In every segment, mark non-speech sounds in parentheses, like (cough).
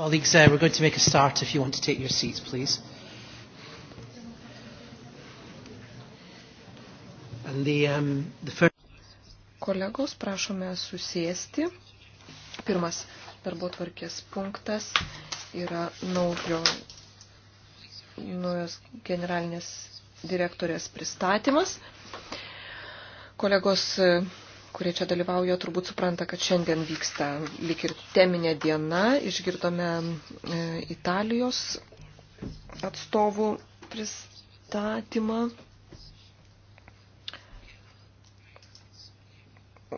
Colleagues, uh, we're going to make a start if you want to take your seats, please. And the, um, the first... Kolegos, prašome susėsti. Pirmas darbo tvarkės punktas yra naujo, naujos generalinės direktorės pristatymas. Kolegos kurie čia dalyvauja, turbūt supranta, kad šiandien vyksta lik ir teminė diena. Išgirdome e, Italijos atstovų pristatymą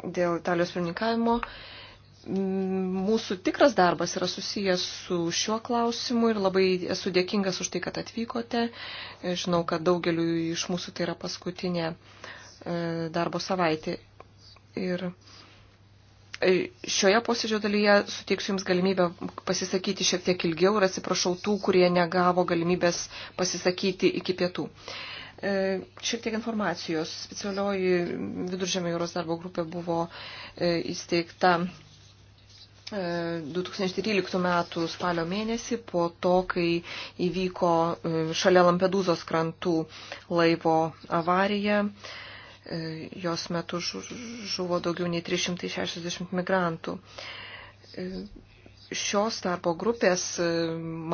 dėl Italijos pirmininkavimo. Mūsų tikras darbas yra susijęs su šiuo klausimu ir labai esu dėkingas už tai, kad atvykote. Žinau, kad daugeliu iš mūsų tai yra paskutinė e, darbo savaitė Ir e, šioje posėdžio dalyje suteiksiu Jums galimybę pasisakyti šiek tiek ilgiau ir atsiprašau tų, kurie negavo galimybės pasisakyti iki pietų. E, šiek tiek informacijos. Specialioji viduržėmio jūros darbo grupė buvo e, įsteigta 2013 m. spalio mėnesį po to, kai įvyko šalia Lampedūzos krantų laivo avarija. E, jos metu žuvo daugiau nei 360 migrantų. E, šios darbo grupės e,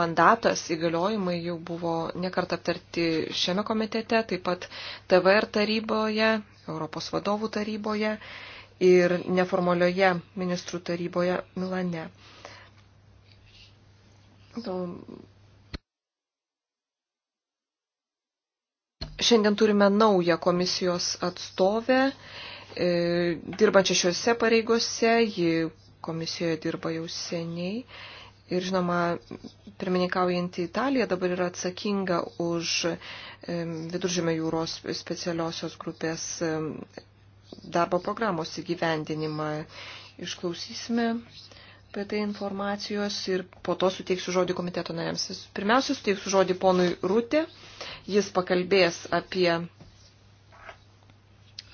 mandatas įgaliojimai jau buvo nekart aptarti šiame komitete, taip pat TVR taryboje, Europos vadovų taryboje ir neformalioje ministrų taryboje Milane. Šiandien turime naują komisijos atstovę, e, dirbančią šiuose pareigose, ji komisijoje dirba jau seniai. Ir žinoma, pirmininkaujantį Italiją dabar yra atsakinga už e, viduržėmio jūros specialiosios grupės e, darbo programos įgyvendinimą. Išklausysime apie tai informacijos ir po to suteiksiu žodį komiteto nariams. Pirmiausia, suteiksiu žodį ponui Rūtė. Jis pakalbės apie,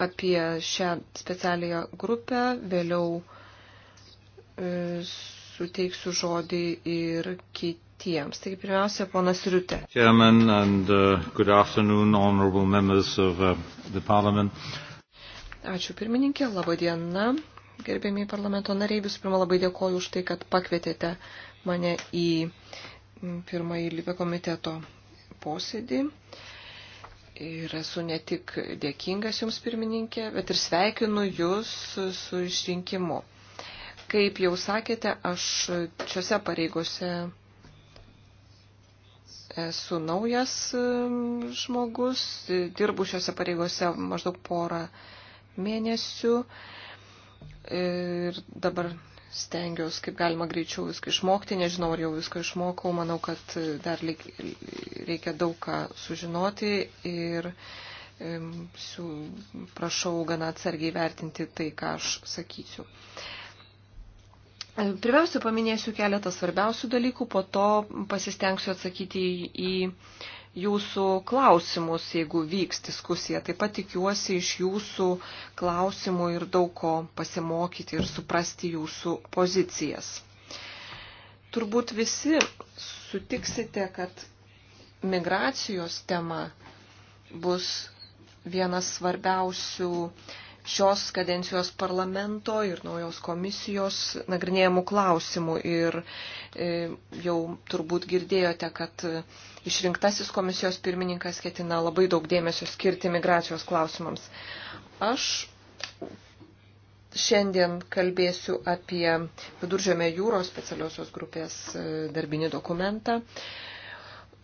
apie šią specialią grupę. Vėliau e, suteiksiu žodį ir kitiems. Taigi pirmiausia, ponas Rūtė. Chairman and uh, good afternoon, honorable members of uh, the parliament. Ačiū pirmininkė, laba diena, gerbėmiai parlamento nariai, visų pirma labai dėkoju už tai, kad pakvietėte mane į pirmąjį Libė komiteto posėdį. Ir esu ne tik dėkingas Jums, pirmininkė, bet ir sveikinu Jūs su išrinkimu. Kaip jau sakėte, aš šiuose pareigose esu naujas žmogus, dirbu šiuose pareigose maždaug porą mėnesių ir dabar stengiuosi kaip galima greičiau viską išmokti, nežinau ar jau viską išmokau, manau, kad dar reikia daug ką sužinoti ir su, prašau gana atsargiai vertinti tai, ką aš sakysiu. Pirmiausia, paminėsiu keletą svarbiausių dalykų, po to pasistengsiu atsakyti į, į jūsų klausimus, jeigu vyks diskusija. Taip pat tikiuosi iš jūsų klausimų ir daug ko pasimokyti ir suprasti jūsų pozicijas. Turbūt visi sutiksite, kad migracijos tema bus vienas svarbiausių šios kadencijos parlamento ir naujos komisijos nagrinėjimų klausimų. Ir e, jau turbūt girdėjote, kad išrinktasis komisijos pirmininkas ketina labai daug dėmesio skirti migracijos klausimams. Aš šiandien kalbėsiu apie Viduržėmė jūros specialiosios grupės e, darbinį dokumentą.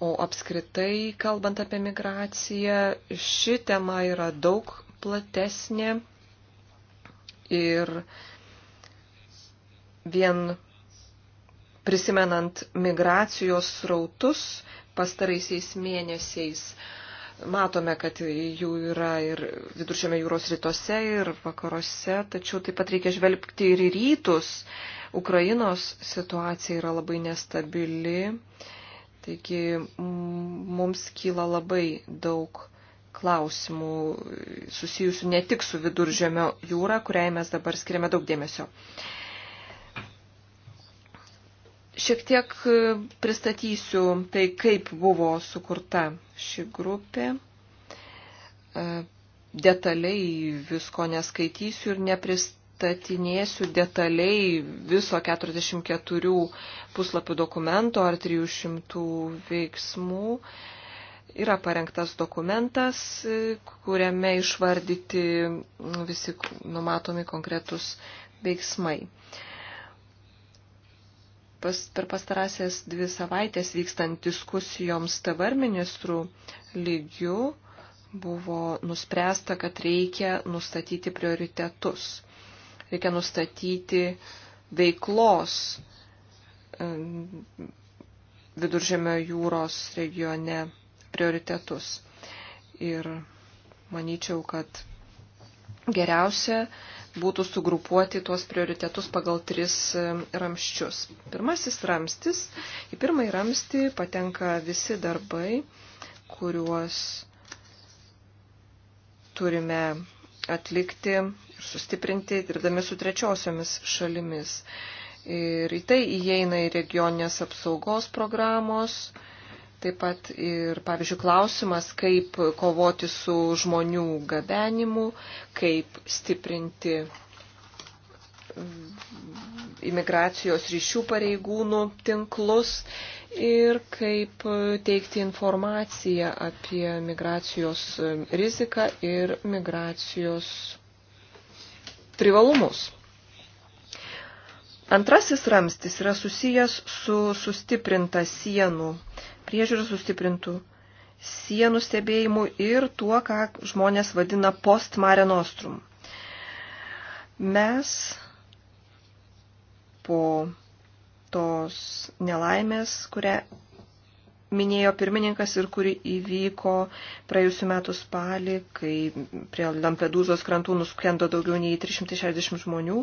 O apskritai, kalbant apie migraciją, ši tema yra daug platesnė ir vien prisimenant migracijos srautus pastaraisiais mėnesiais, matome, kad jų yra ir viduržėme jūros rytuose, ir vakaruose, tačiau taip pat reikia žvelgti ir į rytus. Ukrainos situacija yra labai nestabili, taigi mums kyla labai daug klausimų susijusių ne tik su viduržėmio jūra, kuriai mes dabar skiriame daug dėmesio. Šiek tiek pristatysiu tai, kaip buvo sukurta ši grupė. E, detaliai visko neskaitysiu ir nepristatinėsiu detaliai viso 44 puslapių dokumento ar 300 veiksmų. Yra parengtas dokumentas, e, kuriame išvardyti visi numatomi konkretus veiksmai. Pas, per pastarąsias dvi savaitės vykstant diskusijoms TVR ministrų lygių buvo nuspręsta, kad reikia nustatyti prioritetus. Reikia nustatyti veiklos e, viduržėmio jūros regione prioritetus. Ir manyčiau, kad geriausia būtų sugrupuoti tuos prioritetus pagal tris e, ramščius. Pirmasis ramstis, į pirmąjį ramstį patenka visi darbai, kuriuos turime atlikti ir sustiprinti, dirbdami su trečiosiomis šalimis. Ir į tai įeina ir regioninės apsaugos programos, Taip pat ir, pavyzdžiui, klausimas, kaip kovoti su žmonių gabenimu, kaip stiprinti imigracijos ryšių pareigūnų tinklus ir kaip teikti informaciją apie migracijos riziką ir migracijos privalumus. Antrasis ramstis yra susijęs su sustiprinta sienų, priežiūrų sustiprintų sienų stebėjimu ir tuo, ką žmonės vadina post mare nostrum. Mes po tos nelaimės, kurią minėjo pirmininkas ir kuri įvyko praėjusiu metu spalį, kai prie Lampedūzos krantų nuskendo daugiau nei 360 žmonių.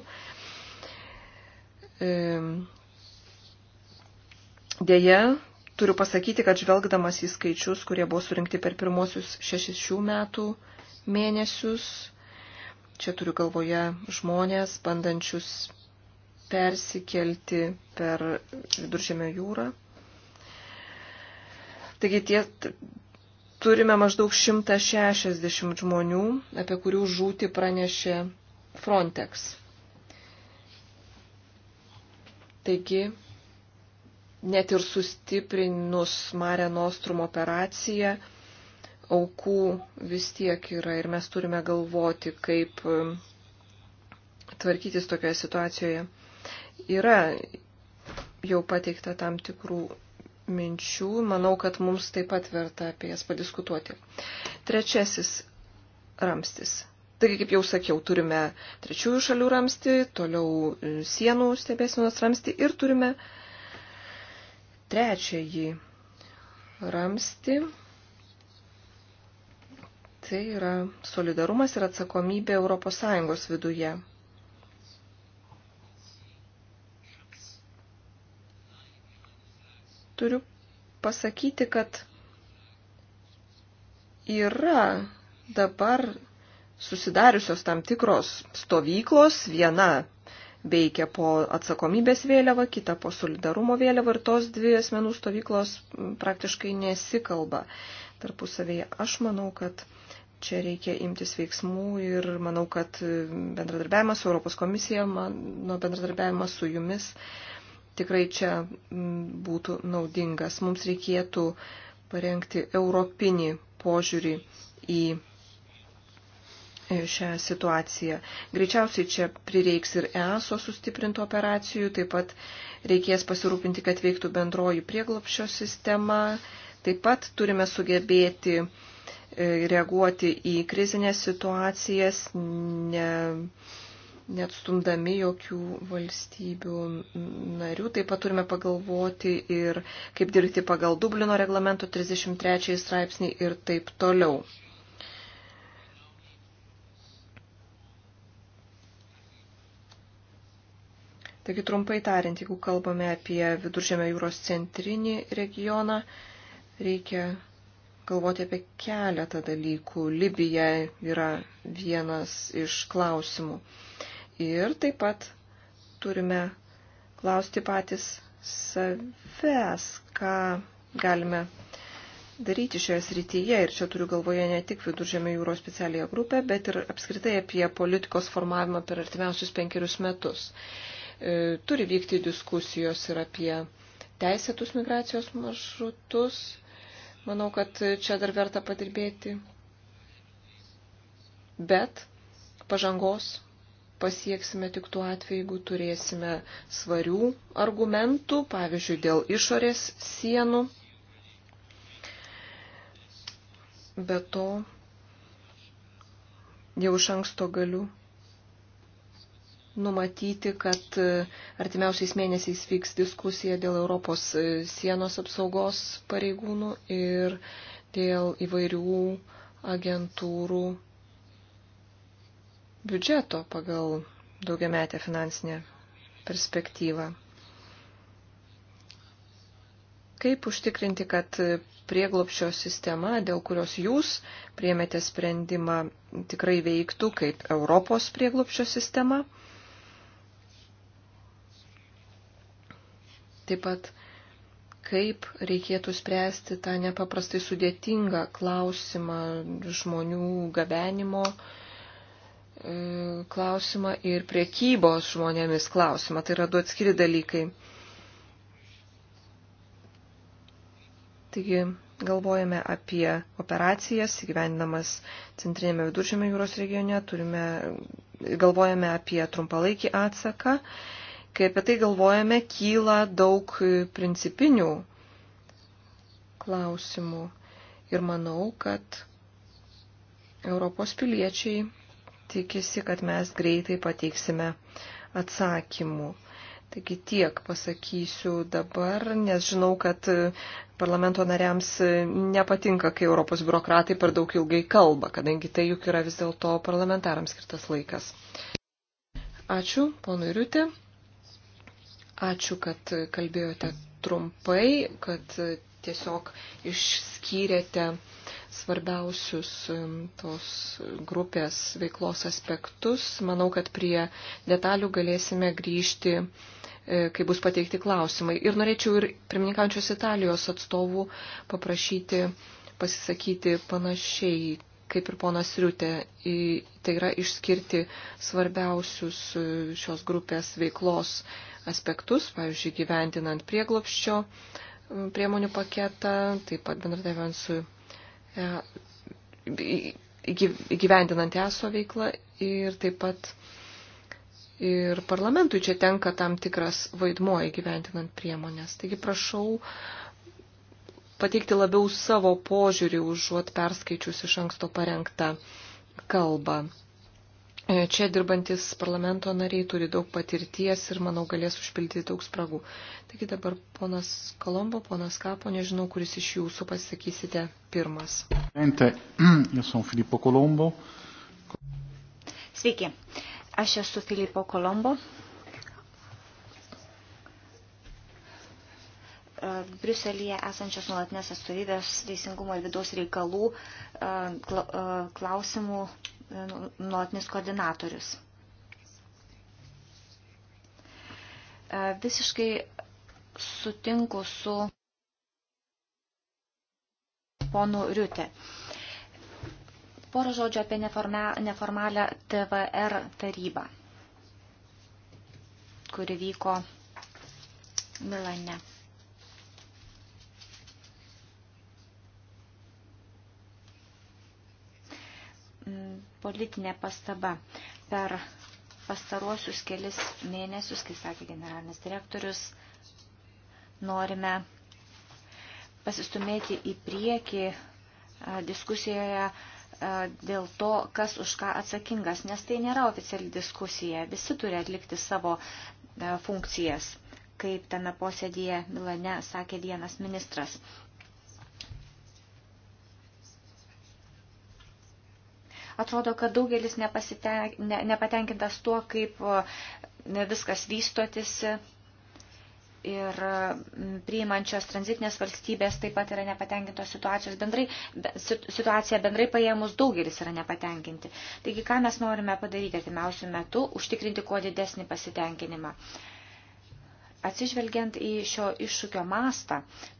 Deja, turiu pasakyti, kad žvelgdamas į skaičius, kurie buvo surinkti per pirmosius šešišių metų mėnesius, čia turiu galvoje žmonės, bandančius persikelti per viduržėmio jūrą. Taigi tie turime maždaug 160 žmonių, apie kurių žūti pranešė Frontex. Taigi, net ir sustiprinus Mare Nostrum operaciją, aukų vis tiek yra ir mes turime galvoti, kaip um, tvarkytis tokioje situacijoje. Yra jau pateikta tam tikrų minčių, manau, kad mums taip pat verta apie jas padiskutuoti. Trečiasis ramstis Taigi, kaip jau sakiau, turime trečiųjų šalių ramsti, toliau e, sienų stebėsinos ramsti ir turime trečiąjį ramsti. Tai yra solidarumas ir atsakomybė ES viduje. Turiu pasakyti, kad yra dabar susidariusios tam tikros stovyklos, viena veikia po atsakomybės vėliava, kita po solidarumo vėliava ir tos dvi asmenų stovyklos praktiškai nesikalba tarpusavėje. Aš manau, kad čia reikia imtis veiksmų ir manau, kad bendradarbiavimas su Europos komisija, mano bendradarbiavimas su jumis tikrai čia būtų naudingas. Mums reikėtų parengti europinį požiūrį į šią situaciją. Greičiausiai čia prireiks ir ESO sustiprintų operacijų, taip pat reikės pasirūpinti, kad veiktų bendroji prieglopščio sistema, taip pat turime sugebėti e, reaguoti į krizinės situacijas, ne, net stumdami jokių valstybių narių. Taip pat turime pagalvoti ir kaip dirbti pagal Dublino reglamento 33 straipsnį ir taip toliau. Taigi trumpai tariant, jeigu kalbame apie viduržėmio jūros centrinį regioną, reikia galvoti apie keletą dalykų. Libija yra vienas iš klausimų. Ir taip pat turime klausti patys savęs, ką galime daryti šioje srityje. Ir čia turiu galvoje ne tik viduržėmio jūros specialiją grupę, bet ir apskritai apie politikos formavimą per artimiausius penkerius metus. E, turi vykti diskusijos ir apie teisėtus migracijos maršrutus. Manau, kad čia dar verta padirbėti. Bet pažangos pasieksime tik tuo atveju, jeigu turėsime svarių argumentų, pavyzdžiui, dėl išorės sienų. Be to, jau iš anksto galiu numatyti, kad e, artimiausiais mėnesiais vyks diskusija dėl Europos e, sienos apsaugos pareigūnų ir dėl įvairių agentūrų biudžeto pagal daugiametę finansinę perspektyvą. Kaip užtikrinti, kad prieglopščio sistema, dėl kurios jūs priemėte sprendimą, tikrai veiktų kaip Europos prieglopščio sistema? Taip pat, kaip reikėtų spręsti tą nepaprastai sudėtingą klausimą žmonių gabenimo e, klausimą ir priekybos žmonėmis klausimą. Tai yra du atskiri dalykai. Taigi galvojame apie operacijas, įgyvendinamas Centrinėme viduržėme jūros regione, turime, galvojame apie trumpalaikį atsaką Kai apie tai galvojame, kyla daug principinių klausimų. Ir manau, kad Europos piliečiai tikisi, kad mes greitai pateiksime atsakymų. Taigi tiek pasakysiu dabar, nes žinau, kad parlamento nariams nepatinka, kai Europos biurokratai per daug ilgai kalba, kadangi tai juk yra vis dėlto parlamentarams skirtas laikas. Ačiū, ponui Riutė. Ačiū, kad kalbėjote trumpai, kad tiesiog išskyrėte svarbiausius um, tos grupės veiklos aspektus. Manau, kad prie detalių galėsime grįžti, e, kai bus pateikti klausimai. Ir norėčiau ir pirmininkančios Italijos atstovų paprašyti pasisakyti panašiai, kaip ir ponas Riutė, tai yra išskirti svarbiausius e, šios grupės veiklos aspektus, pavyzdžiui, gyventinant prieglopščio e, priemonių paketą, taip pat bendradarbiavant su e, įgyvendinant ESO veiklą ir taip pat ir parlamentui čia tenka tam tikras vaidmuo įgyvendinant priemonės. Taigi prašau pateikti labiau savo požiūrį užuot perskaičius iš anksto parengtą kalbą. E, čia dirbantis parlamento nariai turi daug patirties ir, manau, galės užpildyti daug spragų. Taigi dabar ponas Kolombo, ponas Kapo, nežinau, kuris iš jūsų pasakysite pirmas. Sveiki, aš esu Filipo Kolombo. E, Briuselėje esančios nuolatinės atstovybės teisingumo ir vidaus reikalų e, klausimų nuolatinis koordinatorius. E, visiškai sutinku su ponu Riutė. Porą žodžių apie neformalią TVR tarybą, kuri vyko Milane. politinė pastaba. Per pastaruosius kelis mėnesius, kai sakė generalinis direktorius, norime pasistumėti į priekį diskusijoje dėl to, kas už ką atsakingas, nes tai nėra oficiali diskusija. Visi turi atlikti savo funkcijas, kaip tame posėdėje Milane sakė vienas ministras. Atrodo, kad daugelis ne, nepatenkintas tuo, kaip viskas vystotisi. Ir priimančios tranzitinės valstybės taip pat yra nepatenkintos situacijos bendrai, situacija bendrai paėmus daugelis yra nepatenkinti. Taigi, ką mes norime padaryti artimiausių metų, užtikrinti kuo didesnį pasitenkinimą. Uh, Atsižvelgiant į šio iššūkio mastą,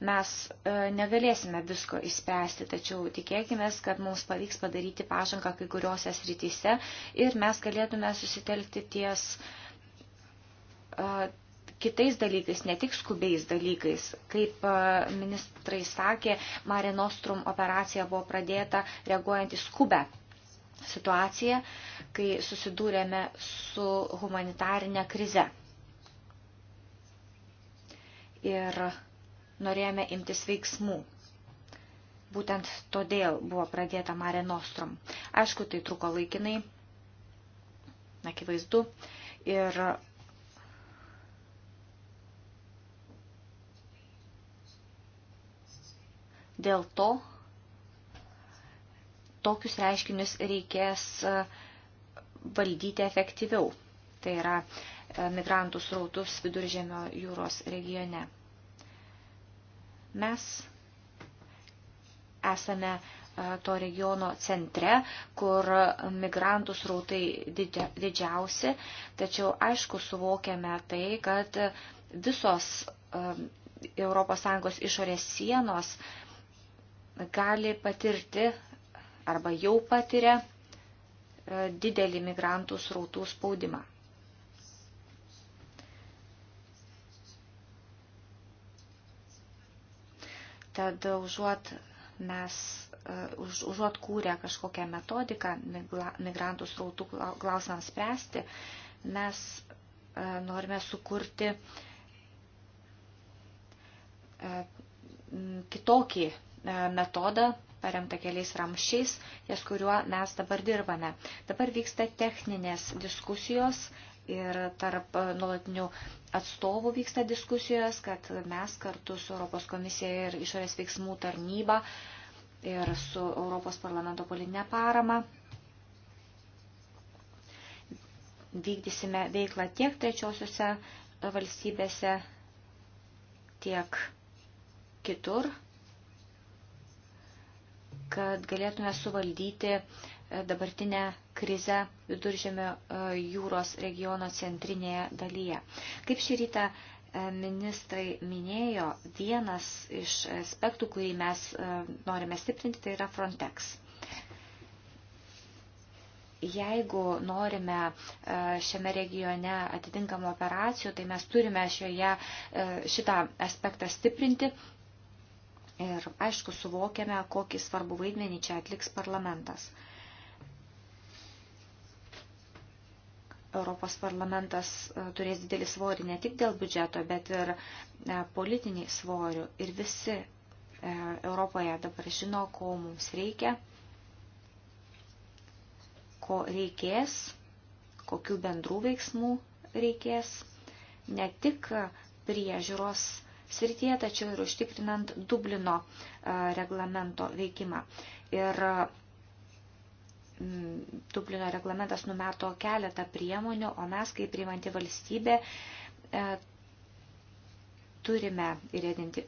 mes e, negalėsime visko išspręsti, tačiau tikėkime, kad mums pavyks padaryti pažangą kai kuriuose srityse ir mes galėtume susitelkti ties e, kitais dalykais, ne tik skubiais dalykais. Kaip e, ministrai sakė, Mare Nostrum operacija buvo pradėta reaguojant į skubę situaciją, kai susidūrėme su humanitarinė krize ir norėjome imtis veiksmų. Būtent todėl buvo pradėta Mare Nostrum. Aišku, tai truko laikinai, akivaizdu, ir dėl to tokius reiškinius reikės e, valdyti efektyviau. Tai yra e, migrantų srautus viduržėmio jūros regione. Mes esame e, to regiono centre, kur migrantų srautai didžiausi, tačiau aišku suvokiame tai, kad visos ES išorės sienos gali patirti arba jau patiria e, didelį migrantų srautų spaudimą. Tad užuot mes e, už, užuot kūrę kažkokią metodiką migrantų srautų klausimams spręsti, mes e, norime sukurti e, kitokį metodą, paremta keliais ramšiais, ties kuriuo mes dabar dirbame. Dabar vyksta techninės diskusijos ir tarp nuolatinių atstovų vyksta diskusijos, kad mes kartu su Europos komisija ir išorės veiksmų tarnyba ir su Europos parlamento politinė parama vykdysime veiklą tiek trečiosiuose valstybėse, tiek kitur, kad galėtume suvaldyti dabartinę krize viduržėmio e, jūros regiono centrinėje dalyje. Kaip šį rytą e, ministrai minėjo, vienas iš aspektų, kurį mes e, norime stiprinti, tai yra Frontex. Jeigu norime šiame regione atitinkamų operacijų, tai mes turime šioje, šitą aspektą stiprinti ir aišku suvokiame, kokį svarbų vaidmenį čia atliks parlamentas. Europos parlamentas e, turės didelį svorį ne tik dėl biudžeto, bet ir e, politinį svorių. Ir visi e, Europoje dabar žino, ko mums reikia, ko reikės, kokių bendrų veiksmų reikės, ne tik priežiūros srityje, tačiau ir užtikrinant Dublino reglamento veikimą. Ir Mm, Dublino reglamentas numato keletą priemonių, o mes, kaip priimanti valstybė, e, turime ir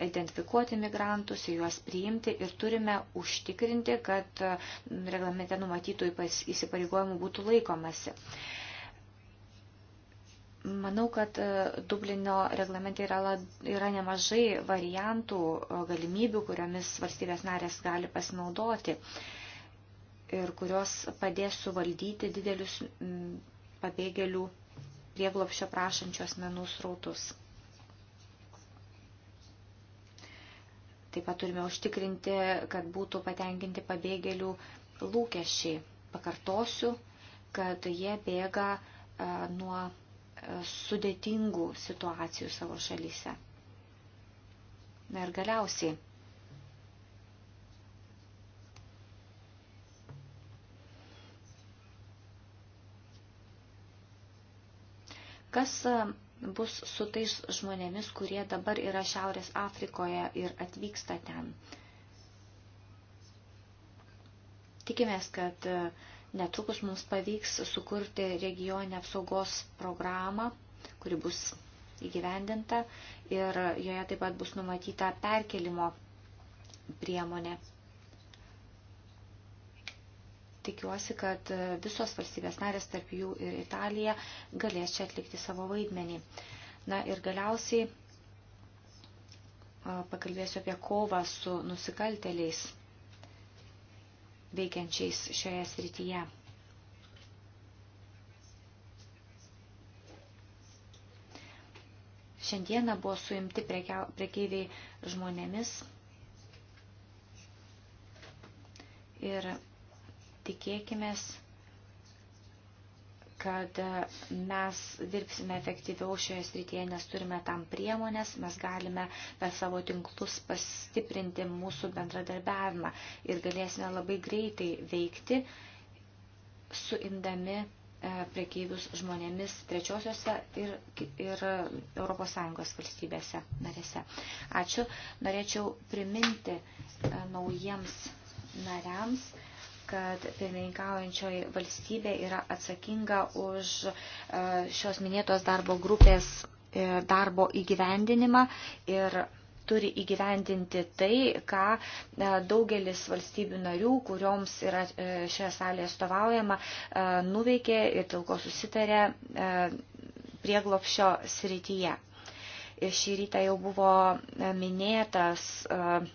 identifikuoti migrantus, ir juos priimti ir turime užtikrinti, kad mm, reglamente numatytų įsipareigojimų būtų laikomasi. Manau, kad e, Dublino reglamente yra, lab, yra nemažai variantų, galimybių, kuriomis valstybės narės gali pasinaudoti. Uh, ir kurios padės suvaldyti didelius pabėgėlių prieglopščio prašančių asmenų srautus. Taip pat turime užtikrinti, kad būtų patenkinti pabėgėlių lūkesčiai. Pakartosiu, kad jie bėga e, nuo e, sudėtingų situacijų savo šalyse. Na ir galiausiai Kas e, bus su tais žmonėmis, kurie dabar yra Šiaurės Afrikoje ir atvyksta ten? Tikimės, kad e, netrukus mums pavyks sukurti regioninę apsaugos programą, kuri bus įgyvendinta ir joje taip pat bus numatyta perkelimo priemonė tikiuosi, kad visos valstybės narės, tarp jų ir Italija, galės čia atlikti savo vaidmenį. Na ir galiausiai pakalbėsiu apie kovą su nusikalteliais veikiančiais šioje srityje. Šiandieną buvo suimti prekeiviai žmonėmis ir Tikėkime, kad mes dirbsime efektyviau šioje srityje, nes turime tam priemonės, mes galime per savo tinklus pastiprinti mūsų bendradarbiavimą ir galėsime labai greitai veikti, suimdami e, prekeivius žmonėmis trečiosiuose ir, ir ES valstybėse narėse. Ačiū. Norėčiau priminti e, naujiems nariams, kad pirmininkaujančioji valstybė yra atsakinga už e, šios minėtos darbo grupės e, darbo įgyvendinimą ir turi įgyvendinti tai, ką e, daugelis valstybių narių, kurioms yra šioje salėje stovaujama, nuveikė ir dėl ko susitarė prieglopšio srityje. Ir šį rytą jau buvo minėtas uh,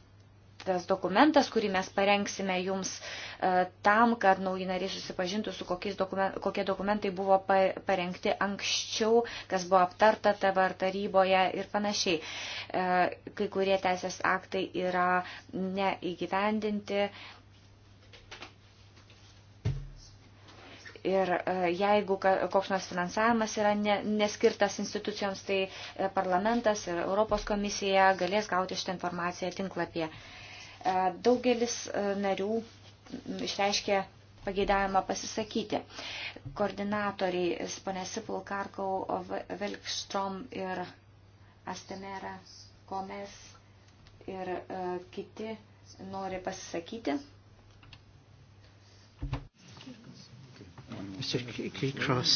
tas dokumentas, kurį mes parengsime jums e, tam, kad nauji nariai susipažintų su dokumen, kokie dokumentai buvo parengti anksčiau, kas buvo aptarta TVR taryboje ir panašiai. E, kai kurie teisės aktai yra neįgyvendinti. Ir e, jeigu koks nors finansavimas yra ne, neskirtas institucijoms, tai parlamentas ir Europos komisija galės gauti šitą informaciją tinklapyje. E, daugelis e, narių išreiškė pageidavimą pasisakyti. Koordinatoriai, e, ponė Sipul, Karkau, Velkstrom ir Astemera, Komes ir uh, kiti nori pasisakyti. Mr. Cross,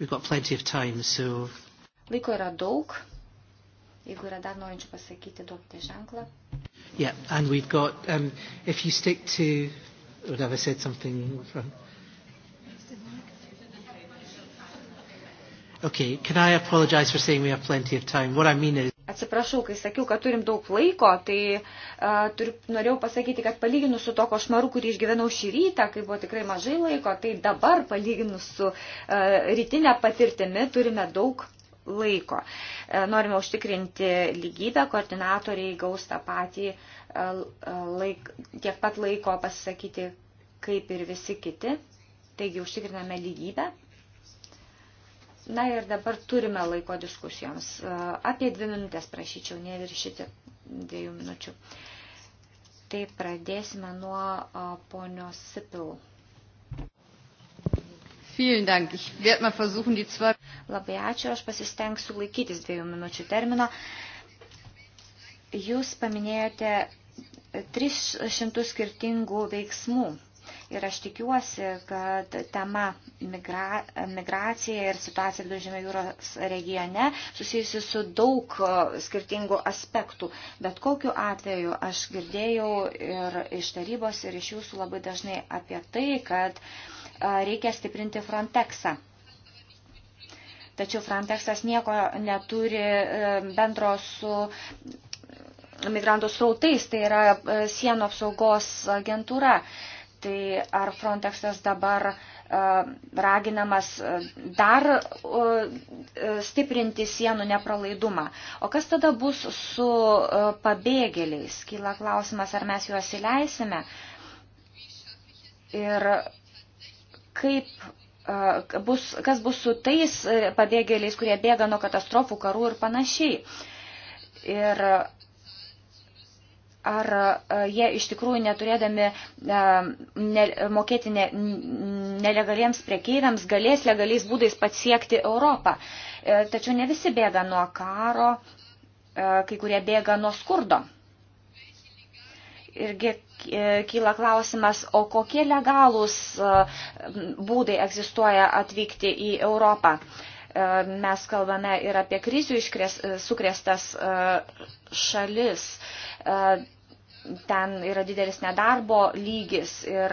we've got plenty of time, so... Laiko yra daug, Jeigu yra dar norinčių pasakyti, duokite ženklą. Yeah, and we've got, um, if you stick to, would have I said something from? Okay, can I apologize for saying we have plenty of time? What I mean is... Atsiprašau, kai sakiau, kad turim daug laiko, tai uh, turiu, norėjau pasakyti, kad palyginus su to košmaru, kurį išgyvenau šį rytą, kai buvo tikrai mažai laiko, tai dabar palyginus su uh, rytinė patirtimi turime daug laiko. E, norime užtikrinti lygybę, koordinatoriai gaus tą patį e, laik, tiek pat laiko pasisakyti kaip ir visi kiti. Taigi užtikriname lygybę. Na ir dabar turime laiko diskusijoms. E, apie dvi minutės prašyčiau, neviršyti dviejų minučių. Tai pradėsime nuo ponios Sipil. Vielen Dank. Ich werde mal versuchen, die zwei. Labai ačiū, aš pasistengsiu laikytis dviejų minučių termino. Jūs paminėjote 300 skirtingų veiksmų. Ir aš tikiuosi, kad tema migra, migracija ir situacija Viduržėmio jūros regione susijusi su daug skirtingų aspektų. Bet kokiu atveju aš girdėjau ir iš tarybos, ir iš jūsų labai dažnai apie tai, kad uh, reikia stiprinti Frontexą. Tačiau Frontexas nieko neturi e, bendro su migrantų srautais, tai yra e, sienų apsaugos agentūra. Tai ar Frontexas dabar e, raginamas dar stiprinti sienų nepralaidumą. O kas tada bus su pabėgėliais? Kyla klausimas, ar mes juos įleisime. Ir kaip bus, kas bus su tais e, pabėgėliais, kurie bėga nuo katastrofų, karų ir panašiai. Ir ar jie iš tikrųjų neturėdami ne, mokėti ne, nelegaliems priekeiviams galės legaliais būdais pasiekti Europą. E, tačiau ne visi bėga nuo karo, e, kai kurie bėga nuo skurdo irgi e, kyla klausimas, o kokie legalūs e, būdai egzistuoja atvykti į Europą. E, mes kalbame ir apie krizių iškrės, sukrėstas šalis. Ten yra didelis nedarbo lygis ir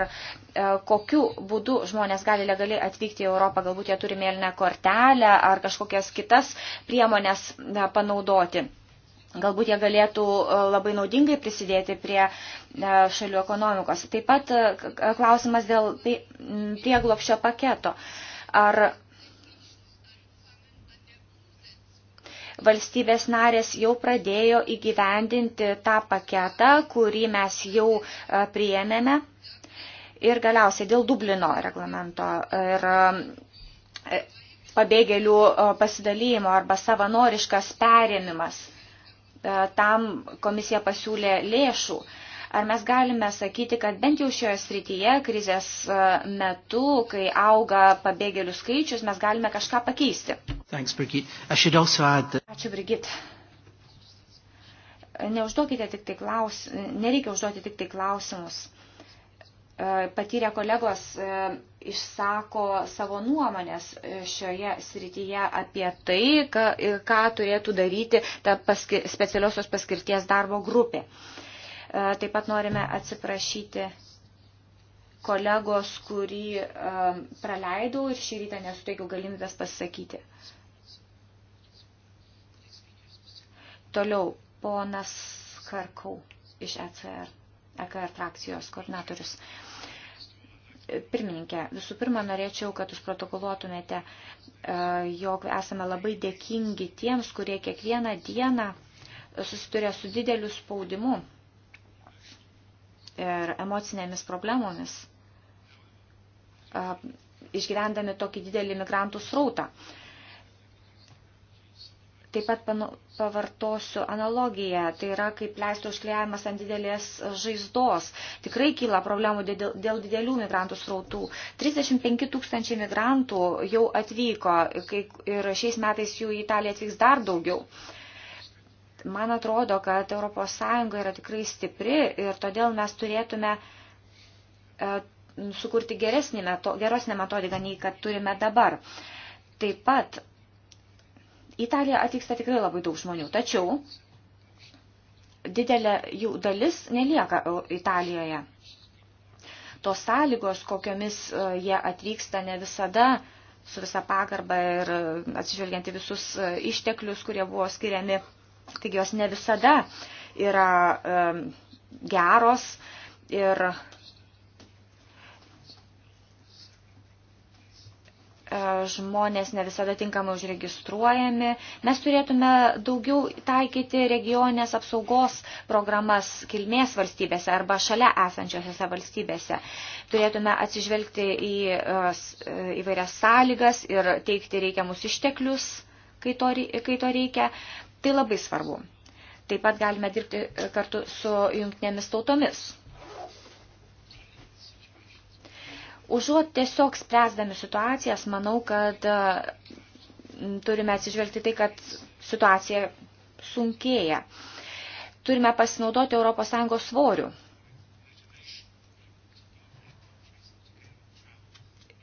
kokiu būdu žmonės gali legaliai atvykti į Europą, galbūt jie turi mėlyną kortelę ar kažkokias kitas priemonės panaudoti. Galbūt jie galėtų e, labai naudingai prisidėti prie e, šalių ekonomikos. Taip pat e, klausimas dėl prieglopščio paketo. Ar valstybės narės jau pradėjo įgyvendinti tą paketą, kurį mes jau priėmėme. Ir galiausiai dėl Dublino reglamento ir pabėgėlių pasidalymo arba savanoriškas perėmimas. E, tam komisija pasiūlė lėšų. Ar mes galime sakyti, kad bent jau šioje srityje krizės e, metu, kai auga pabėgėlių skaičius, mes galime kažką pakeisti? Thanks, add... Ačiū, Brigit. Neužduokite tik tai klausimus, nereikia užduoti tik tai klausimus. E, patyrę kolegos e, išsako savo nuomonės e, šioje srityje apie tai, ką turėtų daryti ta paskir, specialiosios paskirties darbo grupė. Taip pat norime atsiprašyti kolegos, kurį praleidau ir šį rytą nesuteikiau galimybės pasakyti. Toliau ponas Karkau iš ECR, ECR frakcijos koordinatorius. Uh, Pirmininkė, visų pirma, norėčiau, kad užprotokoluotumėte, e, jog esame labai dėkingi tiems, kurie kiekvieną dieną susituria su dideliu spaudimu ir emocinėmis problemomis, e, išgyvendami tokį didelį migrantų srautą. Taip pat panu, pavartosiu analogiją, tai yra kaip leistų užklijavimas ant didelės žaizdos. Tikrai kyla problemų dėl, dėl didelių migrantų srautų. 35 tūkstančiai migrantų jau atvyko kai, ir šiais metais jų į Italiją atvyks dar daugiau. Man atrodo, kad ES yra tikrai stipri ir todėl mes turėtume e, sukurti geresnį meto, geresnę metodiką nei kad turime dabar. Taip pat Italiją atvyksta tikrai labai daug žmonių, tačiau didelė jų dalis nelieka Italijoje. Tos sąlygos, kokiomis e, jie atvyksta, ne visada su visa pagarba ir e, atsižvelgianti visus e, išteklius, kurie buvo skiriami, taigi jos ne visada yra geros ir E, žmonės ne visada tinkamai užregistruojami. Mes turėtume daugiau taikyti regionės apsaugos programas kilmės valstybėse arba šalia esančiose valstybėse. Turėtume atsižvelgti į e, e, įvairias sąlygas ir teikti reikiamus išteklius, kai to, kai to reikia. Tai labai svarbu. Taip pat galime dirbti kartu su jungtinėmis tautomis. Užuot tiesiog spręsdami situacijas, manau, kad e, turime atsižvelgti tai, kad situacija sunkėja. Turime pasinaudoti ES svorių.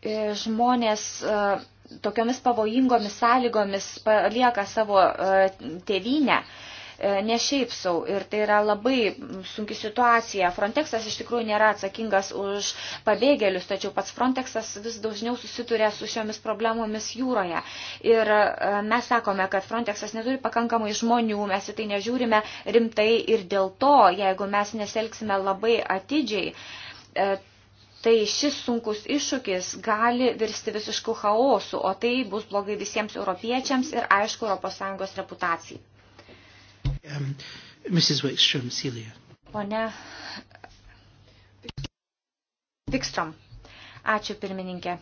E, žmonės e, tokiomis pavojingomis sąlygomis palieka savo tėvynę E, ne šiaip sau. Ir tai yra labai sunki situacija. Frontexas iš tikrųjų nėra atsakingas už pabėgėlius, tačiau pats Frontexas vis dažniau susituria su šiomis problemomis jūroje. Ir e, mes sakome, kad Frontexas neturi pakankamai žmonių, mes į tai nežiūrime rimtai ir dėl to, jeigu mes neselgsime labai atidžiai, e, tai šis sunkus iššūkis gali virsti visišku chaosu, o tai bus blogai visiems europiečiams ir aišku ES reputacijai. Um, Mrs. Wickstrom, Celia. Pone Vikstrom. Ačiū pirmininkė. E,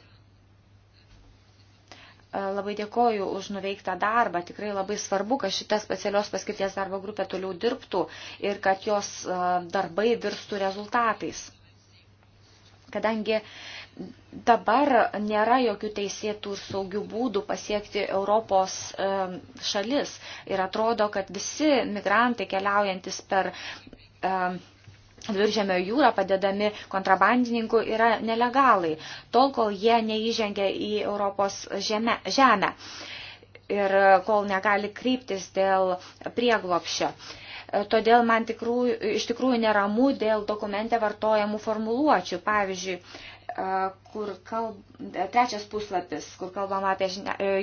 labai dėkoju už nuveiktą darbą. Tikrai labai svarbu, kad šita specialios paskirties darbo grupė toliau dirbtų ir kad jos e, darbai virstų rezultatais kadangi dabar nėra jokių teisėtų ir saugių būdų pasiekti Europos šalis. Ir atrodo, kad visi migrantai keliaujantis per Viduržėmio jūra padedami kontrabandininkų yra nelegalai, tol kol jie neįžengia į Europos žemę. žemę ir kol negali kryptis dėl prieglopščio. Uh, Todėl man tikrų, iš tikrųjų neramu dėl dokumente vartojamų formuluočių. Pavyzdžiui, kur kalb, trečias puslapis, kur kalbama apie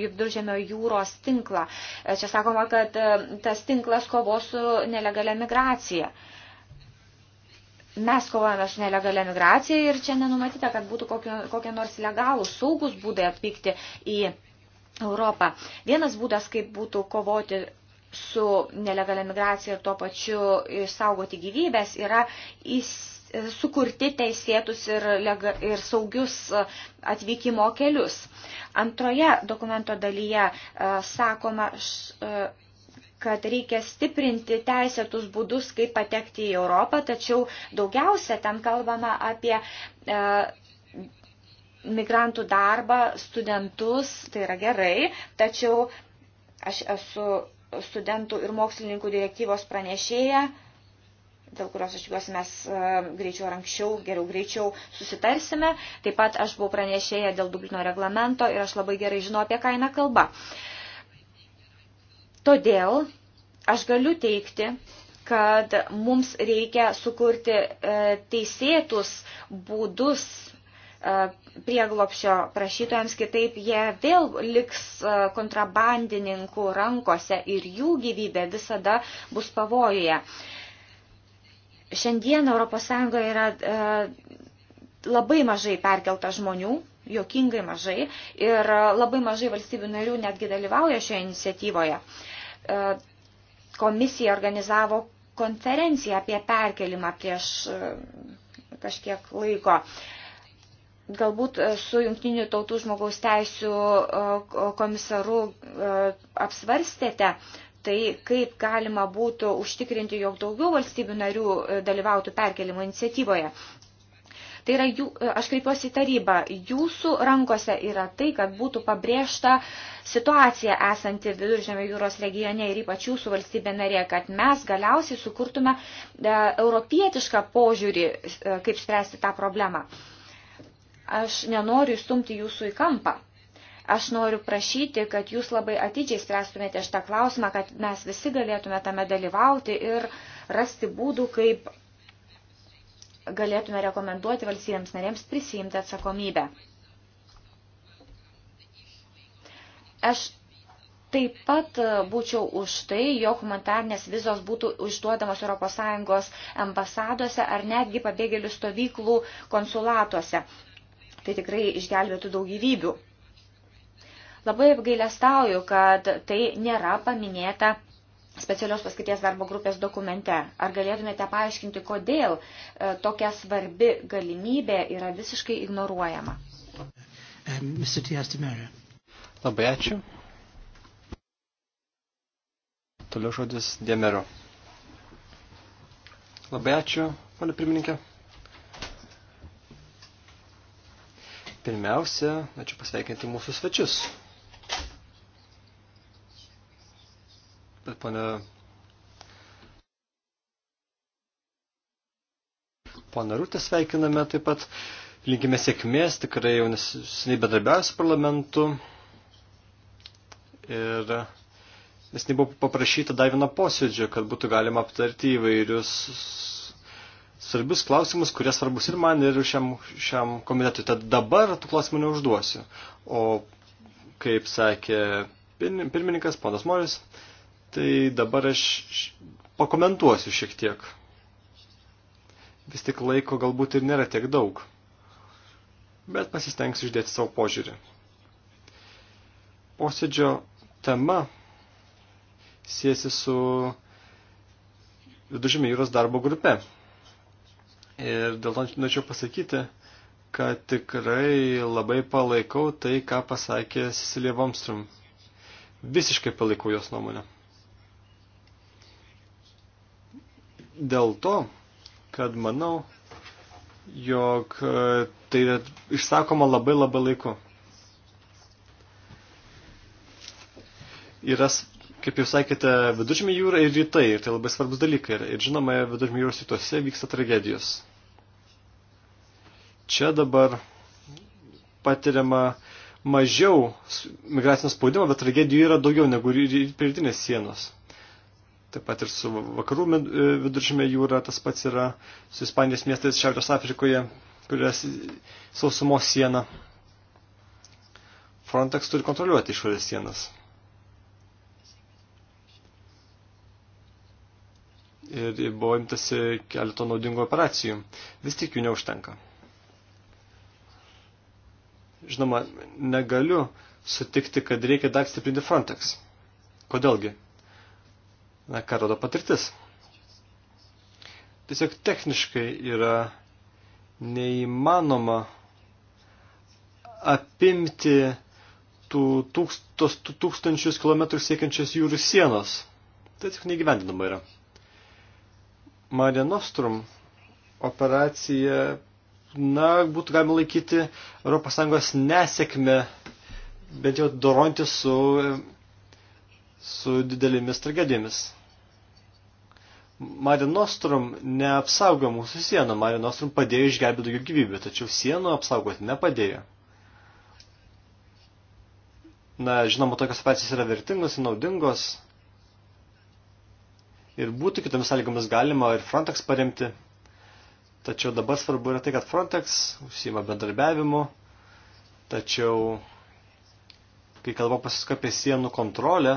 viduržėmio jūros tinklą. Čia sakoma, kad tas tinklas kovos su nelegalia migracija. Mes kovojame su nelegalia migracija ir čia nenumatyta, kad būtų kokio, kokie nors legalūs, saugus būdai atvykti į Europą. Vienas būdas, kaip būtų kovoti su nelegalia migracija ir tuo pačiu išsaugoti gyvybės yra įs, sukurti teisėtus ir, lega, ir saugius e, atvykimo kelius. Antroje dokumento dalyje e, sakoma, e, kad reikia stiprinti teisėtus būdus, kaip patekti į Europą, tačiau daugiausia ten kalbama apie migrantų darbą, studentus, tai yra gerai, tačiau aš esu studentų ir mokslininkų direktyvos pranešėja, dėl kurios aš tikiuosi mes e, greičiau ar anksčiau, geriau greičiau susitarsime. Taip pat aš buvau pranešėja dėl Dublino reglamento ir aš labai gerai žinau, apie ką eina kalba. Todėl aš galiu teikti, kad mums reikia sukurti e, teisėtus būdus E, prieglopšio prašytojams, kitaip jie vėl liks e, kontrabandininkų rankose ir jų gyvybė visada bus pavojuje. Šiandien ES yra e, labai mažai perkelta žmonių, jokingai mažai, ir labai mažai valstybių narių netgi dalyvauja šioje iniciatyvoje. Komisija organizavo konferenciją apie perkelimą prieš kažkiek laiko. Uh, galbūt e, su jungtinių tautų žmogaus teisų e, komisaru e, apsvarstėte, tai kaip galima būtų užtikrinti, jog daugiau valstybių narių dalyvautų perkelimo iniciatyvoje. Tai yra, jų, aš kreipiuosi į tarybą, jūsų rankose yra tai, kad būtų pabrėžta situacija esanti Viduržėmio jūros regione ir ypač jūsų valstybė narė, kad mes galiausiai sukurtume europietišką požiūrį, kaip spręsti tą problemą. Aš nenoriu stumti jūsų į kampą. Aš noriu prašyti, kad jūs labai atidžiai spręstumėte šitą klausimą, kad mes visi galėtume tame dalyvauti ir rasti būdų, kaip galėtume rekomenduoti valstybėms narėms prisijimti atsakomybę. Aš taip pat būčiau už tai, jog humanitarnės vizos būtų išduodamos ES ambasadose ar netgi pabėgėlių stovyklų konsulatuose. Tai tikrai išgelbėtų daug gyvybių. Labai apgailestauju, kad tai nėra paminėta specialios paskirties darbo grupės dokumente. Ar galėtumėte paaiškinti, kodėl e, tokia svarbi galimybė yra visiškai ignoruojama? Uh, Labai ačiū. Toliau žodis Diemero. Labai ačiū, ponė pirmininkė. Pirmiausia, ačiū pasveikinti mūsų svečius. Bet pana... Pana Rūtė sveikiname taip pat. Linkime sėkmės, tikrai jau nesiniai bedarbiauju su parlamentu. Ir nesiniai buvo paprašyta dar vieną posėdžią, kad būtų galima aptarti įvairius svarbius klausimus, kurie svarbus ir man, ir šiam, šiam komitetui. Tad dabar tų klausimų neužduosiu. O kaip sakė pirmininkas, ponas Moris, tai dabar aš pakomentuosiu šiek tiek. Vis tik laiko galbūt ir nėra tiek daug, bet pasistengsiu išdėti savo požiūrį. Posėdžio tema siesi su Vidužymė jūros darbo grupe. Ir dėl to norėčiau pasakyti, kad tikrai labai palaikau tai, ką pasakė Cecilija Vomstrom. Visiškai palaikau jos nuomonę. Dėl to, kad manau, jog e, tai yra išsakoma labai labai laiku. Yra, kaip jau sakėte, viduržmė jūra ir rytai, ir tai labai svarbus dalykai. Ir, ir žinoma, viduržmė jūros rytuose vyksta tragedijos. Čia dabar patiriama mažiau migracinio spaudimo, bet tragedijų yra daugiau negu rytinės sienos. Taip pat ir su vakarų e, viduržymė jūra tas pats yra, su Ispanijos miestais Šiaurės Afrikoje, kurias sausumos siena. Frontex turi kontroliuoti išorės sienas. Ir buvo imtasi keleto naudingų operacijų. Vis tik jų neužtenka žinoma, negaliu sutikti, kad reikia dar stiprinti Frontex. Kodėlgi? Na, ką rodo patirtis? Tiesiog techniškai yra neįmanoma apimti tų tūkst, tos tų tūkstančius kilometrų siekiančios jūrų sienos. Tai tik neįgyvendinama yra. Mare Nostrum operacija na, būtų galima laikyti ES nesėkmę, bent jau doronti su, su didelėmis tragedijomis. Marė Nostrum neapsaugo mūsų sieną, Marė Nostrum padėjo išgelbėti daugiau gyvybių, tačiau sienų apsaugoti nepadėjo. Na, žinoma, tokios operacijos yra vertingos ir naudingos. Ir būtų kitomis sąlygomis galima ir Frontex paremti. Tačiau dabar svarbu yra tai, kad Frontex užsima bendarbiavimu, tačiau kai kalba pasisuka apie sienų kontrolę,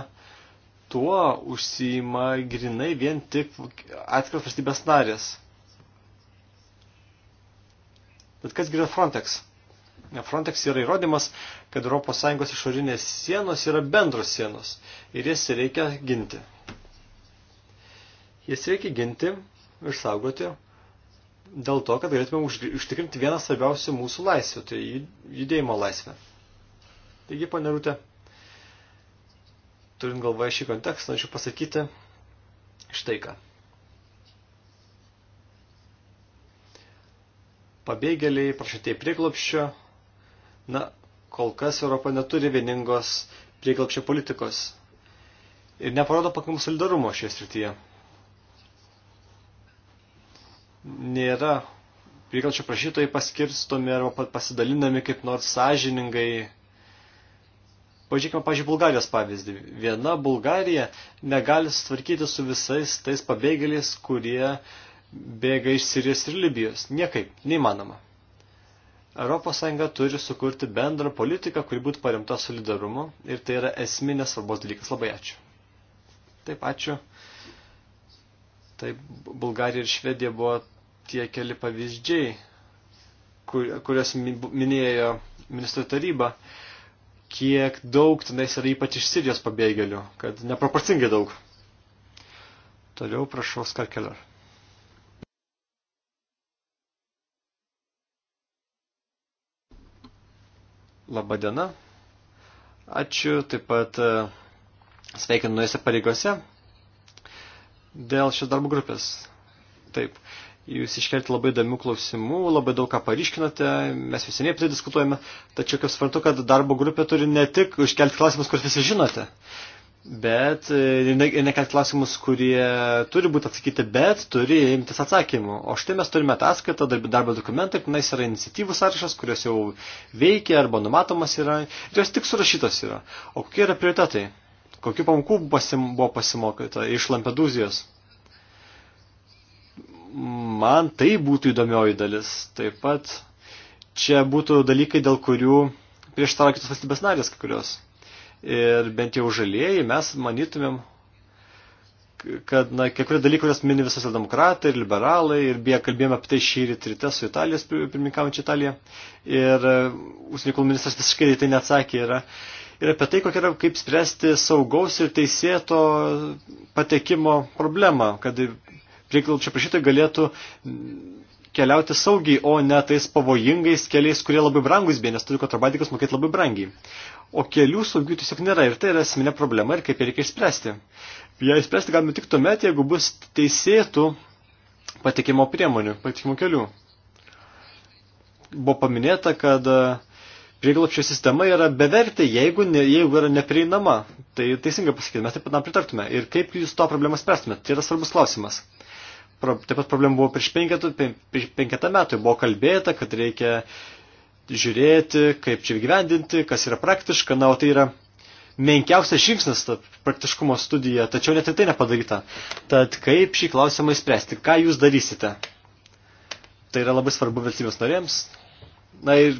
tuo užsima grinai vien tik atskiros valstybės narės. Bet kas yra Frontex? Frontex yra įrodymas, kad ES išorinės sienos yra bendros sienos ir jas reikia ginti. Jas reikia ginti ir saugoti dėl to, kad galėtume užtikrinti vieną svarbiausių mūsų laisvių, tai judėjimo laisvę. Taigi, ponė Rūtė, turint galvoje šį kontekstą, norėčiau pasakyti štai ką. Pabėgėliai, prašytieji prieglopščio, na, kol kas Europa neturi vieningos prieglopščio politikos ir neparodo pakankamų solidarumo šioje srityje nėra prieglapščio prašytojai paskirstomi arba pasidalinami kaip nors sąžiningai. Pažiūrėkime, pažiūrėjau, Bulgarijos pavyzdį. Viena Bulgarija negali sutvarkyti su visais tais pabėgėliais, kurie bėga iš Sirijos ir Libijos. Niekaip, neįmanoma. ES turi sukurti bendrą politiką, kuri būtų paremta solidarumu ir tai yra esminės svarbos dalykas. Labai ačiū. Taip, ačiū. Taip, Bulgarija ir Švedija buvo tie keli pavyzdžiai, kur, kurias minėjo ministro taryba, kiek daug tenais yra ypač iš Sirijos pabėgėlių, kad neproporcingai daug. Toliau prašau Skarkeler. Labadiena. Ačiū, taip pat e, sveikinu nuėse pareigose dėl šios darbo grupės. Taip, Jūs iškelti labai įdomių klausimų, labai daug ką pariškinote, mes visi apie tai diskutuojame, tačiau kaip suprantu, kad darbo grupė turi ne tik iškelti klausimus, kur visi žinote, bet e, ir ne, nekelti klausimus, kurie turi būti atsakyti, bet turi imtis atsakymų. O štai mes turime ataskaitą, darbo dokumentai, tenais yra iniciatyvų sąrašas, kurios jau veikia arba numatomas yra, ir jos tik surašytos yra. O kokie yra prioritetai? Kokių pamokų buvo pasimokyta iš Lampedūzijos? man tai būtų įdomioji dalis. Taip pat čia būtų dalykai, dėl kurių prieštarauja kitos valstybės narės kai kurios. Ir bent jau žalieji mes manytumėm, kad na, kiekvieną dalyką, kurias mini visose demokratai ir liberalai, ir beje kalbėjome apie tai šį rytą su Italijos pirmininkaujančia Italija, ir e, užsienio reikalų ministras visiškai tai neatsakė, yra, ir apie tai, kokia yra, kaip spręsti saugaus ir teisėto patekimo problemą, kad prieglaučio prašytojai galėtų keliauti saugiai, o ne tais pavojingais keliais, kurie labai brangus bė, nes turi kontrabandikas mokėti labai brangiai. O kelių saugių tiesiog nėra ir tai yra esminė problema ir kaip ją reikia išspręsti. Ją išspręsti galime tik tuomet, jeigu bus teisėtų patikimo priemonių, patikimo kelių. Buvo paminėta, kad e, prieglopščio sistema yra bevertė, jeigu, ne, jeigu yra neprieinama. Tai teisingai pasakyti, mes taip pat tam pritartume. Ir kaip jūs to problemą spręstumėte, tai yra svarbus klausimas taip pat problemų buvo prieš penketą, penketą metų. Buvo kalbėta, kad reikia žiūrėti, kaip čia gyvendinti, kas yra praktiška, na, o tai yra menkiausias žingsnis ta praktiškumo studija, tačiau net ir tai nepadaryta. Tad kaip šį klausimą įspręsti, ką jūs darysite? Tai yra labai svarbu valstybės norėms. Na ir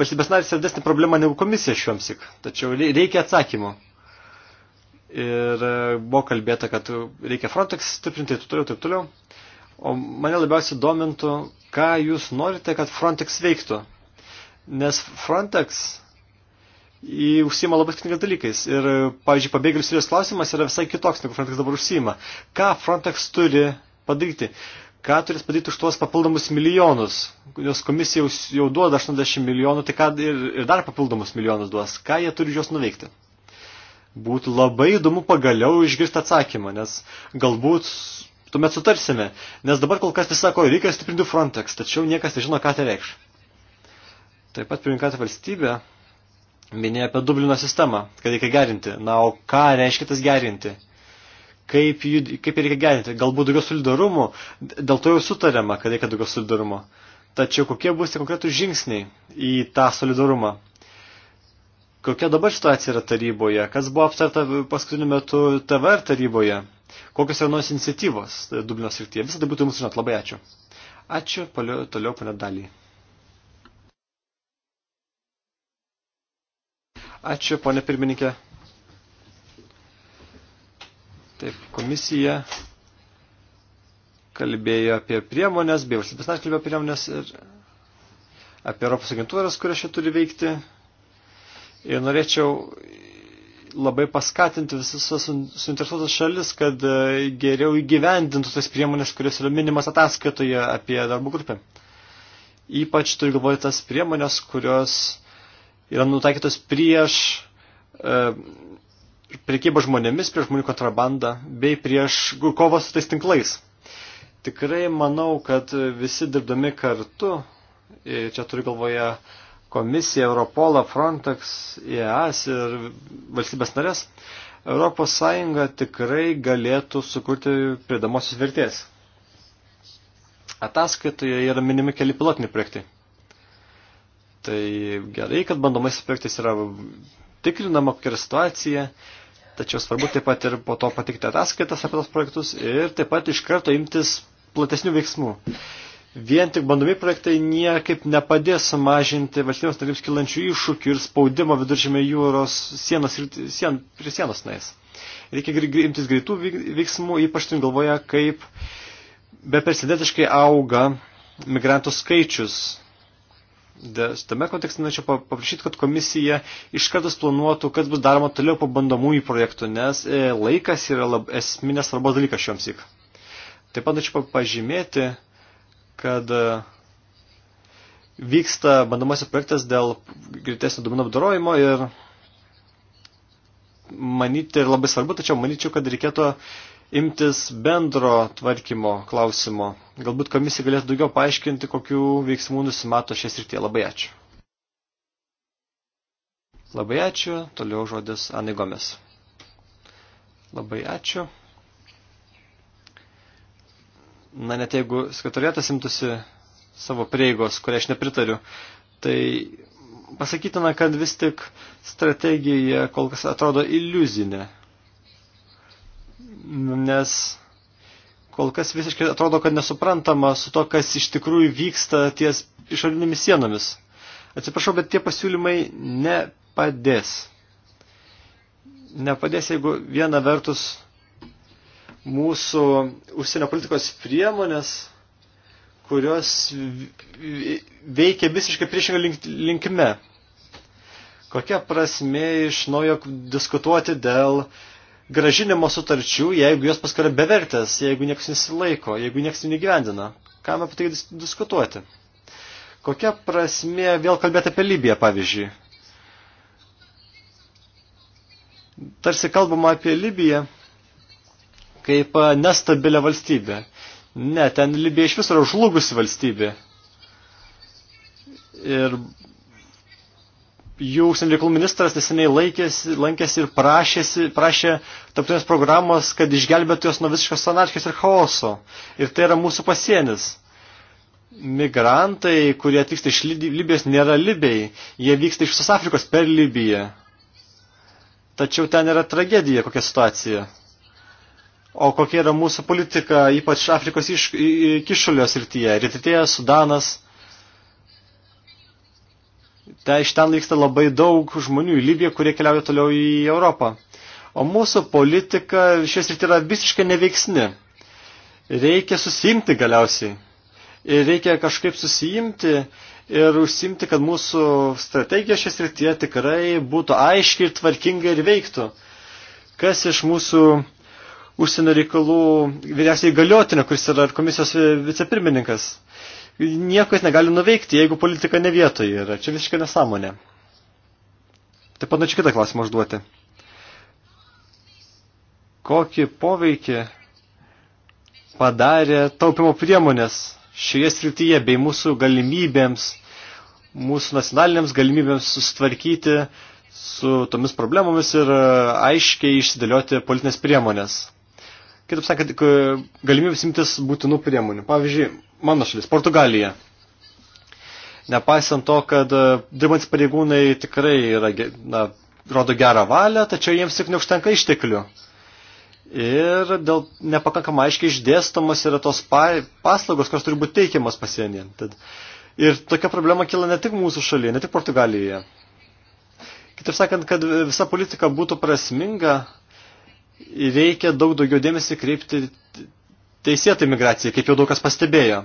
valstybės narės yra desnė problema negu komisija šiuomsik, tačiau reikia atsakymų. Ir e, buvo kalbėta, kad reikia Frontex stiprinti ir taip toliau, taip toliau. O mane labiausiai domintų, ką jūs norite, kad Frontex veiktų. Nes Frontex į užsima labai skirtingais dalykais. Ir, pavyzdžiui, pabėgėlių sirijos klausimas yra visai kitoks, negu Frontex dabar užsima. Ką Frontex turi padaryti? Ką turės padaryti už tuos papildomus milijonus? Jos komisija jau, jau duoda 80 milijonų, tai ką ir, ir dar papildomus milijonus duos? Ką jie turi juos nuveikti? Būtų labai įdomu pagaliau išgirsti atsakymą, nes galbūt tuomet sutarsime, nes dabar kol kas visi sako, reikia stiprinti Frontex, tačiau niekas nežino, ką tai reikš. Taip pat pirminkata valstybė minėjo apie Dublino sistemą, kad reikia gerinti. Na, o ką reiškia tas gerinti? Kaip, jų, kaip reikia gerinti? Galbūt daugiau solidarumo, dėl to jau sutariama, kad reikia daugiau solidarumo. Tačiau kokie bus tie konkretūs žingsniai į tą solidarumą? Kokia dabar situacija yra taryboje? Kas buvo aptarta paskutiniu metu TVR taryboje? Kokios yra nors iniciatyvos Dublino srityje? Visą tai būtų mums žinot. Labai ačiū. Ačiū. Toliau, toliau pane dalį. Ačiū, ponė pirmininkė. Taip, komisija kalbėjo apie priemonės, bei valstybės narės kalbėjo priemonės ir apie Europos agentūras, kurias čia turi veikti. Ir norėčiau labai paskatinti visas suinteresuotas šalis, kad e, geriau įgyvendintų tas priemonės, kurios yra minimas ataskaitoje apie darbo grupę. Ypač turiu galvoje tas priemonės, kurios yra nutaikytos prieš e, priekybą žmonėmis, prieš žmonių kontrabandą bei prieš kovą su tais tinklais. Tikrai manau, kad visi dirbdami kartu, čia turiu galvoje komisiją, Europolą, Frontex, EAS ir valstybės narės, Europos Sąjunga tikrai galėtų sukurti pridamosios vertės. Ataskaitoje yra minimi keli pilotiniai projektai. Tai gerai, kad bandomasis projektas yra tikrinama, kokia yra situacija, tačiau svarbu taip pat ir po to patikti ataskaitas apie tos projektus ir taip pat iš karto imtis platesnių veiksmų vien tik bandomi projektai niekaip nepadės sumažinti valstybės narėms kilančių iššūkių ir spaudimo viduržėmė jūros sienos ir sien, prie sienos nais. Reikia imtis greitų veiksmų, ypač turint galvoje, kaip bepresidentiškai auga migrantų skaičius. Tame kontekste norėčiau paprašyti, kad komisija iš kartos planuotų, kas bus daroma toliau po bandomųjų projektų, nes e, laikas yra lab, esminės svarbos dalykas šioms tik. Taip pat norėčiau pažymėti, kad e, vyksta bandomasis projektas dėl greitesnio duomenų apdorojimo ir manyti ir labai svarbu, tačiau manyčiau, kad reikėtų imtis bendro tvarkymo klausimo. Galbūt komisija galėtų daugiau paaiškinti, kokių veiksmų nusimato šias rytie. Labai ačiū. Labai ačiū. Toliau žodis Anai Gomes. Labai ačiū na net jeigu sekretoriatas imtųsi savo prieigos, kuriai aš nepritariu, tai pasakytina, kad vis tik strategija kol kas atrodo iliuzinė. Nes kol kas visiškai atrodo, kad nesuprantama su to, kas iš tikrųjų vyksta ties išorinėmis sienomis. Atsiprašau, bet tie pasiūlymai nepadės. Nepadės, jeigu viena vertus mūsų užsienio politikos priemonės, kurios veikia visiškai priešingą link, linkime. Kokia prasme iš naujo diskutuoti dėl gražinimo sutarčių, jeigu jos paskui yra bevertės, jeigu niekas nesilaiko, jeigu niekas jų negyvendina? Kam apie tai diskutuoti? Kokia prasme vėl kalbėti apie Libiją, pavyzdžiui? Tarsi kalbama apie Libiją, kaip nestabilę valstybę. Ne, ten Libija iš viso yra žlugusi valstybė. Ir jų užsienio reikalų ministras neseniai laikėsi, lankėsi ir prašėsi, prašė taptinės programos, kad išgelbėtų jos nuo visiškos anarchijos ir chaoso. Ir tai yra mūsų pasienis. Migrantai, kurie atvyksta iš Libijos, nėra Libijai. Jie vyksta iš visos Afrikos per Libiją. Tačiau ten yra tragedija, kokia situacija. O kokia yra mūsų politika, ypač Afrikos iš, kišulio srityje, Rytitėje, Sudanas. Tai iš ten vyksta labai daug žmonių į Libiją, kurie keliauja toliau į Europą. O mūsų politika šios rytį yra visiškai neveiksni. Reikia susimti galiausiai. Ir reikia kažkaip susimti ir užsimti, kad mūsų strategija šios rytyje tikrai būtų aiški ir tvarkinga ir veiktų. Kas iš mūsų užsienio reikalų vyriausiai galiotinio, kuris yra komisijos vicepirmininkas. Nieko jis negali nuveikti, jeigu politika ne vietoje yra. Čia visiškai nesąmonė. Taip pat nučiu kitą klausimą užduoti. Kokį poveikį padarė taupimo priemonės šioje srityje bei mūsų galimybėms, mūsų nacionalinėms galimybėms sustvarkyti su tomis problemomis ir e, aiškiai išsidėlioti politinės priemonės kitaip sakant, galimybės imtis būtinų priemonių. Pavyzdžiui, mano šalis, Portugalija. Nepaisant to, kad e, dirbantis pareigūnai tikrai yra, na, rodo gerą valią, tačiau jiems tik neužtenka išteklių. Ir dėl nepakankamai aiškiai išdėstamos yra tos pa, paslaugos, kurios turi būti teikiamas pasienyje. Tad, ir tokia problema kyla ne tik mūsų šalyje, ne tik Portugalijoje. Kitaip sakant, kad visa politika būtų prasminga, reikia daug daugiau dėmesį kreipti teisėtai migracijai, kaip jau daug kas pastebėjo.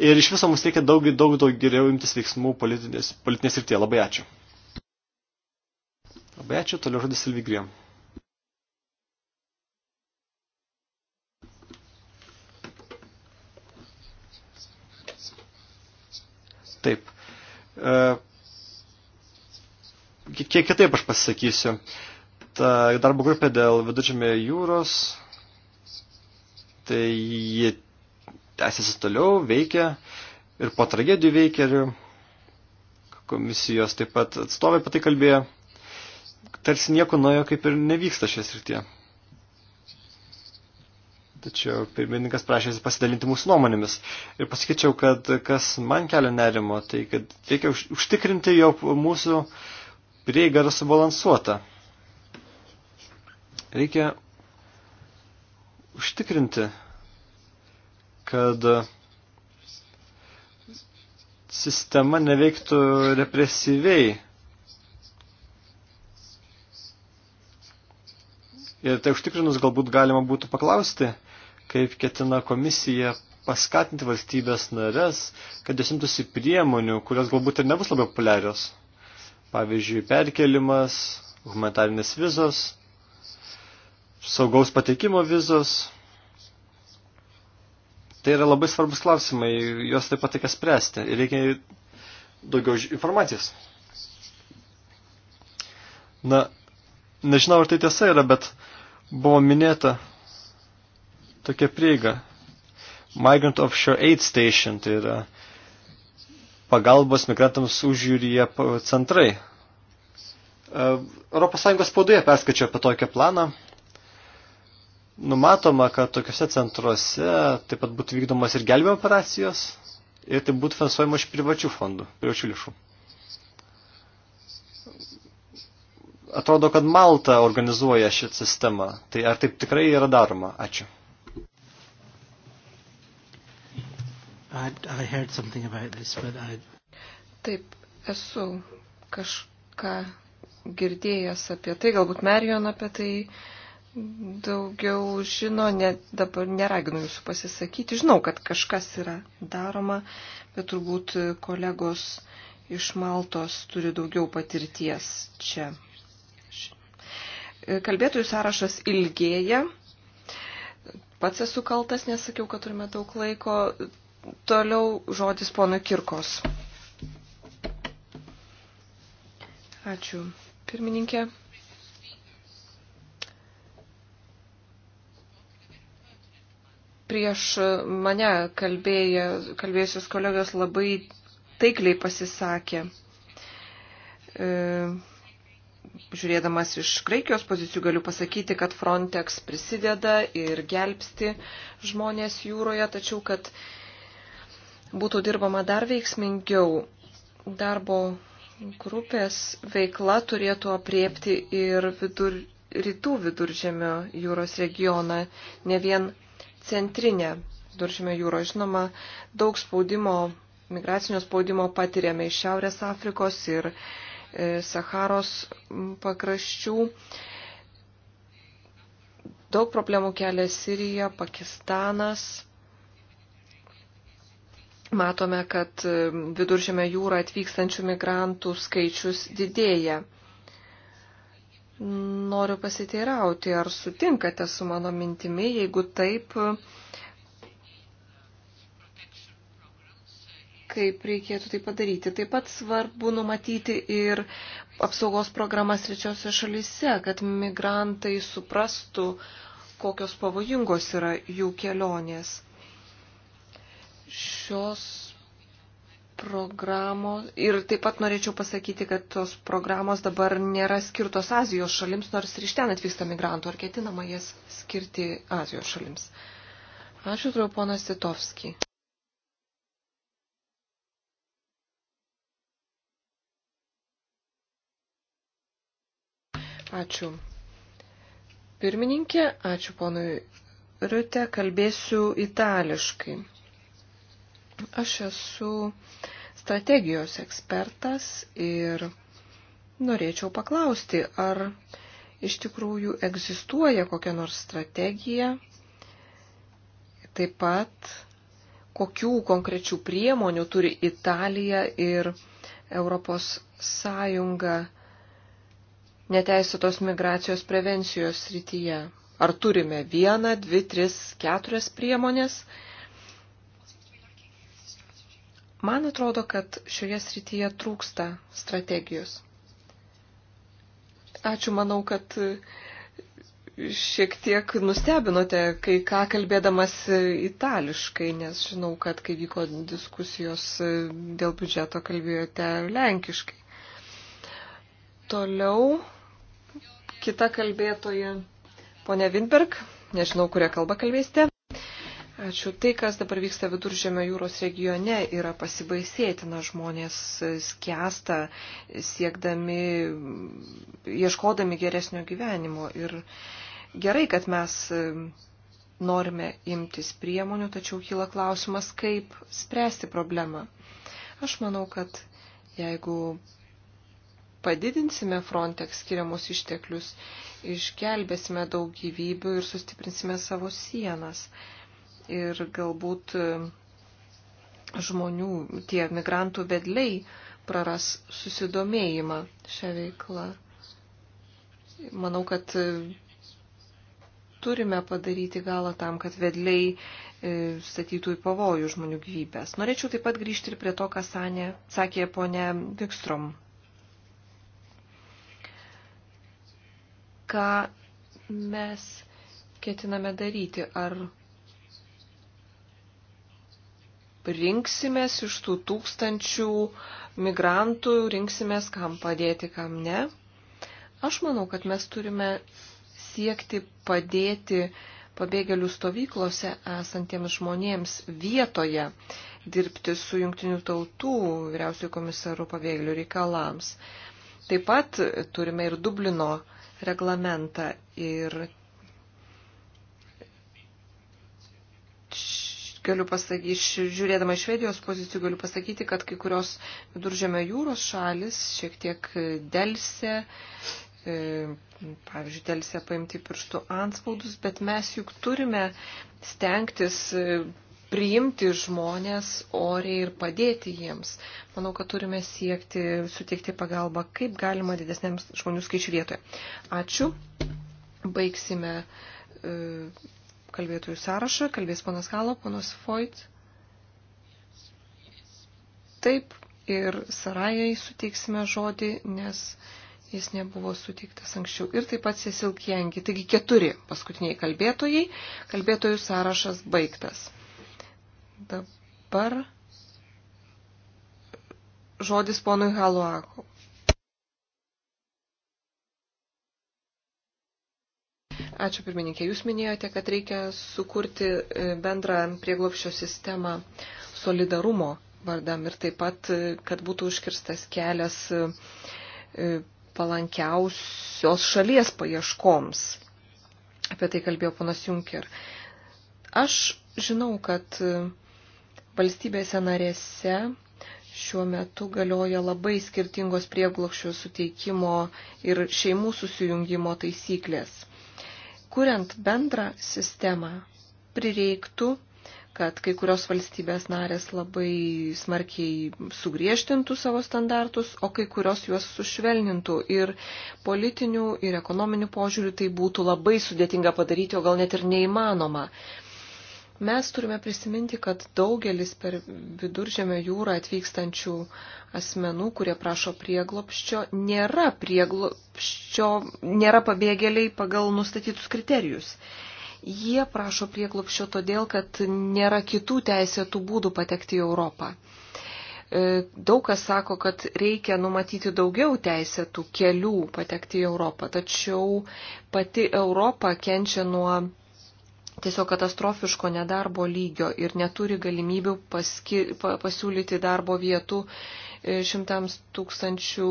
Ir iš viso mums reikia daug, daug, daug geriau imtis veiksmų politinės, politinės rytie. Labai ačiū. Labai ačiū, toliau žodis Silvigriem. Taip. E, kiek kitaip aš pasakysiu ta e, darbo grupė dėl viduržėmė jūros, tai ji tęsiasi toliau, veikia ir po tragedijų veikia ir komisijos taip pat atstovai patai kalbėjo, tarsi nieko naujo kaip ir nevyksta šią srityje. Tačiau pirmininkas prašėsi pasidalinti mūsų nuomonėmis. Ir pasakyčiau, kad kas man kelia nerimo, tai kad reikia užtikrinti, jog mūsų prieiga yra subalansuota. Reikia užtikrinti, kad sistema neveiktų represyviai. Ir tai užtikrinus galbūt galima būtų paklausti, kaip ketina komisija paskatinti valstybės narės, kad jos imtųsi priemonių, kurios galbūt ir nebus labai populiarios. Pavyzdžiui, perkelimas, humanitarinės vizos saugaus patekimo vizos. Tai yra labai svarbus klausimai, juos taip pat reikia spręsti ir reikia daugiau informacijos. Na, nežinau, ar tai tiesa yra, bet buvo minėta tokia prieiga. Migrant Offshore Aid Station, tai yra pagalbos migrantams užjūryje centrai. E, Europos Sąjungos spaudoje perskačiau apie tokią planą, numatoma, kad tokiuose centruose taip pat būtų vykdomas ir gelbėjimo operacijos ir tai būtų finansuojama iš privačių fondų, privačių lėšų. Atrodo, kad Malta organizuoja šią sistemą. Tai ar taip tikrai yra daroma? Ačiū. I, I heard something about this, but I... Taip, esu kažką girdėjęs apie tai, galbūt Marion apie tai uh, daugiau žino, net dabar neraginu jūsų pasisakyti. Žinau, kad kažkas yra daroma, bet turbūt kolegos iš Maltos turi daugiau patirties čia. Kalbėtojų sąrašas ilgėja. Pats esu kaltas, nesakiau, kad turime daug laiko. Toliau žodis pono Kirkos. Ačiū. Pirmininkė. prieš mane kalbėję, kalbėjusios kolegos labai taikliai pasisakė. E, žiūrėdamas iš Graikijos pozicijų galiu pasakyti, kad Frontex prisideda ir gelbsti žmonės jūroje, tačiau kad būtų dirbama dar veiksmingiau, darbo grupės veikla turėtų apriepti ir vidur, rytų viduržėmio jūros regioną, ne vien centrinę Duržymio jūro. Žinoma, daug spaudimo, migracinio spaudimo patiriame iš Šiaurės Afrikos ir e, Saharos pakraščių. Daug problemų kelia Sirija, Pakistanas. Matome, kad viduržėme jūrą atvykstančių migrantų skaičius didėja. Noriu pasiteirauti, ar sutinkate su mano mintimi, jeigu taip, kaip reikėtų tai padaryti. Taip pat svarbu numatyti ir apsaugos programas rečiose šalise, kad migrantai suprastų, kokios pavojingos yra jų kelionės. Šios programos ir taip pat norėčiau pasakyti, kad tos programos dabar nėra skirtos Azijos šalims, nors ir iš ten atvyksta migrantų, ar ketinama jas skirti Azijos šalims. Ačiū turiu ponas Sitovski. Ačiū. Pirmininkė, ačiū ponui Riute, kalbėsiu itališkai. Aš esu strategijos ekspertas ir norėčiau paklausti, ar iš tikrųjų egzistuoja kokia nors strategija, taip pat kokių konkrečių priemonių turi Italija ir Europos Sąjunga neteisėtos migracijos prevencijos srityje. Ar turime vieną, dvi, tris, keturias priemonės, Man atrodo, kad šioje srityje trūksta strategijos. Ačiū, manau, kad šiek tiek nustebinote, kai ką kalbėdamas itališkai, nes žinau, kad kai vyko diskusijos dėl biudžeto, kalbėjote lenkiškai. Toliau kita kalbėtoja, ponia Windberg, nežinau, kurią kalbą kalbėsite. Ačiū. Tai, kas dabar vyksta viduržėmio jūros regione, yra pasibaisėtina. Žmonės skęsta siekdami, ieškodami geresnio gyvenimo. Ir gerai, kad mes e, norime imtis priemonių, tačiau kyla klausimas, kaip spręsti problemą. Aš manau, kad jeigu padidinsime Frontex skiriamus išteklius, išgelbėsime daug gyvybių ir sustiprinsime savo sienas ir galbūt e, žmonių, tie migrantų vedliai praras susidomėjimą šią veiklą. Manau, kad e, turime padaryti galą tam, kad vedliai e, statytų į pavojų žmonių gyvybės. Norėčiau taip pat grįžti ir prie to, ką Sanė, sakė ponė Vikstrom. Ką mes ketiname daryti? Ar rinksimės iš tų tūkstančių migrantų, rinksimės, kam padėti, kam ne. Aš manau, kad mes turime siekti padėti pabėgėlių stovyklose esantiems žmonėms vietoje dirbti su jungtinių tautų vyriausiųjų komisarų pabėgėlių reikalams. Taip pat turime ir Dublino reglamentą ir galiu pasakyti, žiūrėdama Švedijos pozicijų, galiu pasakyti, kad kai kurios viduržėme jūros šalis šiek tiek e, delsė, e, pavyzdžiui, delsė paimti pirštų antspaudus, bet mes juk turime stengtis e, priimti žmonės oriai ir padėti jiems. Manau, kad turime siekti, suteikti pagalbą kaip galima didesniam žmonių skaičiu vietoje. Ačiū. Baigsime. E, kalbėtojų sąrašą. Kalbės ponas Kalo, ponas Foyt. Taip, ir Sarajai suteiksime žodį, nes jis nebuvo suteiktas anksčiau. Ir taip pat Cecil Kiengi. Taigi keturi paskutiniai kalbėtojai. Kalbėtojų sąrašas baigtas. Dabar žodis ponui Haluako. Ačiū pirmininkė. Jūs minėjote, kad reikia sukurti e, bendrą prieglopščio sistemą solidarumo vardam ir taip pat, e, kad būtų užkirstas kelias e, palankiausios šalies paieškoms. Apie tai kalbėjo ponas Junker. Aš žinau, kad valstybėse narėse šiuo metu galioja labai skirtingos prieglokščio suteikimo ir šeimų susijungimo taisyklės. Kuriant bendrą sistemą, prireiktų, kad kai kurios valstybės narės labai smarkiai sugriežtintų savo standartus, o kai kurios juos sušvelnintų. Ir politinių, ir ekonominių požiūrių tai būtų labai sudėtinga padaryti, o gal net ir neįmanoma. Uh, Mes turime prisiminti, kad daugelis per viduržėmio jūrą atvykstančių asmenų, kurie prašo prieglopščio, nėra prieglopščio, nėra pabėgėliai pagal nustatytus kriterijus. Jie prašo prieglopščio todėl, kad nėra kitų teisėtų būdų patekti į Europą e, daug kas sako, kad reikia numatyti daugiau teisėtų kelių patekti į Europą, tačiau pati Europa kenčia nuo tiesiog katastrofiško nedarbo lygio ir neturi galimybių paski, pa, pasiūlyti darbo vietų e, šimtams tūkstančių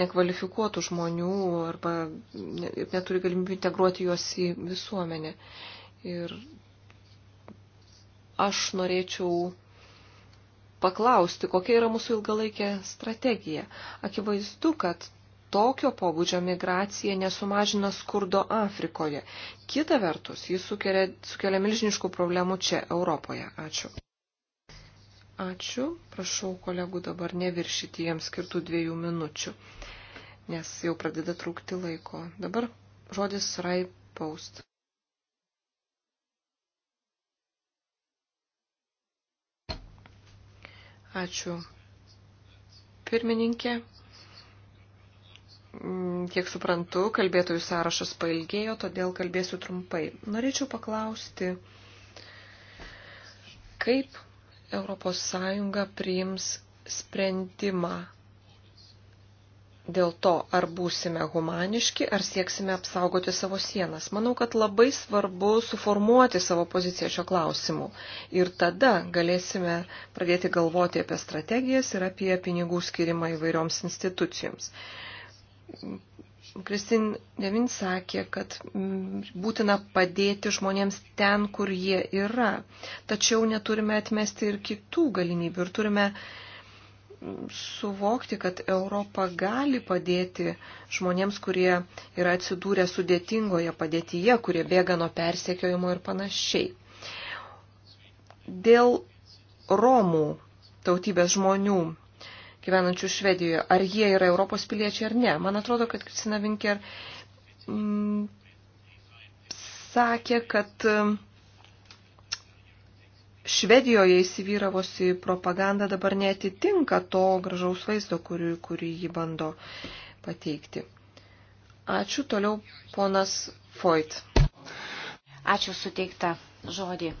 nekvalifikuotų žmonių arba neturi galimybių integruoti juos į visuomenę. Ir aš norėčiau paklausti, kokia yra mūsų ilgalaikė strategija. Akivaizdu, kad tokio pobūdžio migracija nesumažina skurdo Afrikoje. Kita vertus, jis sukelia, sukelia milžiniškų problemų čia, Europoje. Ačiū. Ačiū. Prašau kolegų dabar neviršyti jiems skirtų dviejų minučių, nes jau pradeda trūkti laiko. Dabar žodis Rai Paust. Ačiū. Pirmininkė, Mm, kiek suprantu, kalbėtojų sąrašas pailgėjo, todėl kalbėsiu trumpai. Norėčiau paklausti, kaip ES priims sprendimą dėl to, ar būsime humaniški, ar sieksime apsaugoti savo sienas. Manau, kad labai svarbu suformuoti savo poziciją šio klausimu. Ir tada galėsime pradėti galvoti apie strategijas ir apie pinigų skirimą įvairioms institucijoms. Kristin Devin sakė, kad mm, būtina padėti žmonėms ten, kur jie yra. Tačiau neturime atmesti ir kitų galimybių ir turime mm, suvokti, kad Europa gali padėti žmonėms, kurie yra atsidūrę sudėtingoje padėtyje, kurie bėga nuo persekiojimo ir panašiai. Dėl Romų tautybės žmonių gyvenančių Švedijoje, ar jie yra Europos piliečiai ar ne. Man atrodo, kad Kristina Vinker mm, sakė, kad mm, Švedijoje įsivyravosi propaganda dabar netitinka to gražaus vaizdo, kurį, kurį jį bando pateikti. Ačiū toliau ponas Foyt. Ačiū suteiktą žodį.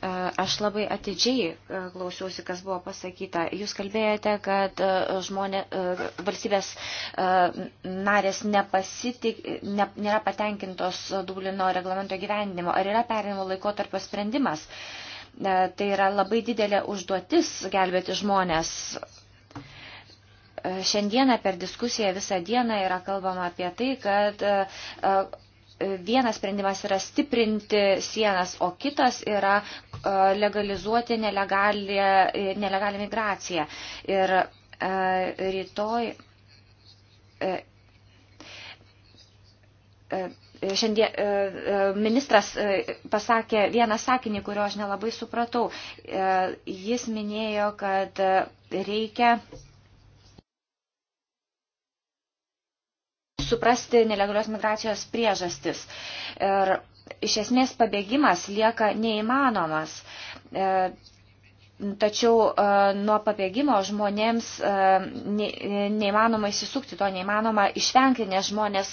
E, aš labai atidžiai e, klausiausi, kas buvo pasakyta. Jūs kalbėjote, kad e, žmonė, valstybės narės nepasitik, ne, nėra patenkintos Dublino reglamento gyvendimo. Ar yra perinimo laikotarpio sprendimas? Tai yra labai didelė užduotis gelbėti žmonės šiandieną per diskusiją visą dieną yra kalbama apie tai, kad vienas sprendimas yra stiprinti sienas, o kitas yra e, legalizuoti nelegalią, e, nelegalią migraciją. Ir e, rytoj. Šiandien ministras pasakė vieną sakinį, kurio aš nelabai supratau. Jis minėjo, kad reikia suprasti nelegalios migracijos priežastis. Ir iš esmės pabėgimas lieka neįmanomas. E, tačiau e, nuo pabėgimo žmonėms e, neįmanoma įsisukti, to neįmanoma išvengti, nes žmonės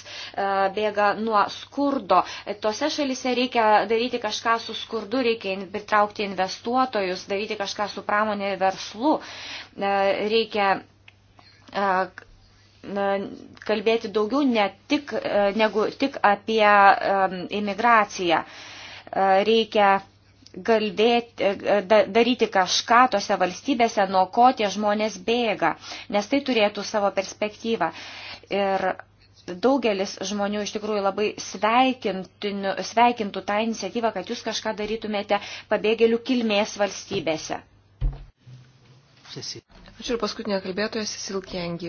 bėga nuo skurdo. Tose šalise reikia daryti kažką su skurdu, reikia pritraukti investuotojus, daryti kažką su pramonė verslu. Reikia kalbėti daugiau ne tik, e, negu tik apie imigraciją. E, reikia galbėti, e, daryti kažką tose valstybėse, nuo ko tie žmonės bėga, nes tai turėtų savo perspektyvą. Ir daugelis žmonių iš tikrųjų labai sveikintų tą iniciatyvą, kad jūs kažką darytumėte pabėgėlių kilmės valstybėse. Ačiū ir paskutinė kalbėtoja Sisilkiengi.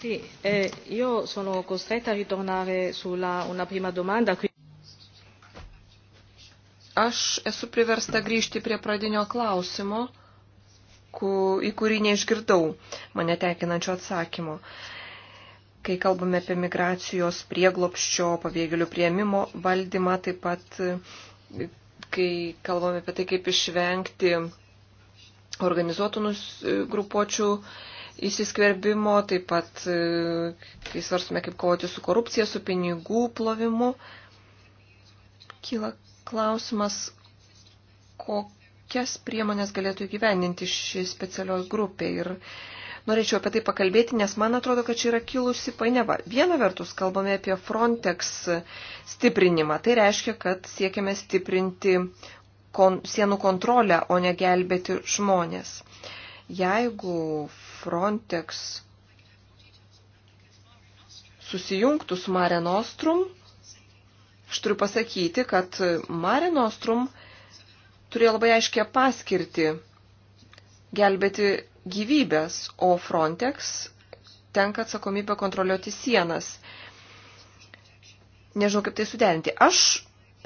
Sì, eh, io sono costretta a ritornare sulla una prima domanda. Aš esu priversta grįžti prie pradinio klausimo, ku, į kurį neišgirdau mane tekinančio atsakymo. Kai kalbame apie migracijos prieglopščio, pavėgėlių prieimimo valdymą, taip pat kai kalbame apie tai, kaip išvengti organizuotų grupuočių įsiskverbimo, taip pat, e, kai svarstume, kaip kovoti su korupcija, su pinigų plovimu, kyla klausimas, kokias priemonės galėtų įgyveninti ši specialios grupė. Ir norėčiau apie tai pakalbėti, nes man atrodo, kad čia yra kilusi painiava. Viena vertus kalbame apie Frontex stiprinimą. Tai reiškia, kad siekiame stiprinti kon, sienų kontrolę, o ne gelbėti žmonės. Jeigu Frontex susijungtų su Mare Nostrum, aš turiu pasakyti, kad Mare Nostrum turėjo labai aiškę paskirtį gelbėti gyvybės, o Frontex tenka atsakomybė kontroliuoti sienas. Nežinau, kaip tai suderinti. Aš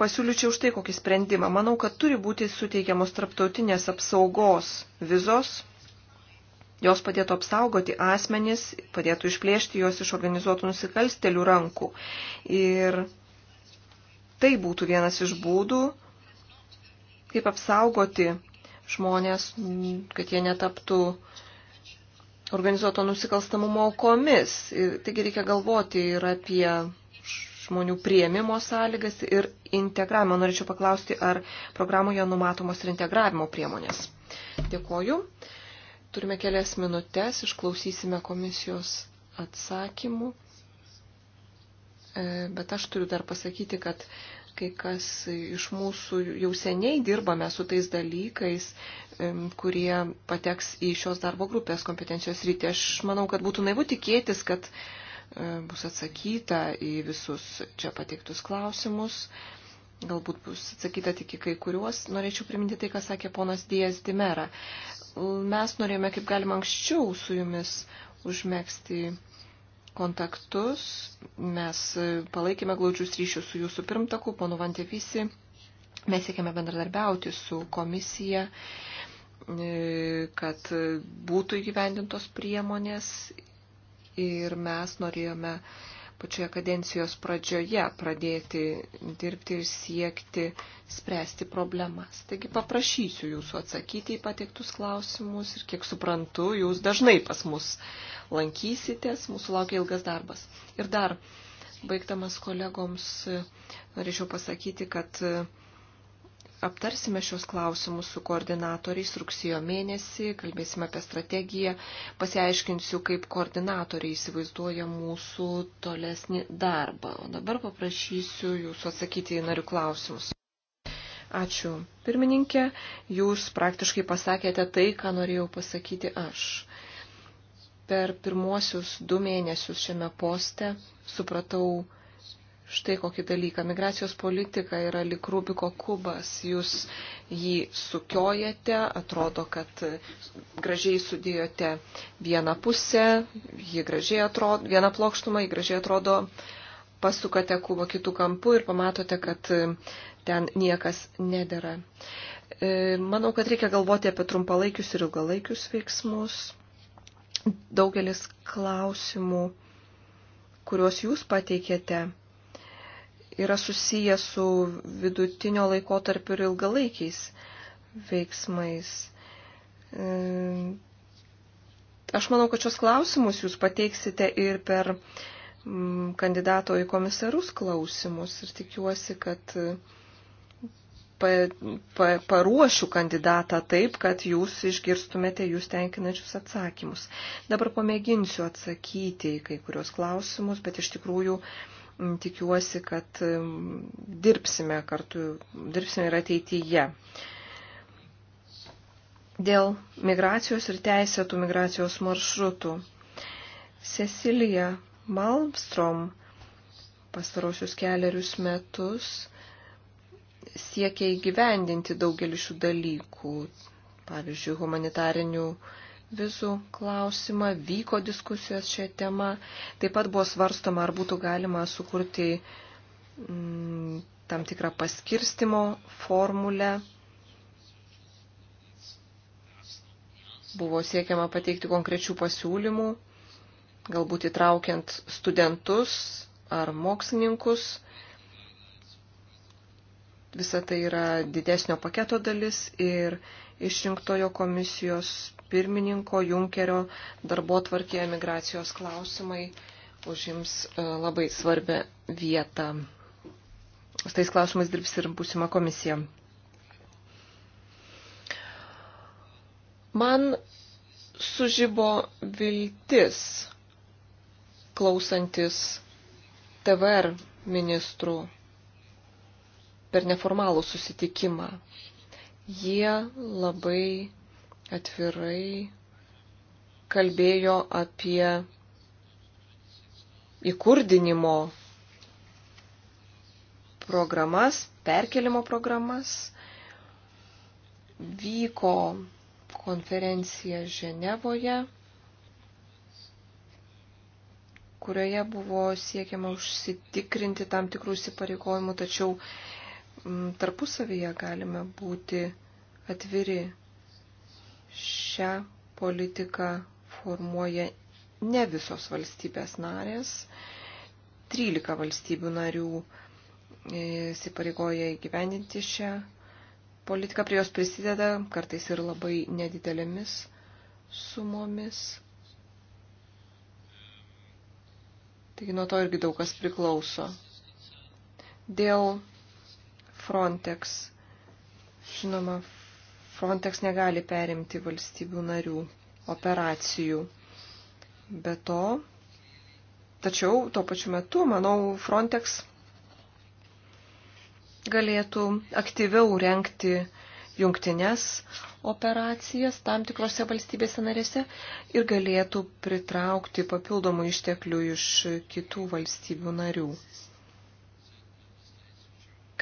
pasiūlyčiau štai kokį sprendimą. Manau, kad turi būti suteikiamos tarptautinės apsaugos vizos Jos padėtų apsaugoti asmenis, padėtų išplėšti juos iš organizuotų nusikalstelių rankų. Ir tai būtų vienas iš būdų, kaip apsaugoti žmonės, kad jie netaptų organizuoto nusikalstamumo aukomis. Ir, taigi reikia galvoti ir apie žmonių prieimimo sąlygas ir integravimą. Norėčiau paklausti, ar programoje numatomos ir integravimo priemonės. Dėkoju. Turime kelias minutės, išklausysime komisijos atsakymų. E, bet aš turiu dar pasakyti, kad kai kas iš mūsų jau seniai dirbame su tais dalykais, e, kurie pateks į šios darbo grupės kompetencijos rytį. Aš manau, kad būtų naivu tikėtis, kad e, bus atsakyta į visus čia pateiktus klausimus. Galbūt bus atsakyta tik į kai kuriuos. Norėčiau priminti tai, ką sakė ponas Dijas Dimera mes norėjome kaip galima anksčiau su jumis užmėgsti kontaktus. Mes e, palaikėme glaudžius ryšius su jūsų pirmtaku, ponu Vantevisi. Mes siekėme bendradarbiauti su komisija, e, kad būtų įgyvendintos priemonės ir mes norėjome uh, pačioje kadencijos pradžioje pradėti dirbti ir siekti spręsti problemas. Taigi paprašysiu jūsų atsakyti į pateiktus klausimus ir kiek suprantu, jūs dažnai pas mus lankysitės, mūsų laukia ilgas darbas. Ir dar, baigdamas kolegoms, norėčiau pasakyti, kad aptarsime šios klausimus su koordinatoriais rugsėjo mėnesį, kalbėsime apie strategiją, pasiaiškinsiu, kaip koordinatoriai įsivaizduoja mūsų tolesnį darbą. O dabar paprašysiu jūsų atsakyti į narių klausimus. Ačiū, pirmininkė, jūs praktiškai pasakėte tai, ką norėjau pasakyti aš. Per pirmuosius du mėnesius šiame poste supratau, štai kokį dalyką. Migracijos politika yra lik Rubiko kubas. Jūs jį sukiojate, atrodo, kad gražiai sudėjote vieną pusę, jį gražiai atrodo, vieną plokštumą, jį gražiai atrodo, pasukate kubą kitų kampų ir pamatote, kad ten niekas nedėra. E, manau, kad reikia galvoti apie trumpalaikius ir ilgalaikius veiksmus. Daugelis klausimų, kuriuos jūs pateikėte, yra susijęs su vidutinio laiko tarp ir ilgalaikiais veiksmais. E, aš manau, kad šios klausimus jūs pateiksite ir per mm, kandidato į komisarus klausimus ir tikiuosi, kad pa, pa, paruošiu kandidatą taip, kad jūs išgirstumėte jūs tenkinačius atsakymus. Dabar pamėginsiu atsakyti į kai kurios klausimus, bet iš tikrųjų tikiuosi, kad dirbsime kartu, dirbsime ir ateityje. Dėl migracijos ir teisėtų migracijos maršrutų. Cecilija Malmstrom pastarosius keliarius metus siekia įgyvendinti daugelį šių dalykų, pavyzdžiui, humanitarinių uh, vizų klausimą, vyko diskusijos šią temą, taip pat buvo svarstoma, ar būtų galima sukurti mm, tam tikrą paskirstimo formulę. Buvo siekiama pateikti konkrečių pasiūlymų, galbūt įtraukiant studentus ar mokslininkus Visa tai yra didesnio paketo dalis ir išrinktojo komisijos pirmininko Junkerio darbo tvarkėje migracijos klausimai užims e, labai svarbę vietą. Su tais klausimais dirbs ir būsima komisija. Man sužybo viltis klausantis TVR ministrų per neformalų susitikimą. Jie labai atvirai kalbėjo apie įkurdinimo programas, perkelimo programas. Vyko konferencija Ženevoje, kurioje buvo siekiama užsitikrinti tam tikrų įsipareigojimų, tačiau Mm, tarpusavyje galime būti atviri. Šią politiką formuoja ne visos valstybės narės. 13 valstybių narių e, įsipareigoja įgyvendinti šią politiką, prie jos prisideda kartais ir labai nedidelėmis sumomis. Taigi nuo to irgi daug kas priklauso. Dėl Frontex. Žinoma, Frontex negali perimti valstybių narių operacijų. Be to, tačiau tuo pačiu metu, manau, Frontex galėtų aktyviau renkti jungtinės operacijas tam tikrose valstybėse narėse ir galėtų pritraukti papildomų išteklių iš kitų valstybių narių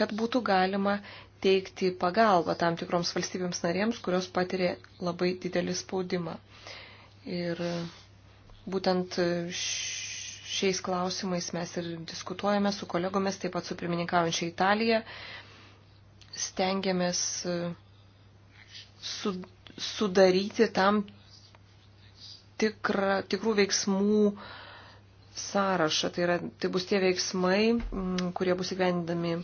kad būtų galima teikti pagalbą tam tikroms valstybėms narėms, kurios patiria labai didelį spaudimą. Ir būtent šiais klausimais mes ir diskutuojame su kolegomis, taip pat su pirmininkaujančia Italija. Stengiamės su, sudaryti tam tikra, tikrų veiksmų sąrašą. Tai, yra, tai bus tie veiksmai, kurie bus įgyvendami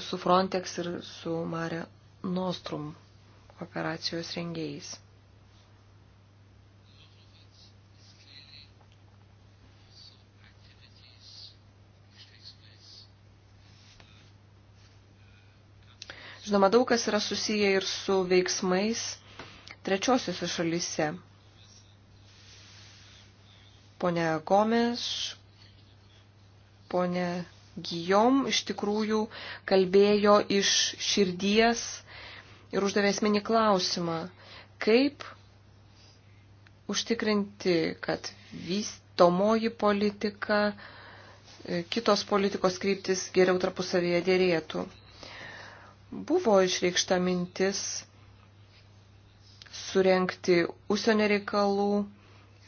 su Frontex ir su Mare Nostrum operacijos rengėjais. Žinoma, daug kas yra susiję ir su veiksmais trečiosiuose šalyse. Pone Gomes, pone Gijom iš tikrųjų kalbėjo iš širdies ir uždavė esminį klausimą, kaip užtikrinti, kad vystomoji politika, e, kitos politikos kryptis geriau tarpusavėje dėrėtų. Buvo išreikšta mintis surenkti užsienio reikalų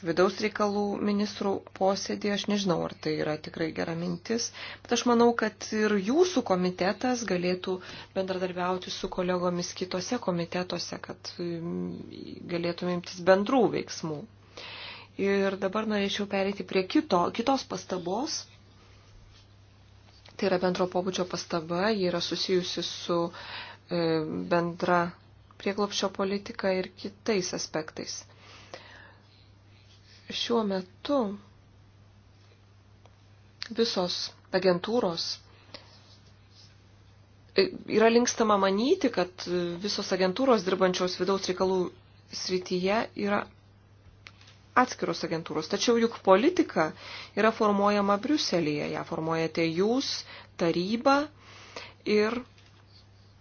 vidaus reikalų ministrų posėdį. Aš nežinau, ar tai yra tikrai gera mintis, bet aš manau, kad ir jūsų komitetas galėtų bendradarbiauti su kolegomis kitose komitetuose, kad mm, galėtume imtis bendrų veiksmų. Ir dabar norėčiau pereiti prie kito, kitos pastabos. Tai yra bendro pobūdžio pastaba, ji yra susijusi su e, bendra prieglopščio politika ir kitais aspektais šiuo metu visos agentūros e, yra linkstama manyti, kad visos agentūros dirbančios vidaus reikalų srityje yra atskiros agentūros. Tačiau juk politika yra formuojama Briuselėje, ją formuojate jūs, taryba ir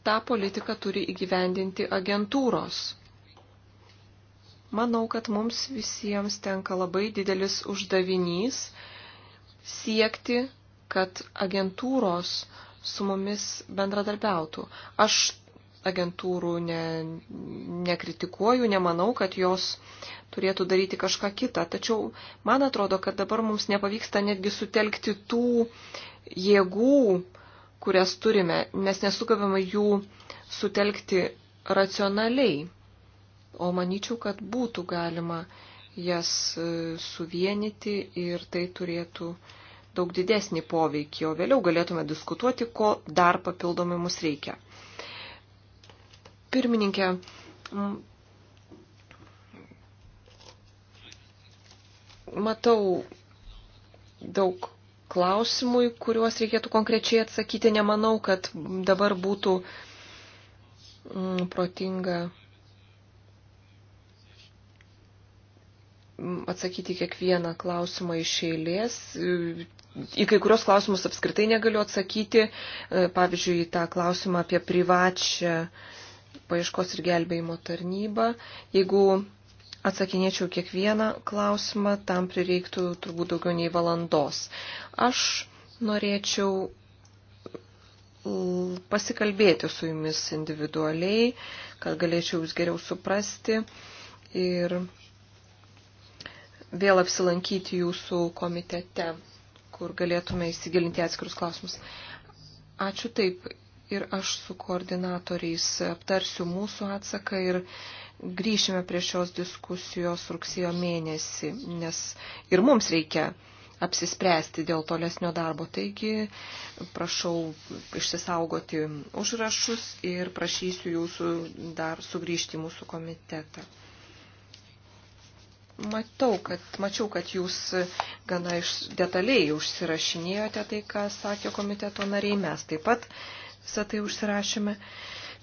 tą politiką turi įgyvendinti agentūros. Manau, kad mums visiems tenka labai didelis uždavinys siekti, kad agentūros su mumis bendradarbiautų. Aš agentūrų ne, nekritikuoju, nemanau, kad jos turėtų daryti kažką kitą. Tačiau man atrodo, kad dabar mums nepavyksta netgi sutelkti tų jėgų, kurias turime, nes nesugebame jų sutelkti racionaliai. O manyčiau, kad būtų galima jas e, suvienyti ir tai turėtų daug didesnį poveikį, o vėliau galėtume diskutuoti, ko dar papildomai mus reikia. Pirmininkė, matau daug klausimų, į kuriuos reikėtų konkrečiai atsakyti. Nemanau, kad dabar būtų protinga atsakyti kiekvieną klausimą iš eilės. Į kai kurios klausimus apskritai negaliu atsakyti. E, pavyzdžiui, tą klausimą apie privačią paieškos ir gelbėjimo tarnybą. Jeigu atsakinėčiau kiekvieną klausimą, tam prireiktų turbūt daugiau nei valandos. Aš norėčiau pasikalbėti su jumis individualiai, kad galėčiau jūs geriau suprasti. Ir vėl apsilankyti jūsų komitete, kur galėtume įsigilinti atskirus klausimus. Ačiū taip. Ir aš su koordinatoriais aptarsiu mūsų atsaką ir grįšime prie šios diskusijos rugsėjo mėnesį, nes ir mums reikia apsispręsti dėl tolesnio darbo. Taigi prašau išsisaugoti užrašus ir prašysiu jūsų dar sugrįžti į mūsų komitetą matau, kad, mačiau, kad jūs gana iš, detaliai užsirašinėjote tai, ką sakė komiteto nariai. Mes taip pat visą tai užsirašėme.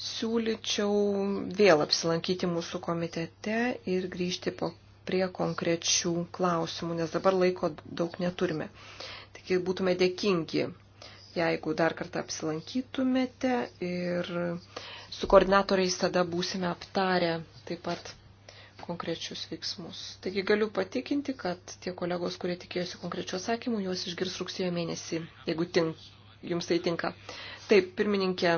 Siūlyčiau vėl apsilankyti mūsų komitete ir grįžti po, prie konkrečių klausimų, nes dabar laiko daug neturime. Tik būtume dėkingi, jeigu dar kartą apsilankytumėte ir su koordinatoriais tada būsime aptarę taip pat konkrečius veiksmus. Taigi galiu patikinti, kad tie kolegos, kurie tikėjosi konkrečių atsakymų, juos išgirs rugsėjo mėnesį, jeigu tink, jums tai tinka. Taip, pirmininkė,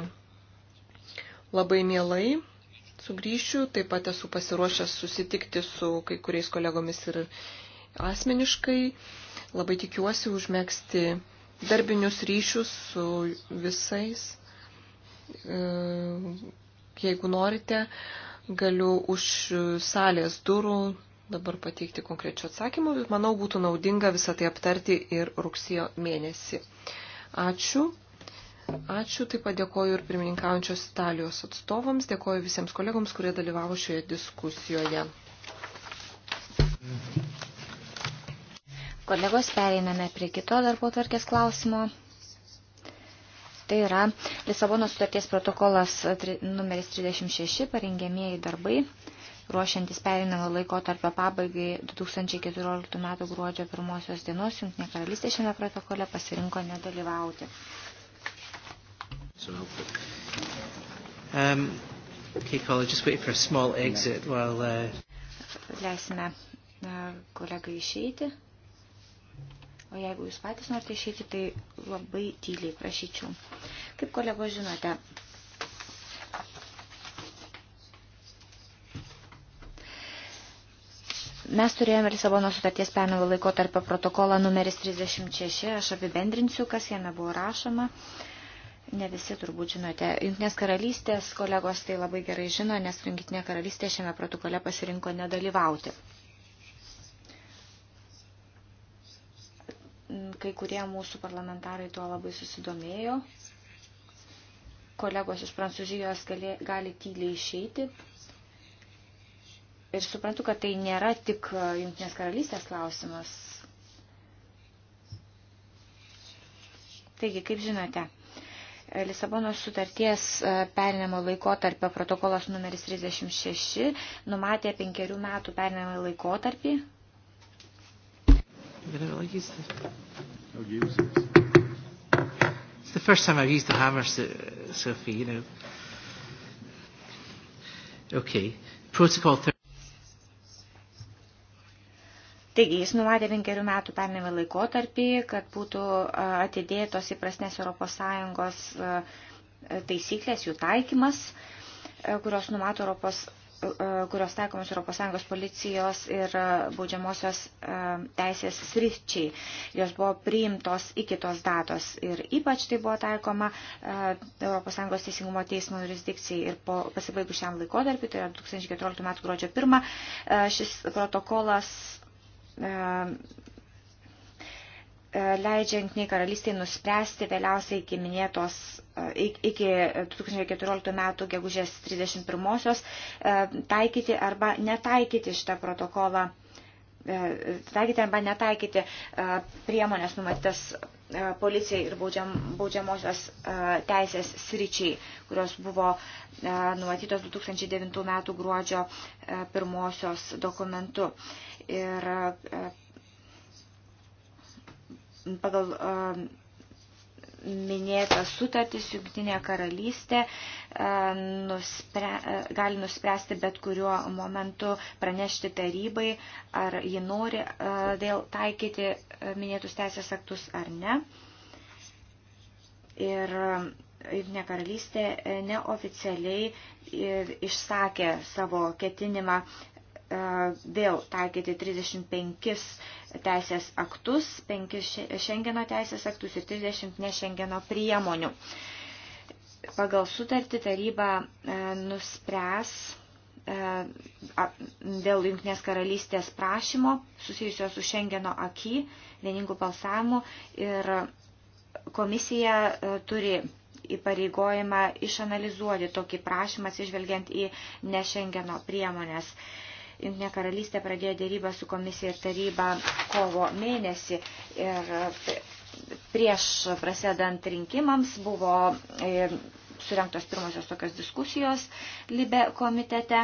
labai mielai sugrįšiu, taip pat esu pasiruošęs susitikti su kai kuriais kolegomis ir asmeniškai. Labai tikiuosi užmėgsti darbinius ryšius su visais. E, jeigu norite, galiu už salės durų dabar pateikti konkrečių atsakymų, bet manau būtų naudinga visą tai aptarti ir rugsėjo mėnesį. Ačiū. Ačiū, taip pat dėkoju ir pirmininkaujančios Italijos atstovams, dėkoju visiems kolegoms, kurie dalyvavo šioje diskusijoje. Kolegos, pereiname prie kito darbo tvarkės klausimo. Tai yra Lisabono sutarties protokolas numeris 36 parengėmėjai darbai, ruošiantis perinamą laiko tarpio pabaigai 2014 m. gruodžio 1 dienos Junktinė karalystė šiame protokole pasirinko nedalyvauti. So, um, okay, Colin, just wait for a small exit while... Uh... Leisime uh, kolegai išeiti. O jeigu jūs patys norite išeiti, tai labai tyliai prašyčiau. Kaip kolego žinote, Mes turėjome Lisabono sutarties penavo laikotarpio protokolą numeris 36, aš apibendrinsiu, kas jame buvo rašoma. Ne visi turbūt žinote. Junktinės karalystės kolegos tai labai gerai žino, nes Junktinė karalystė šiame protokole pasirinko nedalyvauti. Kai kurie mūsų parlamentarai tuo labai susidomėjo. Kolegos iš Prancūzijos gali, gali tyliai išeiti. Ir suprantu, kad tai nėra tik Junktinės karalystės klausimas. Taigi, kaip žinote, Lisabonos sutarties e, perinamo laikotarpio protokolas numeris 36 numatė penkerių metų perinamą laikotarpį Did I use the... I'll use it. It's the first time I've used the hammer, so, Sophie, you know. Okay. Protocol 30. Taigi, jis numatė penkerių metų pernėmį laikotarpį, kad būtų atidėtos įprasnės ES taisyklės, jų taikymas, kurios numato Europos kurios taikomos ES policijos ir baudžiamosios teisės sričiai. Jos buvo priimtos iki tos datos ir ypač tai buvo taikoma ES teisingumo teismo jurisdikcijai ir po pasibaigus šiam laikotarpiu, tai yra 2014 m. gruodžio 1, šis protokolas E, leidžiant nei karalystiai nuspręsti vėliausiai iki minėtos, e, iki 2014 metų gegužės 31-osios e, taikyti arba netaikyti šitą protokolą, taikyti arba netaikyti priemonės numatytas policijai ir baudžiam, baudžiamosios teisės sričiai, kurios buvo numatytos 2009 metų gruodžio pirmosios dokumentu. Ir pagal minėtas sutartis Junktinė karalystė nuspre, gali nuspręsti bet kuriuo momentu pranešti tarybai, ar ji nori dėl taikyti minėtus teisės aktus ar ne. Ir Junktinė karalystė neoficialiai išsakė savo ketinimą vėl taikyti 35 teisės aktus, 5 Šengeno teisės aktus ir 30 ne Šengeno priemonių. Pagal sutartį taryba e, nuspręs e, dėl Junktinės karalystės prašymo susijusio su Šengeno aky, vieningų balsavimų ir komisija e, turi įpareigojimą išanalizuoti tokį prašymą, atsižvelgiant į nešengeno priemonės. Uh, Junktinė karalystė pradėjo dėrybą su komisija ir taryba kovo mėnesį. Ir prieš prasidant rinkimams buvo e, surinktos pirmosios tokios diskusijos Libe komitete.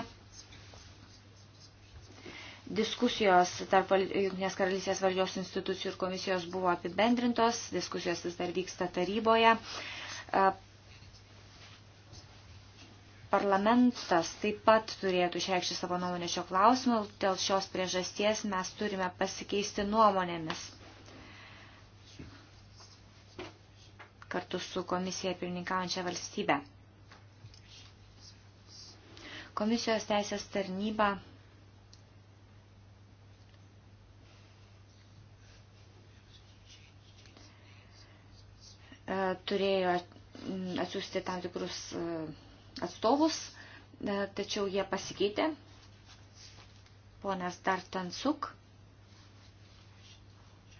Diskusijos tarp Junktinės karalystės valdžios institucijų ir komisijos buvo apibendrintos, diskusijos vis dar vyksta taryboje e, parlamentas taip pat turėtų išreikšti savo nuomonę šio klausimu, dėl šios priežasties mes turime pasikeisti nuomonėmis. kartu su komisija pirmininkaujančia valstybė. Komisijos teisės tarnyba turėjo atsiųsti tam tikrus atstovus, e, tačiau jie pasikeitė. Ponas Dartansuk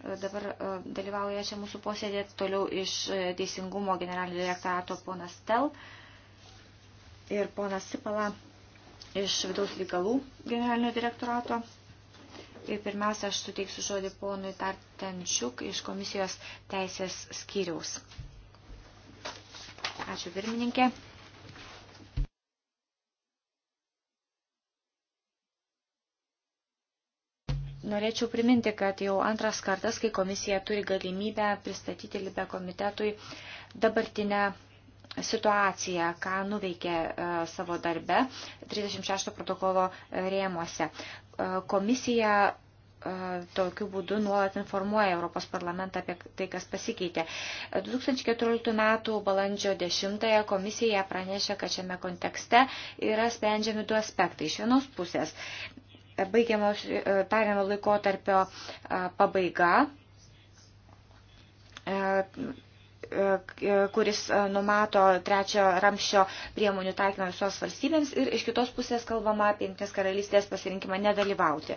e, dabar e, dalyvauja čia mūsų posėdė, toliau iš Teisingumo generalinio direktorato ponas Tel ir ponas Sipala iš Vidaus reikalų generalinio direktorato. Ir pirmiausia, aš suteiksiu žodį ponui Tartenčiuk iš komisijos teisės skyriaus. Ačiū pirmininkė. Norėčiau priminti, kad jau antras kartas, kai komisija turi galimybę pristatyti Libe komitetui dabartinę situaciją, ką nuveikė e, savo darbe 36 protokolo e, rėmuose. E, komisija tokiu būdu nuolat informuoja Europos parlamentą apie tai, kas pasikeitė. 2014 m. balandžio 10 komisija pranešė, kad šiame kontekste yra sprendžiami du aspektai. Iš vienos pusės baigiamos e, tariamo laikotarpio e, pabaiga e, kuris numato trečio ramščio priemonių taikymą visos valstybėms ir iš kitos pusės kalbama apie Junktinės karalystės pasirinkimą nedalyvauti,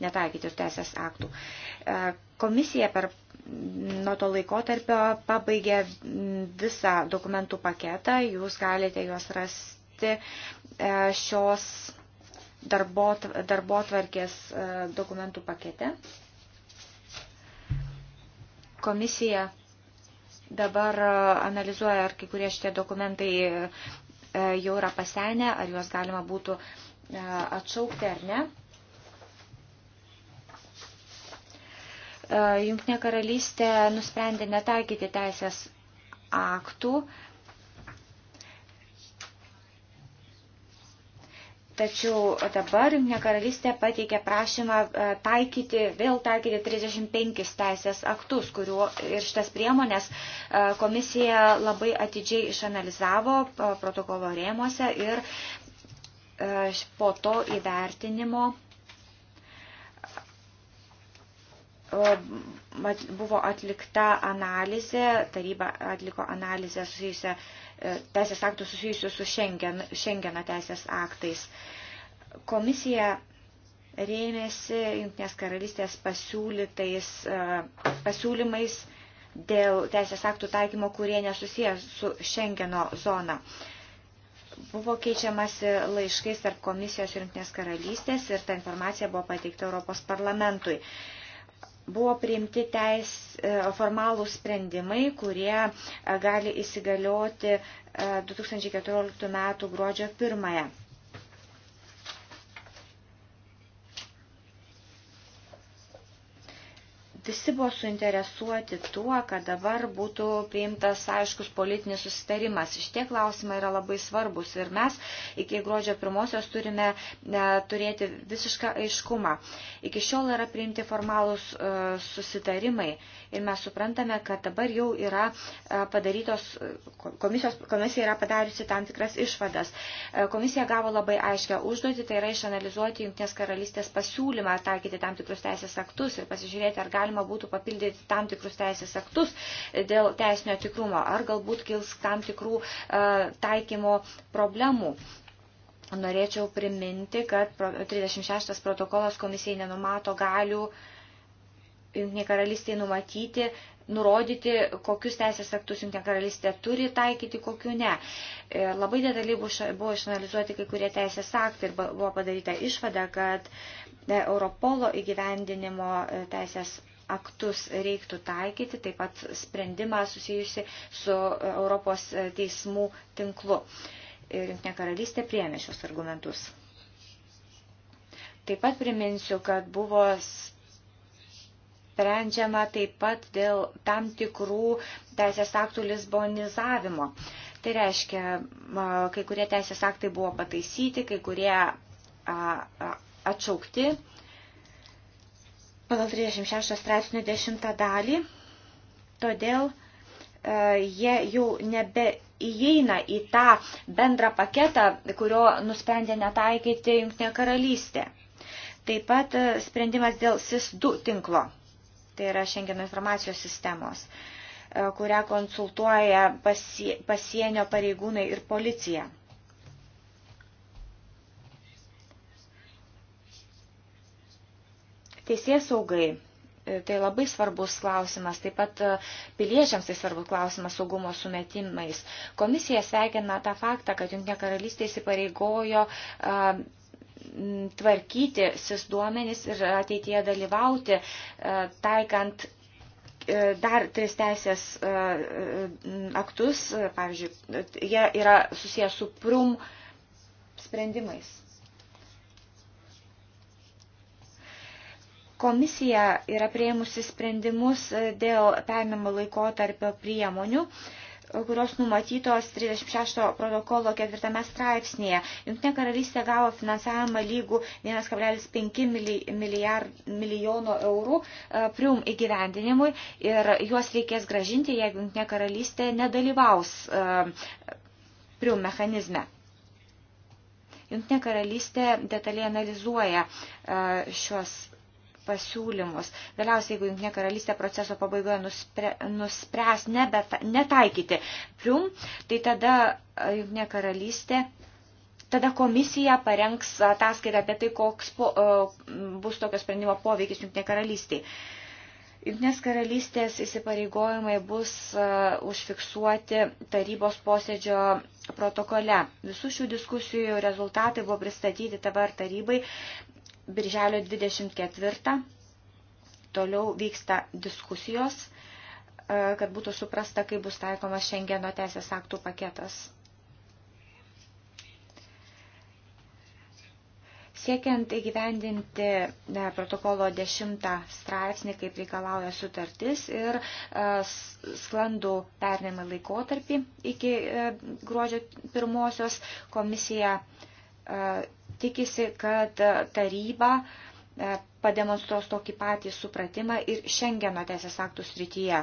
netaikyti teisės aktų. Komisija per nuo to laikotarpio pabaigė visą dokumentų paketą, jūs galite juos rasti šios darbo, darbo tvarkės e, dokumentų pakete. Komisija dabar e, analizuoja, ar kai kurie šitie dokumentai e, jau yra pasenę, ar juos galima būtų atšaukti ar ne. Junktinė karalystė nusprendė netaikyti teisės aktų, Tačiau dabar Junktinė karalystė pateikė prašymą e, taikyti, vėl taikyti 35 teisės aktus, kuriuo ir šitas priemonės e, komisija labai atidžiai išanalizavo e, protokolo rėmose ir po to įvertinimo buvo atlikta analizė, taryba atliko analizę susijusią E, teisės aktų susijusių su Schengen, Schengeno teisės aktais. Komisija rėmėsi Junktinės karalystės pasiūlytais e, pasiūlymais dėl teisės aktų taikymo, kurie nesusiję su Schengeno zona. Buvo keičiamasi laiškais tarp komisijos Junktinės karalystės ir ta informacija buvo pateikta Europos parlamentui. Buvo priimti teis e, formalų sprendimai, kurie e, gali įsigalioti 2014 e, m. gruodžio 1. Visi buvo suinteresuoti tuo, kad dabar būtų priimtas aiškus politinis susitarimas. Šitie klausimai yra labai svarbus ir mes iki gruodžio pirmosios turime e, turėti visišką aiškumą. Iki šiol yra priimti formalūs e, susitarimai ir mes suprantame, kad dabar jau yra e, padarytos, e, komisijos, komisija yra padariusi tam tikras išvadas. E, komisija gavo labai aiškę užduotį, tai yra išanalizuoti Junktinės karalystės pasiūlymą taikyti tam tikrus teisės aktus ir pasižiūrėti, ar galima galima būtų papildyti tam tikrus teisės aktus dėl teisinio tikrumo, ar galbūt kils tam tikrų e, taikymo problemų. Norėčiau priminti, kad 36 protokolas komisijai nenumato galių Junktinė karalystė numatyti, nurodyti, kokius teisės aktus Junktinė karalystė turi taikyti, kokiu ne. E, labai detaliai buvo išanalizuoti kai kurie teisės aktai ir buvo padaryta išvada, kad e, Europolo įgyvendinimo teisės aktus reiktų taikyti, taip pat sprendimą susijusi su e, Europos e, teismų tinklu. Ir Junktinė karalystė priemė šios argumentus. Taip pat priminsiu, kad buvo sprendžiama taip pat dėl tam tikrų teisės aktų lisbonizavimo. Tai reiškia, kai kurie teisės aktai buvo pataisyti, kai kurie atšaukti pagal 36 straipsnių 10 dalį, todėl e, jie jau nebe įeina į tą bendrą paketą, kurio nusprendė netaikyti Junktinė karalystė. Taip pat e, sprendimas dėl SIS2 tinklo, tai yra Šengeno informacijos sistemos, e, kurią konsultuoja pasienio pareigūnai ir policija. Teisės saugai. E, tai labai svarbus klausimas, taip pat e, piliečiams tai svarbus klausimas saugumo sumetimais. Komisija sveikina tą faktą, kad Junktinė karalystė įsipareigojo e, tvarkyti SIS duomenys ir ateityje dalyvauti, taikant dar tris teisės aktus, pavyzdžiui, jie yra susijęs su prum sprendimais. Komisija yra prieimusi sprendimus e, dėl permimo laikotarpio priemonių e, kurios numatytos 36 protokolo ketvirtame straipsnėje. Junktinė karalystė gavo finansavimą lygų 1,5 milijono eurų e, prium įgyvendinimui ir juos reikės gražinti, jeigu Junktinė karalystė nedalyvaus prium mechanizme. Junktinė karalystė detaliai analizuoja šios pasiūlymus. Galiausiai, jeigu Junktinė karalystė proceso pabaigoje nuspre, nuspręs nebet, netaikyti prium, tai tada e, Junktinė karalystė. Tada komisija parengs ataskaitą apie tai, koks po, e, bus tokio sprendimo poveikis Junktinė karalystė. Junktinės karalystės įsipareigojimai bus e, užfiksuoti tarybos posėdžio protokole. Visų šių diskusijų rezultatai buvo pristatyti dabar tarybai Birželio 24 toliau vyksta diskusijos, e, kad būtų suprasta, kaip bus taikomas Šengeno teisės aktų paketas. Siekiant įgyvendinti ne, protokolo 10 straipsnį, kaip reikalauja sutartis ir e, sklandų pernėmą laikotarpį iki e, gruodžio pirmosios komisija tikisi, kad taryba e, pademonstruos tokį patį supratimą ir Šengeno teisės aktų srityje.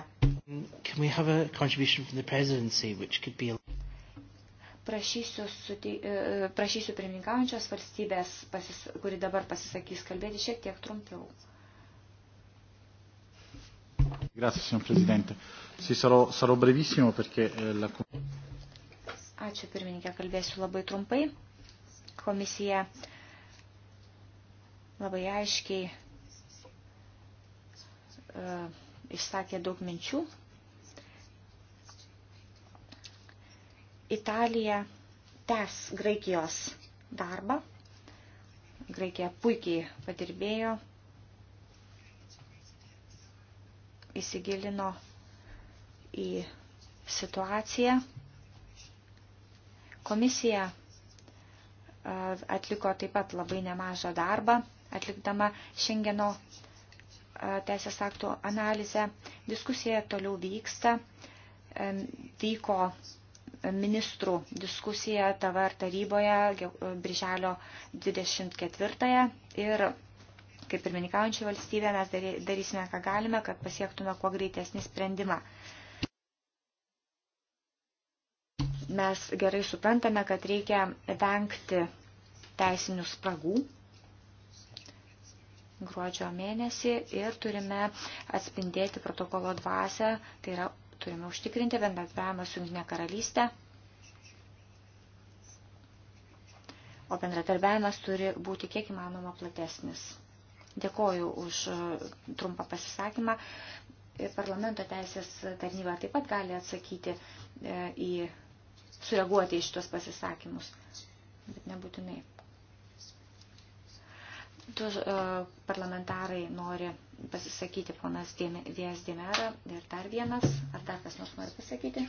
Be... Prašysiu, suti, e, e, prašysiu pirmininkaujančios valstybės, pasis, kuri dabar pasisakys kalbėti šiek tiek trumpiau. Grazie, signor Presidente. Sì, sarò, sarò brevissimo perché eh, la... Ačiū pirmininkė, kalbėsiu labai trumpai. Komisija labai aiškiai uh, išsakė daug minčių. Italija tęs Graikijos darbą. Graikija puikiai padirbėjo, įsigilino į situaciją. Komisija atliko taip pat labai nemažą darbą, atlikdama Šengeno teisės aktų analizę. Diskusija toliau vyksta. Vyko ministrų diskusija TVR taryboje birželio 24 ir kaip pirmininkaujančiai valstybė mes darysime, ką galime, kad pasiektume kuo greitesnį sprendimą. Mes gerai suprantame, kad reikia vengti teisinių spragų gruodžio mėnesį ir turime atspindėti protokolo dvasę, tai yra turime užtikrinti bendradarbiavimą su Junktinė karalystė, o bendradarbiavimas turi būti kiek įmanoma platesnis. Dėkoju už e, trumpą pasisakymą. Parlamento teisės tarnyba taip pat gali atsakyti e, į sureaguoti į šitos pasisakymus, bet nebūtinai. Tu e, parlamentarai nori pasisakyti ponas Vėjas Dėmera ir dar vienas, ar dar kas nors nori pasakyti?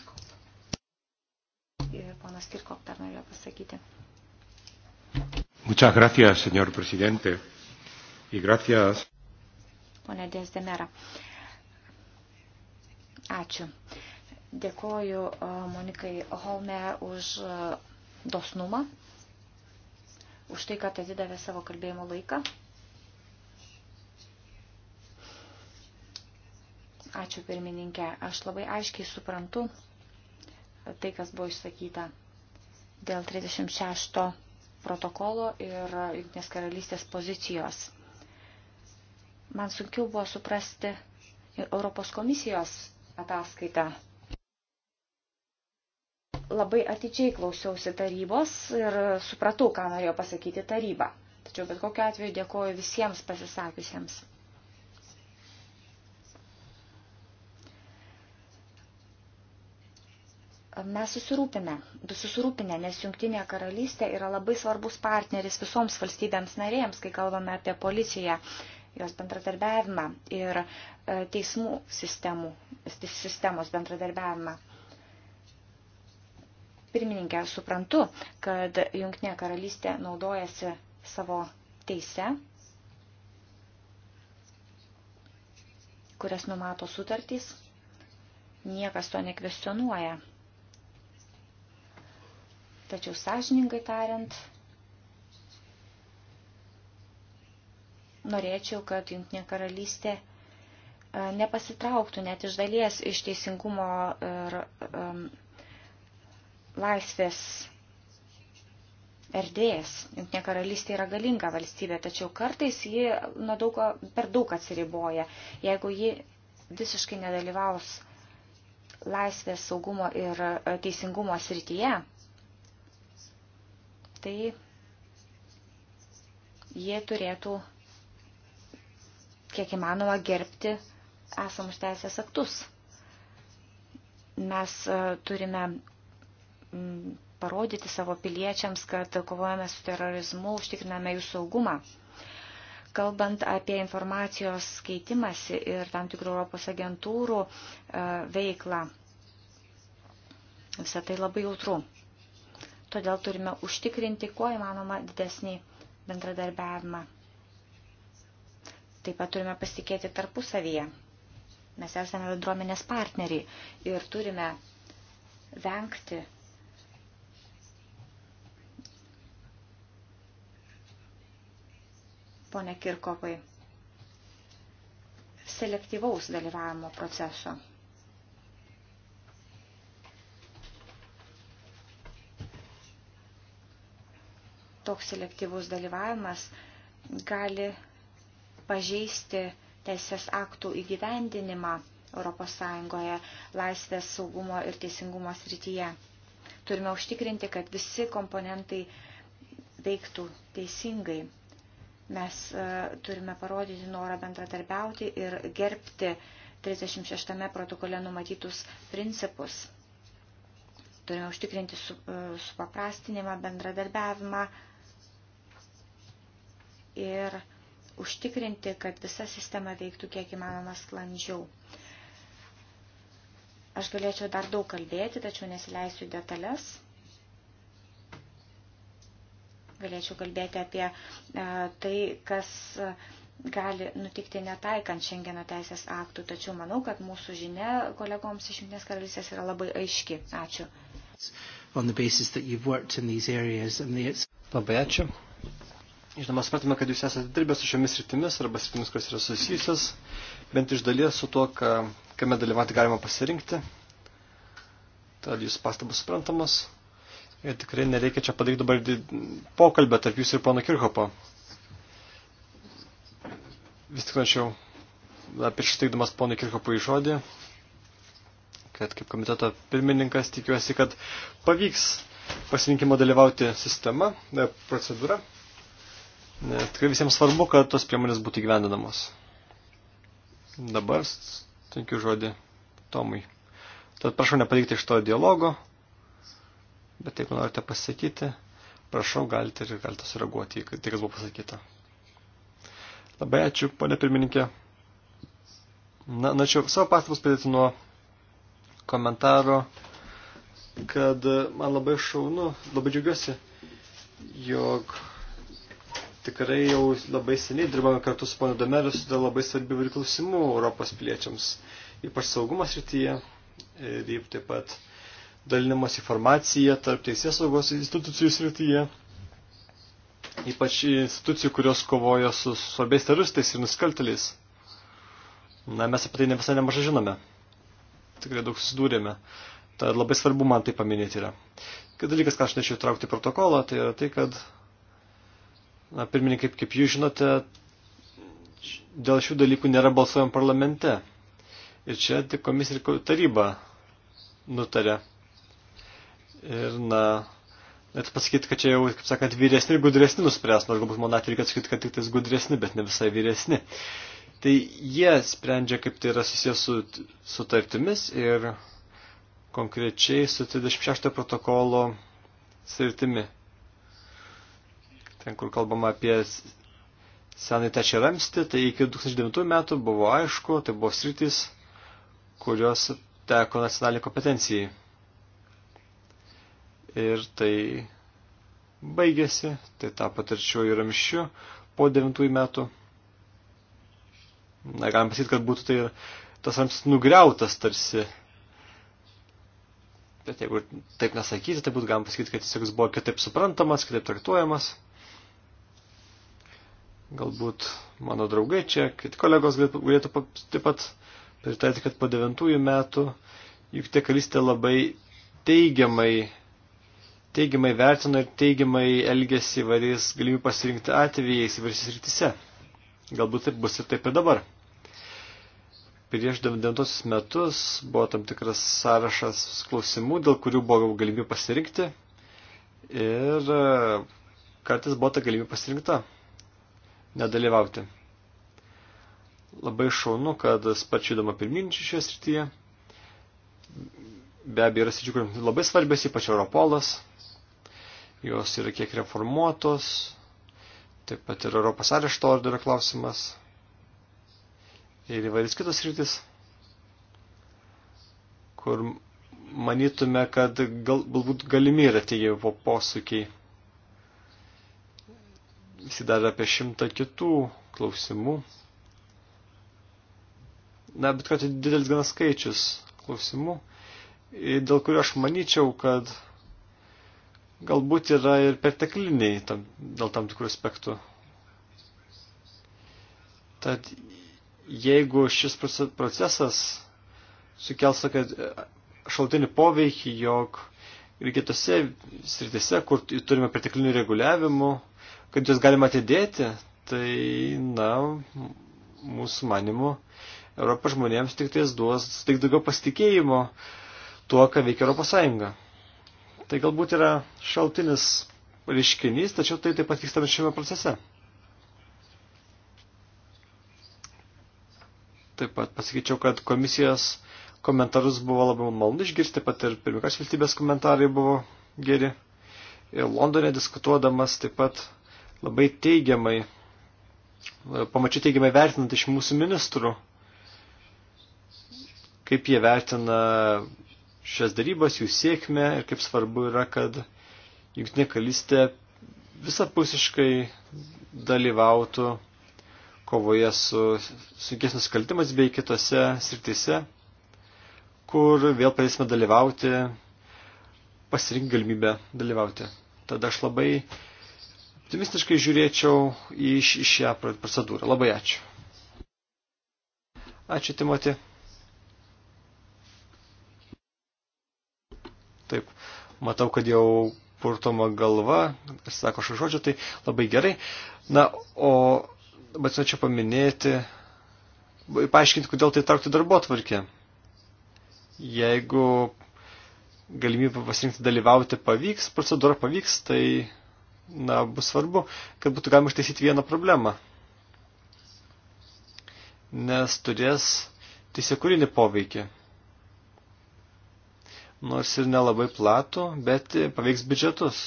Ir ponas Kirkop dar norėjo pasakyti. Muchas gracias, señor presidente. Y gracias. Pone Dėjas Dėmera. Ačiū. Uh, Dėkoju Monikai Holme už dosnumą, už tai, kad atidavė savo kalbėjimo laiką. Ačiū pirmininkė. Aš labai aiškiai suprantu tai, kas buvo išsakyta dėl 36 protokolo ir Junktinės karalystės pozicijos. Man sunkiau buvo suprasti Europos komisijos ataskaitą labai atidžiai klausiausi tarybos ir supratau, ką norėjo pasakyti taryba. Tačiau bet kokiu atveju dėkoju visiems pasisakiusiems. Mes susirūpinę, susirūpinę, nes Junktinė karalystė yra labai svarbus partneris visoms valstybėms narėms, kai kalbame apie policiją, jos bendradarbiavimą ir e, teismų sistemų, sistemos bendradarbiavimą. Pirmininkė, aš suprantu, kad Junktinė karalystė naudojasi savo teise, kurias numato sutartys. Niekas to nekvestionuoja. Tačiau sąžiningai tariant, norėčiau, kad Junktinė karalystė e, nepasitrauktų net iš dalies iš teisingumo ir um, laisvės erdvės. Jungtinė karalystė yra galinga valstybė, tačiau kartais ji nuo daug, per daug atsiriboja. Jeigu ji visiškai nedalyvaus laisvės saugumo ir e, teisingumo srityje, tai jie turėtų kiek įmanoma gerbti esamus teisės aktus. Mes e, turime parodyti savo piliečiams, kad kovojame su terorizmu, užtikriname jų saugumą. Kalbant apie informacijos keitimąsi ir tam tikrų Europos agentūrų e, veiklą, visą tai labai jautru. Todėl turime užtikrinti kuo įmanoma didesnį bendradarbiavimą. Taip pat turime pasitikėti tarpusavyje. Mes esame bendruomenės partneriai ir turime vengti pone Kirkopai, selektyvaus dalyvavimo proceso. Toks selektyvus dalyvavimas gali pažeisti teisės aktų įgyvendinimą ES laisvės saugumo ir teisingumo srityje. Turime užtikrinti, kad visi komponentai veiktų teisingai. Mes e, turime parodyti norą bendradarbiauti ir gerbti 36 protokole numatytus principus. Turime užtikrinti e, supaprastinimą, su bendradarbiavimą ir užtikrinti, kad visa sistema veiktų kiek įmanoma sklandžiau. Aš galėčiau dar daug kalbėti, tačiau nesileisiu detalės. Galėčiau kalbėti apie e, tai, kas e, gali nutikti netaikant Šengeno teisės aktų, tačiau manau, kad mūsų žinia kolegoms iš Junktinės karalystės yra labai aiški. Ačiū. Labai ačiū. Žinoma, supratome, kad jūs esate dirbę su šiomis rytimis arba sritimis, kurios yra susijusios, bent iš dalies su tuo, ką, kame dalyvauti galima pasirinkti. Tad jūsų pastabos suprantamos. Ir tikrai nereikia čia padaryti dabar pokalbę tarp jūs ir pono Kirchopo. Vis tik norėčiau, prieš teikdamas pono Kirchopo į žodį, kad kaip komiteto pirmininkas tikiuosi, kad pavyks pasirinkimo dalyvauti sistema, e, procedūra. Nes tikrai visiems svarbu, kad tos priemonės būtų gyvendinamos. Dabar tenkiu žodį Tomui. Tad prašau nepalikti iš to dialogo bet jeigu norite pasakyti, prašau, galite ir galite sureaguoti į tai, kas buvo pasakyta. Labai ačiū, ponė pirmininkė. Na, norėčiau savo pastabas pradėti nuo komentaro, kad man labai šaunu, labai džiugiuosi, jog tikrai jau labai seniai dirbame kartu su ponu Domerius dėl labai svarbių ir klausimų Europos piliečiams, ypač saugumas rytyje ir taip pat dalinimas informacija tarp teisės saugos institucijų srityje, ypač institucijų, kurios kovoja su svarbiais teroristais ir nusikalteliais. Na, mes apie tai ne visai nemažai žinome. Tikrai daug susidūrėme. Tai labai svarbu man tai paminėti yra. Kad dalykas, ką aš nešiau traukti protokolą, tai yra tai, kad, na, pirmininkai, kaip, kaip jūs žinote, dėl šių dalykų nėra balsuojama parlamente. Ir čia tik komisija ir taryba nutarė Ir, na, net pasakyti, kad čia jau, kaip sakant, vyresni ir gudresni nuspręs, nors galbūt mano atveju reikia sakyti, kad tik tais gudresni, bet ne visai vyresni. Tai jie sprendžia, kaip tai yra susijęs su sutartimis ir konkrečiai su 36 protokolo sritimi. Ten, kur kalbama apie senai tečią ramstį, tai iki 2009 metų buvo aišku, tai buvo sritis, kurios teko nacionaliniai kompetencijai ir tai baigėsi, tai tapo trečiuoju ramščiu po devintųjų metų. Na, galim pasakyti, kad būtų tai tas ramstis nugriautas tarsi. Bet jeigu taip nesakyti, tai būtų galima pasakyti, kad tiesiog jis buvo kitaip suprantamas, kitaip traktuojamas. Galbūt mano draugai čia, kiti kolegos galėtų taip pat pritarti, kad po devintųjų metų juk tie karistė labai teigiamai teigiamai vertino ir teigiamai elgėsi įvairiais galimybių pasirinkti atvejais įvairiais rytise. Galbūt taip bus ir taip ir dabar. Prieš 90 metus buvo tam tikras sąrašas klausimų, dėl kurių buvo galimybė pasirinkti ir e, kartais buvo ta galimybė pasirinkta nedalyvauti. Labai šaunu, kad sparčiai įdoma pirminčių šioje srityje. Be abejo, yra sričių, kur labai svarbios, ypač Europolas jos yra kiek reformuotos, taip pat ir Europos arešto orderio klausimas ir įvairias kitos rytis, kur manytume, kad gal, galbūt galimi yra tie po posūkiai. Visi dar apie šimtą kitų klausimų. Na, bet kad tai didelis gana skaičius klausimų, dėl kurio aš manyčiau, kad galbūt yra ir pertekliniai tam, dėl tam tikrų aspektų. Tad jeigu šis procesas sukels tokį e, šaltinį poveikį, jog ir kitose sritise, kur turime perteklinių reguliavimų, kad juos galima atidėti, tai, na, mūsų manimu, Europos žmonėms tik tais duos tik daugiau pasitikėjimo tuo, ką veikia Europos Sąjunga. Tai galbūt yra šaltinis reiškinys, tačiau tai taip pat vyksta šiame procese. Taip pat pasakyčiau, kad komisijos komentarus buvo labai malonu išgirsti, pat ir pirmikas valstybės komentarai buvo geri. Ir Londone diskutuodamas taip pat labai teigiamai, pamačiau teigiamai vertinant iš mūsų ministrų, kaip jie vertina šias darybas, jų sėkmę ir kaip svarbu yra, kad jungtinė kalistė visapusiškai dalyvautų kovoje su sunkiais nusikaltimas bei kitose srityse, kur vėl pradėsime dalyvauti, pasirinkti galimybę dalyvauti. Tada aš labai optimistiškai žiūrėčiau į šią procedūrą. Labai ačiū. Ačiū, Timoti. Taip, matau, kad jau purtoma galva, sako šio žodžio, tai labai gerai. Na, o bet norėčiau paminėti, paaiškinti, kodėl tai tarpti darbo atvarkė. Jeigu galimybę pasirinkti dalyvauti pavyks, procedūra pavyks, tai na, bus svarbu, kad būtų galima ištaisyti vieną problemą. Nes turės teisėkūrinį poveikį nors ir nelabai platų, bet paveiks biudžetus.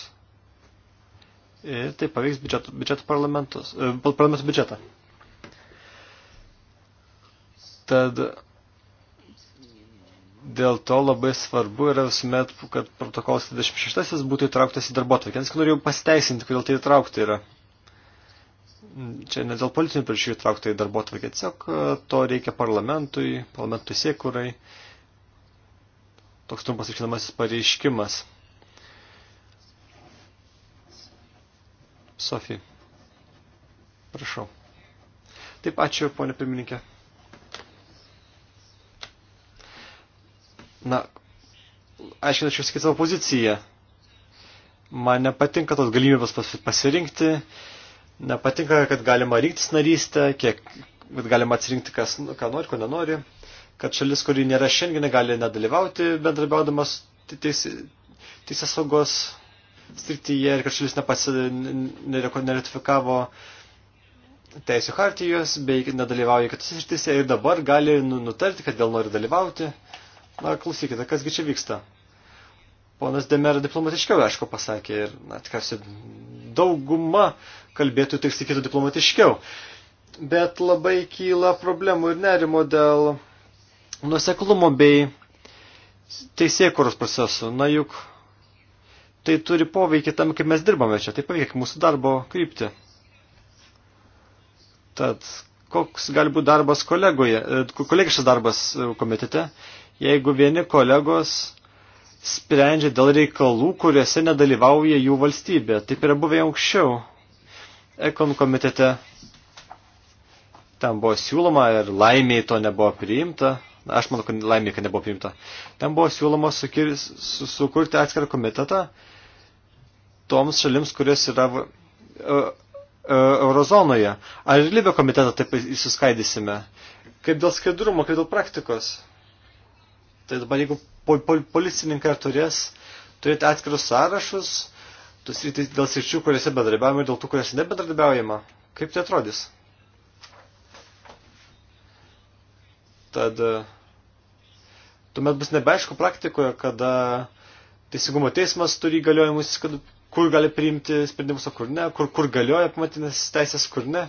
Ir tai paveiks biudžeto, biudžeto parlamentus, eh, parlamentų biudžetą. Tad dėl to labai svarbu yra visuomet, kad protokolas 26 būtų įtrauktas į darbo atvarkę. Nes norėjau pasiteisinti, kodėl tai įtraukta yra. Čia ne dėl politinių priešių įtraukta į darbo atvarkę, tiesiog e, to reikia parlamentui, parlamentui siekurai. Eh, toks trumpas iškinamasis pareiškimas. Sofija, prašau. Taip, ačiū, ponė pirmininkė. Na, aiškiai, aš išsakyti savo poziciją. Man nepatinka tos galimybės pasirinkti, nepatinka, kad galima rinktis narystę, kiek, kad galima atsirinkti, kas, ką nori, ko nenori kad šalis, kuri nėra šiandien, gali nedalyvauti bendrabiaudamas teisės saugos srityje ir kad šalis nepasi, neratifikavo teisų hartijos bei nedalyvauja kitose srityse ir dabar gali nu-, nutarti, kad vėl nori dalyvauti. Na, klausykite, kasgi čia vyksta. Ponas Demera diplomatiškiau, aišku, pasakė ir, na, tikriausiai dauguma kalbėtų tik sakytų diplomatiškiau. Bet labai kyla problemų ir nerimo dėl nuseklumo bei teisėkuros procesų. Na juk tai turi poveikį tam, kaip mes dirbame čia, tai paveikia mūsų darbo kryptį. Tad koks gali būti darbas kolegoje, e, kolegiškas darbas e, komitete, jeigu vieni kolegos sprendžia dėl reikalų, kuriuose nedalyvauja jų valstybė. Taip yra buvę anksčiau. Ekon komitete tam buvo siūloma ir laimiai to nebuvo priimta. Aš manau, kad laimė, kad nebuvo priimta. Ten buvo siūloma sukirs, su, sukurti atskirą komitetą toms šalims, kurios yra uh, uh, eurozonoje. Ar ir Libio komitetą taip įsiskaidysime? Kaip dėl skaidrumo, kaip dėl praktikos? Tai dabar, jeigu pol, pol, policininkai turės turėti atskirus sąrašus, tos rytis dėl sričių, kuriuose bendradarbiaujama ir dėl tų, kuriuose nebendradarbiaujama, kaip tai atrodys? Tad e, tuomet bus nebeaišku praktikoje, kada teisingumo teismas turi įgaliojimus, kad kur gali priimti sprendimus, o kur ne, kur, kur galioja pamatinės teisės, kur ne.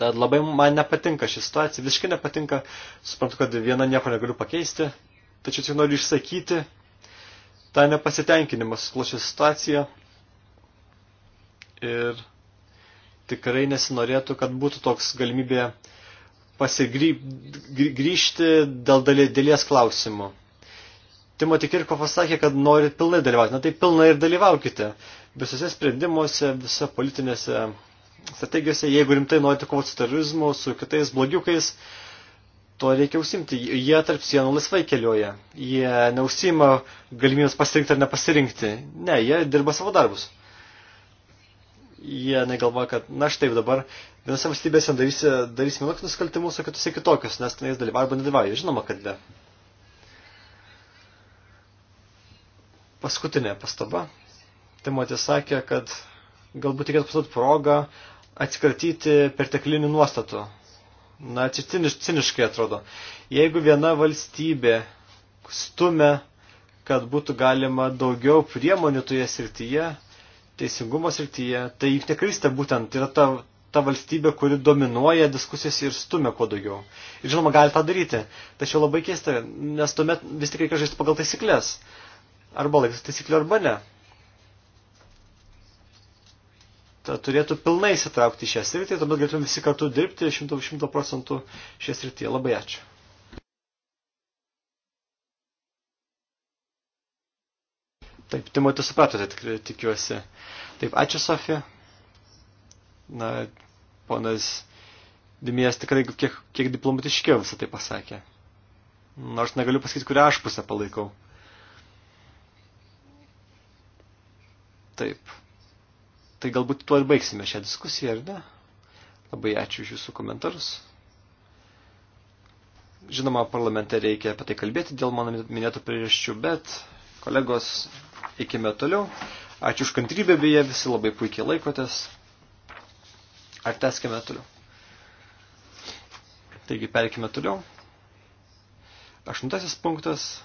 Tad labai man nepatinka ši situacija, visiškai nepatinka, suprantu, kad viena nieko negaliu pakeisti, tačiau tik noriu išsakyti tą nepasitenkinimą susiklošę situaciją ir tikrai nesinorėtų, kad būtų toks galimybė pasigrįžti dėl dalies klausimų. Timoti Kirkovas sakė, kad norit pilnai dalyvauti. Na tai pilnai ir dalyvaukite. Visose sprendimuose, visose politinėse strategijose, jeigu rimtai norite kovoti su terorizmu, su kitais blogiukais, to reikia užsimti. Jie tarp sienų laisvai kelioja. Jie neusima galimybės pasirinkti ar nepasirinkti. Ne, jie dirba savo darbus. Jie negalvoja, kad na štai dabar vienose valstybėse darysime, darysime vienokius nusikaltimus, o kitose kitokius, nes tenais dalyvauja arba nedalyvauja. Žinoma, kad ne. Paskutinė pastaba. Timotė sakė, kad galbūt reikėtų pasinaudoti progą atsikratyti perteklinių nuostatų. Na, ciniš, ciniškai atrodo. Jeigu viena valstybė stumia, kad būtų galima daugiau priemonių toje srityje, teisingumo srityje, tai juk nekristė būtent yra ta, ta valstybė, kuri dominuoja diskusijas ir stumia kuo daugiau. Ir žinoma, gali tą daryti. Tačiau labai keista, nes tuomet vis tik reikia žaisti pagal taisyklės. Arba laikas taisyklių, arba ne. Ta turėtų pilnai įsitraukti į šią sritį, tuomet galėtume visi kartu dirbti 100 procentų šią sritį. Labai ačiū. Taip, Timotė supratote, tai tikiuosi. Taip, ačiū Sofija na, ponas Dimijas tikrai kiek, kiek diplomatiškiau visą tai pasakė. Nors negaliu pasakyti, kurią aš pusę palaikau. Taip. Tai galbūt tuo ir baigsime šią diskusiją, ar ne? Labai ačiū už jūsų komentarus. Žinoma, parlamente reikia apie tai kalbėti dėl mano minėtų priežasčių, bet kolegos, eikime toliau. Ačiū už kantrybę, beje, visi labai puikiai laikotės. Ar teskime toliau? Taigi, perkime toliau. Aštuntasis punktas.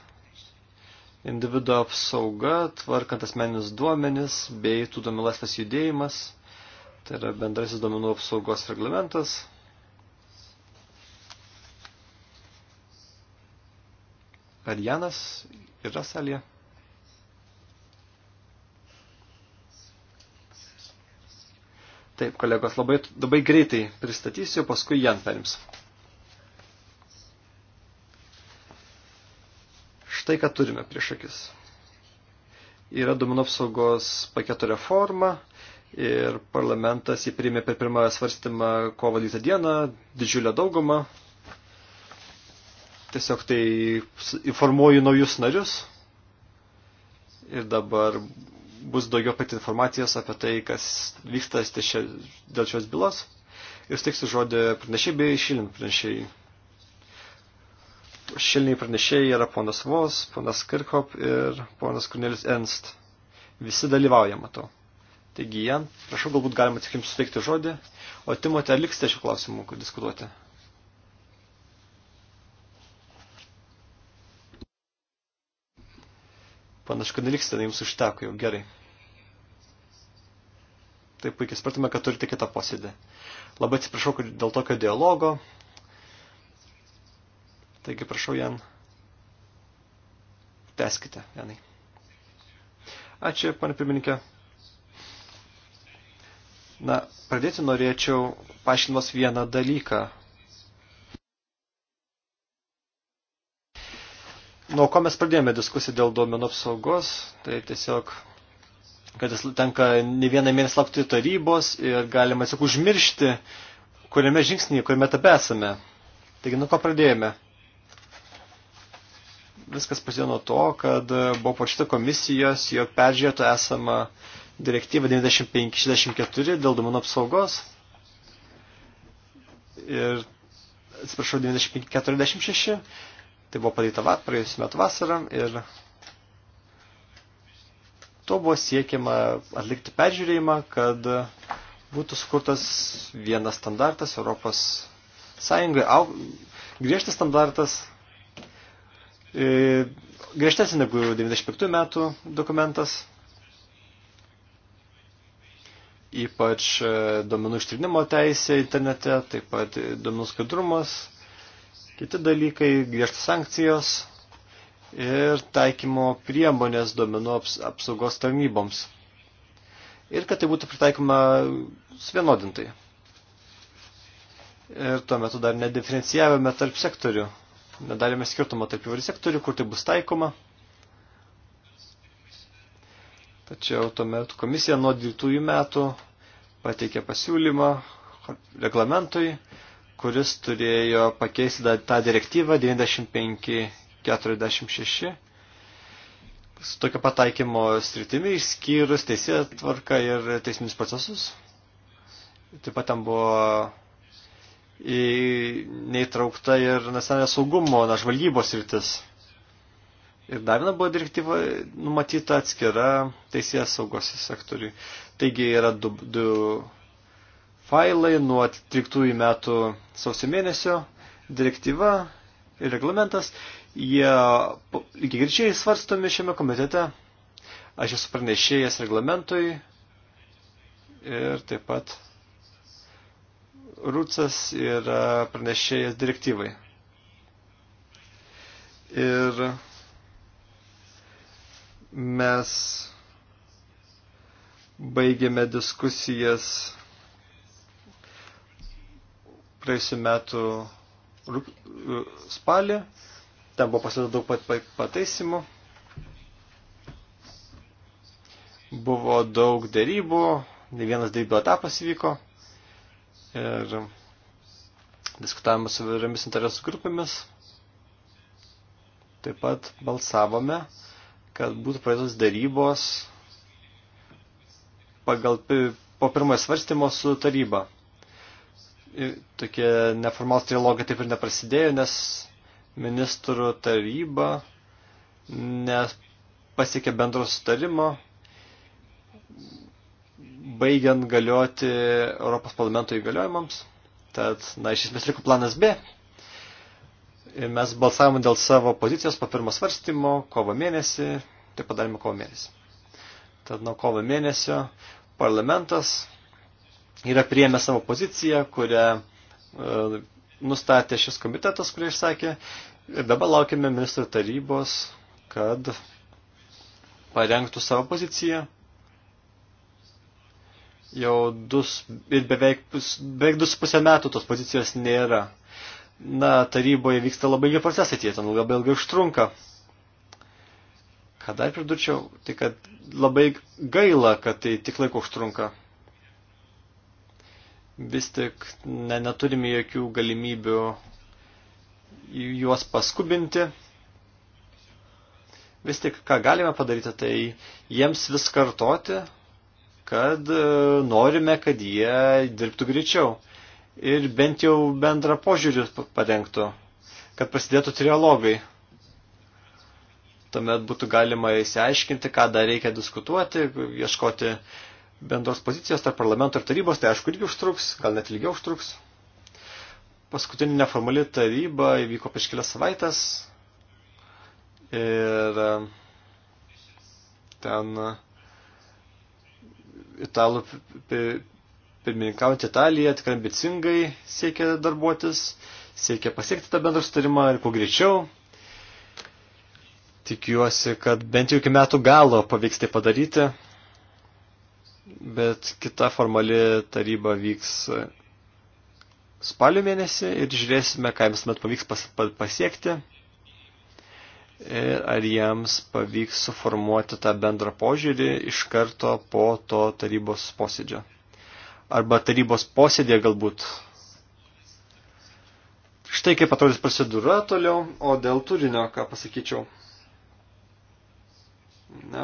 Individuo apsauga, tvarkant asmeninius duomenis, bei tų duomenų laisvas judėjimas. Tai yra bendrasis duomenų apsaugos reglamentas. Ar Janas yra salėje? Taip, kolegos, labai, labai greitai pristatysiu, paskui Jan perims. Štai ką turime prieš akis. Yra duomenų apsaugos paketo reforma ir parlamentas jį priėmė per pirmą svarstymą kovo 2 dieną, didžiulę daugumą. Tiesiog tai informuoju naujus narius. Ir dabar bus daugiau pat informacijos apie tai, kas vyksta šia, dėl šios bylos. Ir steiksiu žodį pranešėjai bei šilin pranešėjai. Šiliniai pranešėjai yra ponas Vos, ponas Kirchhoff ir ponas Cornelis Enst. Visi dalyvauja, matau. Taigi, Jan, prašau, galbūt galima tik jums suteikti žodį, o Timote, ar liksite šių klausimų diskutuoti? Panašu, kad neliks ten jums užteko jau gerai. Taip puikiai supratome, kad turite kitą posėdį. Labai atsiprašau dėl tokio dialogo. Taigi prašau, Jan. Teskite, Janai. Ačiū, pane pirmininkė. Na, pradėti norėčiau paaiškinos vieną dalyką, nuo ko mes pradėjome diskusiją dėl duomenų apsaugos, tai tiesiog, kad jis tenka ne vieną mėnesį laukti tarybos ir galima tiesiog užmiršti, kuriame žingsnėje, kuriame etape esame. Taigi, nuo ko pradėjome? Viskas prasidėjo nuo to, kad buvo pačita komisijos, jog peržiūrėtų esamą direktyvą 95-64 dėl duomenų apsaugos. Ir, atsiprašau, 95-46 Tai buvo padaryta va, praėjusiu metu vasaram ir to buvo siekiama atlikti peržiūrėjimą, kad būtų sukurtas vienas standartas Europos Sąjungai, au, griežtas standartas, e, griežtesnė negu 95 metų dokumentas, ypač e, duomenų ištrinimo teisė internete, taip pat e, duomenų skaidrumas Kiti dalykai - griežtas sankcijos ir taikymo priemonės duomenų apsaugos tarnyboms. Ir kad tai būtų pritaikoma suvienodintai. Ir tuo metu dar nediferencijavome tarp sektorių. Nedarėme skirtumą tarp įvairių sektorių, kur tai bus taikoma. Tačiau tuomet komisija nuo 2000 metų pateikė pasiūlymą reglamentui, kuris turėjo pakeisti tą direktyvą 95-46 su tokio pataikymo sritimi, išskyrus teisė tvarka ir teisminis procesus. Taip pat ten buvo į, neįtraukta ir nacionalinio saugumo, na, žvalgybos rytis. Ir dar viena buvo direktyva numatyta atskira teisėjas saugos sektoriui. Taigi yra du, du failai nuo 13 metų sausio mėnesio, direktyva ir reglamentas, jie lygiai greičiai svarstomi šiame komitete. Aš esu pranešėjęs reglamentui ir taip pat Rūcas yra pranešėjas direktyvai. Ir mes baigėme diskusijas praėjusiu metu e, spalį. Ten buvo pasiūlyta daug pat, pat, pataisimų. Buvo daug dėrybų, ne vienas dėrybų etapas įvyko. Ir diskutavome su vairiomis interesų grupėmis. Taip pat balsavome, kad būtų pradėtos dėrybos pagal po pirmojo svarstymo su taryba tokie neformalus trilogai taip ir neprasidėjo, nes ministrų taryba nepasiekė bendro sutarimo, baigiant galioti Europos parlamento įgaliojimams. Tad, na, iš esmės liko planas B. Ir mes balsavome dėl savo pozicijos po pirmo svarstymo kovo mėnesį, tai padarėme kovo mėnesį. Tad nuo kovo mėnesio parlamentas yra priėmę savo poziciją, kurią e, nustatė šis komitetas, kurį išsakė. Ir dabar laukiame ministrų tarybos, kad parengtų savo poziciją. Jau du ir beveik, beveik du su pusę metų tos pozicijos nėra. Na, taryboje vyksta labai ilgi procesai, tie ten labai ilgai užtrunka. Ką dar pridurčiau, tai kad labai gaila, kad tai tik laiko užtrunka vis tik ne, neturime jokių galimybių juos paskubinti. Vis tik, ką galime padaryti, tai jiems vis kartoti, kad e, norime, kad jie dirbtų greičiau ir bent jau bendrą požiūrį padengtų, kad prasidėtų trialogai. Tuomet būtų galima įsiaiškinti, ką dar reikia diskutuoti, ieškoti uh, bendros pozicijos tarp parlamento ir tarybos, tai aišku irgi užtruks, gal net ilgiau užtruks. Paskutinė neformali taryba įvyko prieš kelias savaitės ir e, ten e, italų pirmininkaujant Italiją tikrai ambicingai siekia darbuotis, siekia pasiekti tą bendrą sutarimą ir kuo greičiau. Tikiuosi, kad bent jau iki metų galo pavyks tai padaryti bet kita formali taryba vyks spalio mėnesį ir žiūrėsime, ką jiems met pavyks pas, pa, pasiekti ir ar jiems pavyks suformuoti tą bendrą požiūrį iš karto po to tarybos posėdžio. Arba tarybos posėdė galbūt. Štai kaip atrodys procedūra toliau, o dėl turinio, ką pasakyčiau. Na,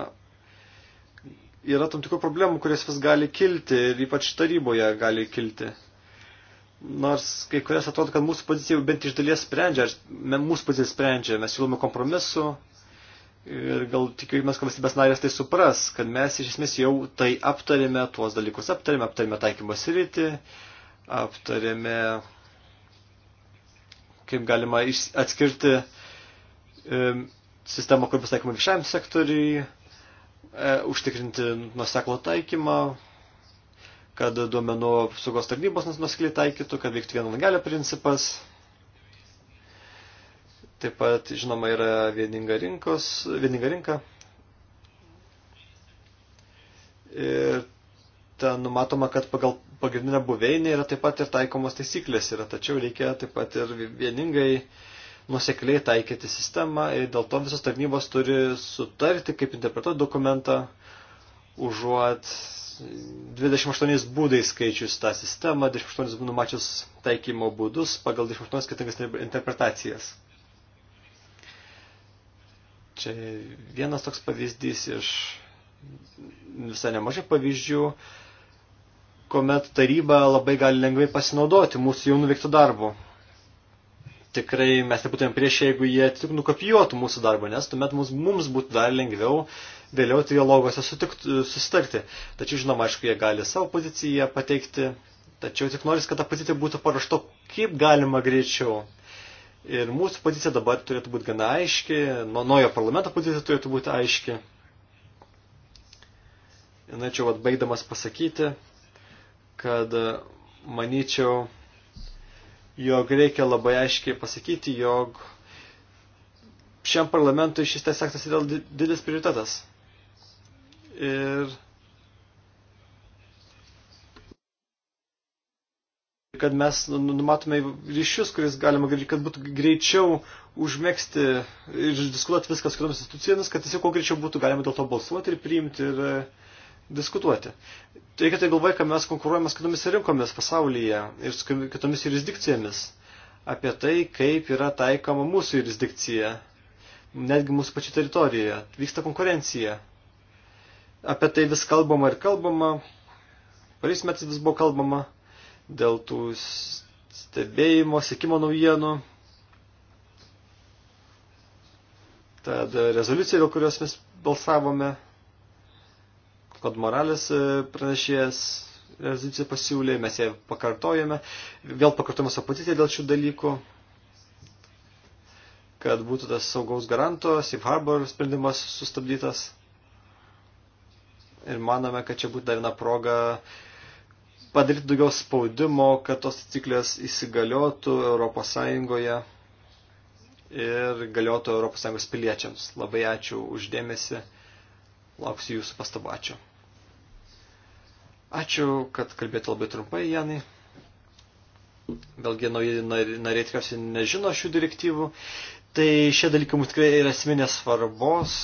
yra tam tikrų problemų, kurias vis gali kilti ir ypač taryboje gali kilti. Nors kai kurias atrodo, kad mūsų pozicija jau bent iš dalies sprendžia, mūsų pozicija sprendžia, mes siūlome kompromisu ir gal tikėjomės, kad valstybės narės tai supras, kad mes iš esmės jau tai aptarėme, tuos dalykus aptarėme, aptarėme taikymo sritį, aptarėme, kaip galima atskirti e, sistemą, kur bus taikoma viešajam sektoriui, e, užtikrinti nuseklo taikymą, kad duomenų apsaugos tarnybos nusekliai taikytų, kad veiktų vieno langelio principas. Taip pat, žinoma, yra vieninga, rinkos, vieninga rinka. Ir ten numatoma, kad pagal pagrindinę buveinę yra taip pat ir taikomos taisyklės yra, tačiau reikia taip pat ir vieningai nusekliai taikyti sistemą ir dėl to visos tarnybos turi sutarti, kaip interpretuoti dokumentą, užuot 28 būdais skaičius tą sistemą, 28 numačius taikymo būdus pagal 28 skirtingas interpretacijas. Čia vienas toks pavyzdys iš visai nemažai pavyzdžių, kuomet taryba labai gali lengvai pasinaudoti mūsų jau nuveiktų darbų tikrai mes nebūtumėm prieš, jeigu jie tik nukopijuotų mūsų darbą, nes tuomet mums, mums būtų dar lengviau vėliau trialoguose susitarti. Tačiau, žinoma, aišku, jie gali savo poziciją pateikti, tačiau tik noris, kad ta pozicija būtų parašta kaip galima greičiau. Ir mūsų pozicija dabar turėtų būti gana aiški, nuo naujo parlamento pozicija turėtų būti aiški. Ir norėčiau atbaigdamas pasakyti, kad manyčiau, jog reikia labai aiškiai pasakyti, jog šiam parlamentui šis teisės aktas yra didelis prioritetas. Ir kad mes nu, nu, numatome ryšius, kuris galima, kad būtų greičiau užmėgsti ir diskutuoti viskas kitomis institucijomis, kad tiesiog kuo greičiau būtų galima dėl to balsuoti ir priimti. Ir, diskutuoti. Reikia tai galvoje, kad mes konkuruojame su kitomis rinkomis pasaulyje ir su kitomis jurisdikcijomis apie tai, kaip yra taikoma mūsų jurisdikcija, netgi mūsų pačių teritorijoje. Vyksta konkurencija. Apie tai vis kalbama ir kalbama. Paris metais vis buvo kalbama dėl tų stebėjimo, sekimo naujienų. Tad rezoliucija, dėl kurios mes balsavome, Klod Morales e, pranešėjas rezoliuciją pasiūlė, mes ją pakartojame, vėl pakartojame savo poziciją dėl šių dalykų, kad būtų tas saugaus garanto, safe harbor sprendimas sustabdytas. Ir manome, kad čia būtų dar viena proga padaryti daugiau spaudimo, kad tos taisyklės įsigaliotų Europos Sąjungoje ir galiotų Europos Sąjungos piliečiams. Labai ačiū uždėmesi. Lauksiu jūsų pastabačių. Ačiū, kad kalbėt labai trumpai, Janai. Vėlgi nauji nariai tikriausiai nežino šių direktyvų. Tai šie dalykai mums tikrai yra esminės svarbos.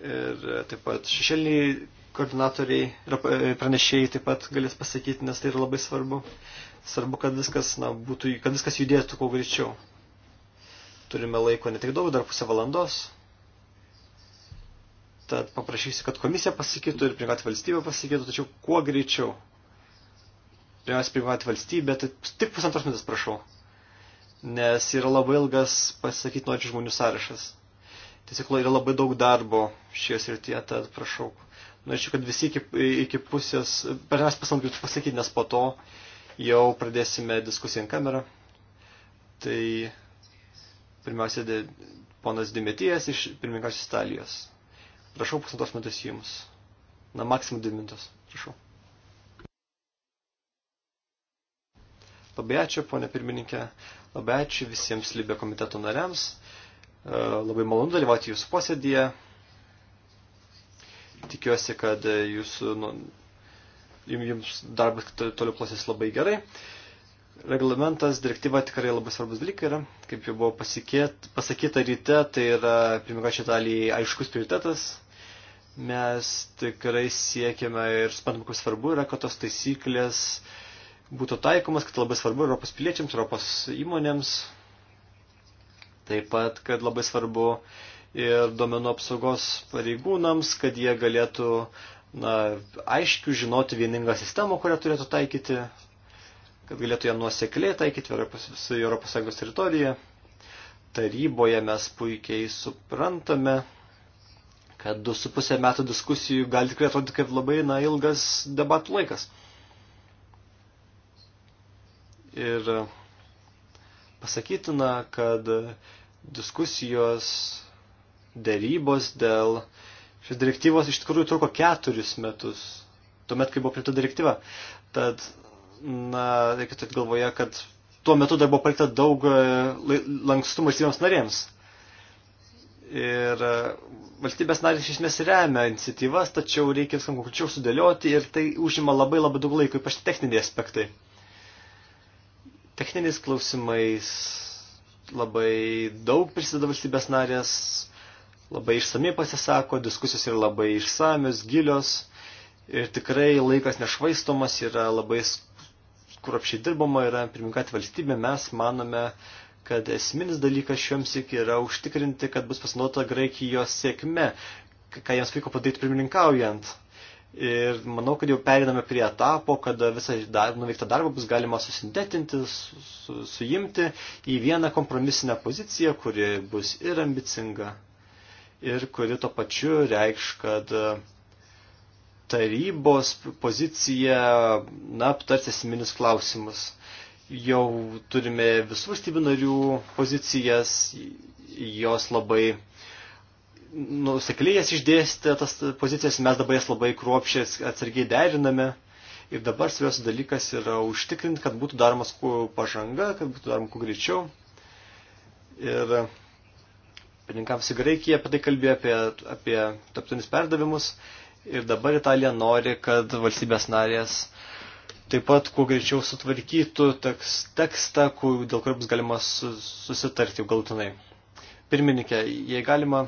Ir taip pat šešėliniai koordinatoriai ir pranešėjai taip pat galės pasakyti, nes tai yra labai svarbu. Svarbu, kad viskas, na, būtų, kad viskas judėtų kuo greičiau. Turime laiko ne tik daug, dar pusę valandos. Tad paprašysiu, kad komisija pasakytų ir privat valstybė pasakytų, tačiau kuo greičiau. Pirmiausia, privat valstybė, tai tik pusantros minutės prašau. Nes yra labai ilgas pasakyti norinčių žmonių sąrašas. Tiesiog yra labai daug darbo šioje srityje, tad prašau. Norėčiau, kad visi iki, iki pusės, per mes pasamdytų pasakyti, nes po to jau pradėsime diskusiją ant kamerą. Tai pirmiausia, de, ponas Dimetijas iš pirmininkos Italijos. Prašau pusantos minutės jums. Na, maksimum dvi minutės. Prašau. Labai ačiū, ponė pirmininkė. Labai ačiū visiems Libė komiteto nariams. E, labai malonu dalyvauti jūsų posėdėje. Tikiuosi, kad jūsų, nu, jums darbas toliau plosės labai gerai. Reglamentas, direktyva tikrai labai svarbus dalykai yra. Kaip jau buvo pasikėt, pasakyta ryte, tai yra pirmiausia Italijai aiškus prioritetas Mes tikrai siekiame ir suprantame, kokia svarbu yra, kad tos taisyklės būtų taikomas, kad labai svarbu Europos piliečiams, Europos įmonėms. Taip pat, kad labai svarbu ir domenų apsaugos pareigūnams, kad jie galėtų na, aiškių žinoti vieningą sistemą, kurią turėtų taikyti, kad galėtų ją nuosekliai taikyti Europos, visoje Europos Sąjungos teritorijoje. Taryboje mes puikiai suprantame, kad du su pusė metų diskusijų gali tikrai atrodyti kaip labai na, ilgas debatų laikas. Ir e, pasakytina, kad diskusijos dėrybos dėl šios direktyvos iš tikrųjų truko keturis metus, tuomet, kai buvo priimta direktyva. Tad, na, reikia turėti galvoje, kad tuo metu dar buvo palikta daug e, lankstumo įsivėms narėms. Ir e, valstybės narės iš esmės remia iniciatyvas, tačiau reikia viską konkrečiau sudėlioti ir tai užima labai labai daug laiko, ypač techniniai aspektai. Techniniais klausimais labai daug prisideda valstybės narės, labai išsamiai pasisako, diskusijos yra labai išsamios, gilios ir tikrai laikas nešvaistomas, yra labai kur apšiai dirbama, yra pirminkati valstybė, mes manome, kad esminis dalykas šioms iki yra užtikrinti, kad bus pasinaudota Graikijos sėkme, ką jiems pavyko padaryti pirmininkaujant. Ir manau, kad jau periname prie etapo, kada visą dar, nuveiktą darbą bus galima susintetinti, su, su, suimti į vieną kompromisinę poziciją, kuri bus ir ambicinga, ir kuri to pačiu reikš, kad e, tarybos pozicija, na, aptars esminius klausimus. Jau turime visų valstybių narių pozicijas, jos labai nusekliai jas išdėstė, tas pozicijas mes dabar jas labai kruopšiai atsargiai deriname. Ir dabar svarbiausias dalykas yra užtikrinti, kad būtų daromas kuo pažanga, kad būtų daroma kuo greičiau. Ir pirmininkams į Graikiją apie tai kalbėjo apie, apie taptinius perdavimus. Ir dabar Italija nori, kad valstybės narės taip pat kuo greičiau sutvarkytų teks, tekstą, kuo, dėl kurio bus galima susitarti galtinai. Pirmininkė, jei galima,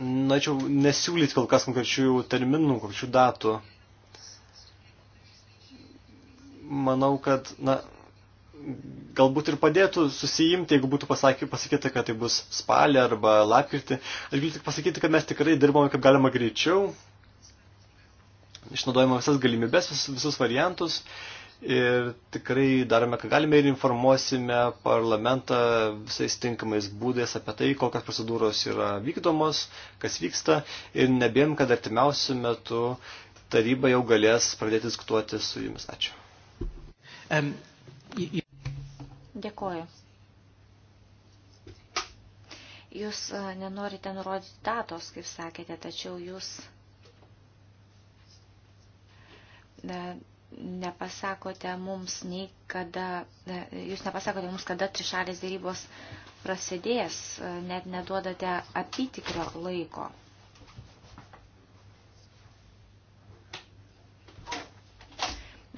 norėčiau nesiūlyti kol kas konkrečių terminų, konkrečių datų. Manau, kad, na, galbūt ir padėtų susijimti, jeigu būtų pasaky, pasakyta, kad tai bus spalį arba lapkritį. Aš galiu tik pasakyti, kad mes tikrai dirbame kaip galima greičiau, išnaudojame visas galimybes, visus, visus variantus ir tikrai darome, ką galime ir informuosime parlamentą visais tinkamais būdais apie tai, kokios procedūros yra vykdomos, kas vyksta ir nebėjom, kad artimiausių metų taryba jau galės pradėti diskutuoti su jumis. Ačiū. Um, Dėkoju. Jūs e, nenorite nurodyti datos, kaip sakėte, tačiau jūs nepasakote mums nei kada, jūs nepasakote mums, kada trišalės dėrybos prasidės, e, net neduodate apitikrio laiko.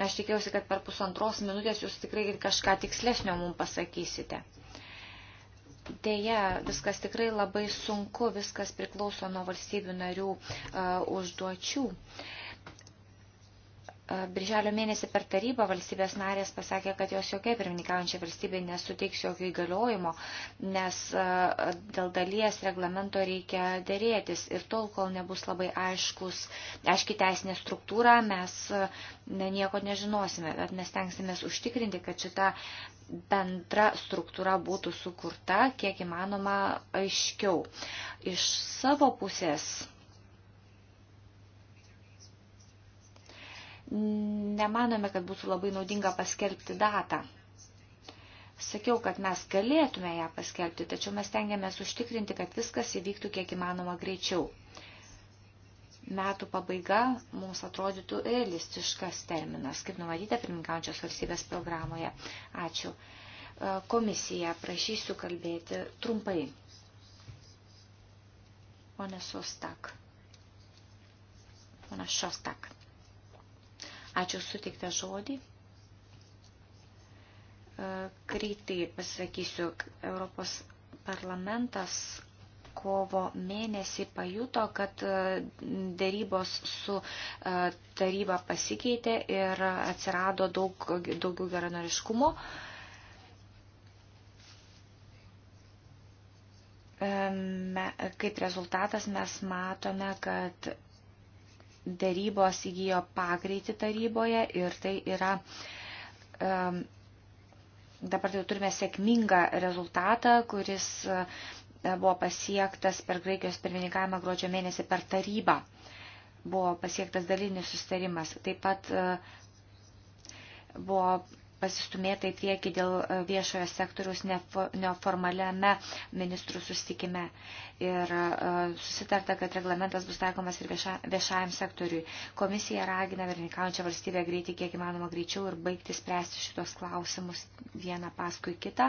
Aš tikėjausi, kad per pusantros minutės jūs tikrai kažką tikslesnio mums pasakysite. Deja, viskas tikrai labai sunku, viskas priklauso nuo valstybių narių uh, užduočių. Uh, Birželio mėnesį per tarybą valstybės narės pasakė, kad jos jokiai pirmininkaujančiai valstybei nesuteiks jokio įgaliojimo, nes dėl dalies reglamento reikia dėrėtis. Ir tol, kol nebus labai aiškus, aiški teisinė struktūra, mes nieko nežinosime, bet mes tenksimės užtikrinti, kad šita bendra struktūra būtų sukurta kiek įmanoma aiškiau. Iš savo pusės nemanome, kad būtų labai naudinga paskelbti datą. Sakiau, kad mes galėtume ją paskelbti, tačiau mes tengiamės užtikrinti, kad viskas įvyktų kiek įmanoma greičiau. Metų pabaiga mums atrodytų realistiškas terminas, kaip numatyta pirmininkaujančios valstybės programoje. Ačiū. E, komisija, prašysiu kalbėti trumpai. Pone Sostak. Pone Šostak. Ačiū suteiktą žodį. E, greitai pasakysiu, Europos parlamentas kovo mėnesį pajuto, kad e, dėrybos su e, taryba pasikeitė ir atsirado daug, daugiau geranoriškumo. Kaip rezultatas mes matome, kad dėrybos įgyjo pagreitį taryboje ir tai yra, um, dabar jau tai turime sėkmingą rezultatą, kuris uh, buvo pasiektas per Graikijos pirmininkavimą gruodžio mėnesį per tarybą. Buvo pasiektas dalinis sustarimas. Taip pat uh, buvo pasistumėta į priekį dėl e, viešojo sektoriaus neformaliame ministrų sustikime. Ir e, susitarta, kad reglamentas bus taikomas ir vieša, viešajam sektoriui. Komisija ragina vernikaujančią valstybę greitai, kiek įmanoma greičiau ir baigti spręsti šitos klausimus vieną paskui kitą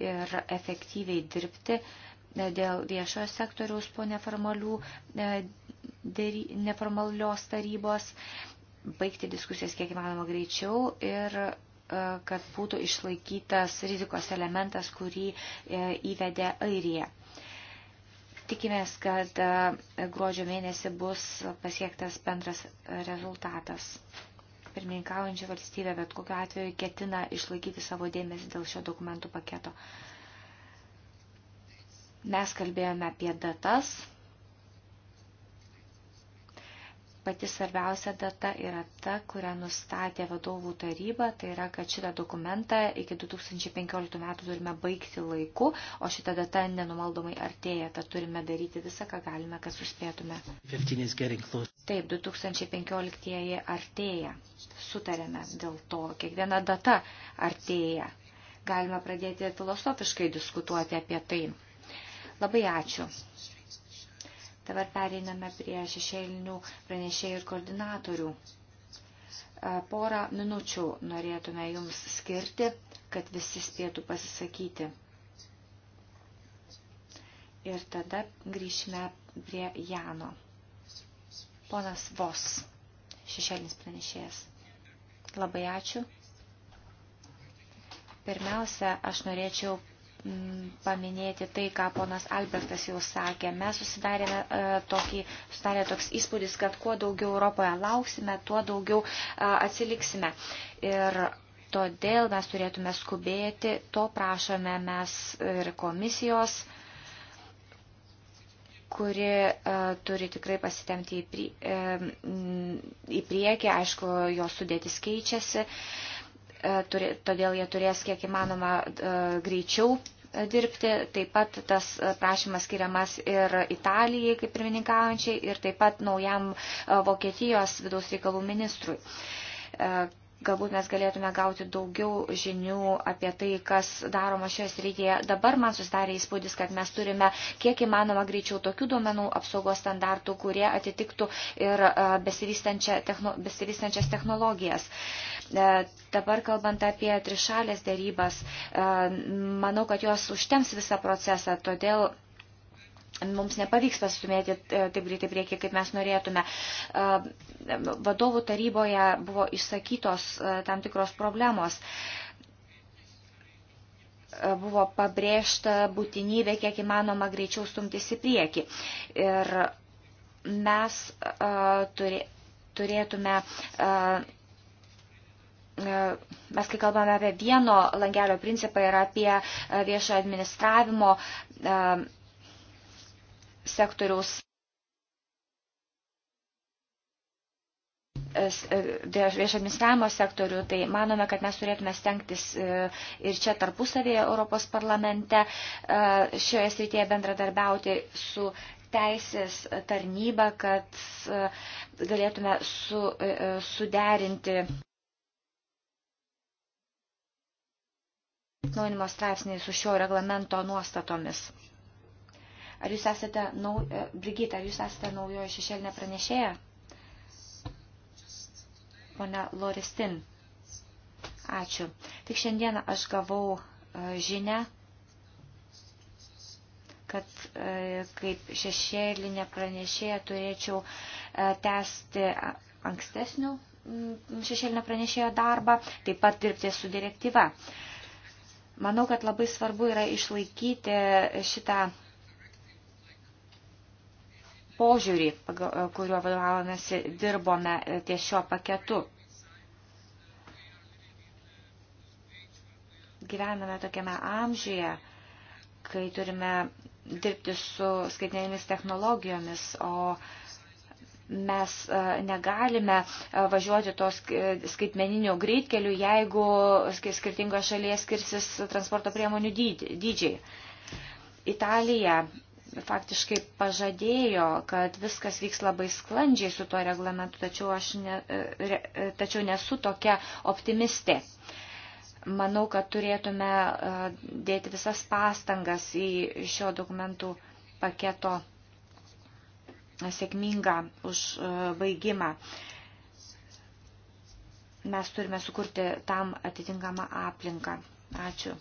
ir efektyviai dirbti e, dėl viešojo sektoriaus po neformalių, neformalios tarybos baigti diskusijas kiek įmanoma greičiau ir kad būtų išlaikytas rizikos elementas, kurį e, įvedė Airija. Tikimės, kad e, gruodžio mėnesį bus pasiektas bendras rezultatas. Pirmininkaujančia valstybė, bet kokiu atveju ketina išlaikyti savo dėmesį dėl šio dokumentų paketo. Mes kalbėjome apie datas, pati svarbiausia data yra ta, kurią nustatė vadovų taryba, tai yra, kad šitą dokumentą iki 2015 metų turime baigti laiku, o šita data nenumaldomai artėja, tad turime daryti visą, ką galime, kad suspėtume. Taip, 2015 artėja, sutarėme dėl to, kiekviena data artėja. Galime pradėti filosofiškai diskutuoti apie tai. Labai ačiū. Dabar pereiname prie šešėlinių pranešėjų ir koordinatorių. E, porą minučių norėtume jums skirti, kad visi spėtų pasisakyti. Ir tada grįšime prie Jano. Ponas Vos, šešėlinis pranešėjas. Labai ačiū. Pirmiausia, aš norėčiau paminėti tai, ką ponas Albertas jau sakė. Mes susidarėme e, tokį, susidarė toks įspūdis, kad kuo daugiau Europoje lauksime, tuo daugiau e, atsiliksime. Ir todėl mes turėtume skubėti, to prašome mes ir komisijos kuri uh, turi tikrai pasitemti į, prie, uh, į priekį, aišku, jos sudėtis keičiasi. Uh, E, todėl jie turės kiek įmanoma e, greičiau e, dirbti. Taip pat tas prašymas skiriamas ir Italijai kaip pirmininkaujančiai ir taip pat naujam Vokietijos vidaus reikalų ministrui galbūt mes galėtume gauti daugiau žinių apie tai, kas daroma šioje srityje. Dabar man susidarė įspūdis, kad mes turime kiek įmanoma greičiau tokių duomenų apsaugos standartų, kurie atitiktų ir e, besivystančias technologijas. E, dabar kalbant apie trišalės dėrybas, e, manau, kad jos užtems visą procesą, todėl mums nepavyks pasistumėti e, taip greitai prieki, kaip mes norėtume. E, vadovų taryboje buvo išsakytos e, tam tikros problemos. Buvo pabrėžta būtinybė, kiek įmanoma greičiau stumtis į priekį. Ir mes turėtume mes kai kalbame apie vieno langelio principą ir apie viešo administravimo sektoriaus e, viešo administravimo sektorių, tai manome, kad mes turėtume stengtis e, ir čia tarpusavėje Europos parlamente e, šioje srityje bendradarbiauti su teisės tarnyba, kad galėtume su, suderinti atnaujinimo straipsnį su šio reglamento nuostatomis. Ar jūs esate, nau, e, Brigita, ar jūs esate naujoji šešėlinė pranešėja? Pone Loristin. Ačiū. Tik šiandieną aš gavau e, žinę, kad e, kaip šešėlinė pranešėja turėčiau tęsti ankstesnių šešėlinio pranešėjo darbą, taip pat dirbti su direktyva. Manau, kad labai svarbu yra išlaikyti šitą požiūrį, e, kuriuo vadovavomėsi dirbome e, ties šio paketu. Gyvename tokiame amžiuje, kai turime dirbti su skaitinėmis technologijomis, o mes e, negalime važiuoti tos skaitmeninių greitkelių, jeigu skirtingoje šalyje skirsis transporto priemonių dydžiai. Italija faktiškai pažadėjo, kad viskas vyks labai sklandžiai su tuo reglamentu, tačiau, aš ne, re, tačiau nesu tokia optimistė. Manau, kad turėtume e, dėti visas pastangas į šio dokumentų paketo sėkmingą užbaigimą. E, Mes turime sukurti tam atitinkamą aplinką. Ačiū.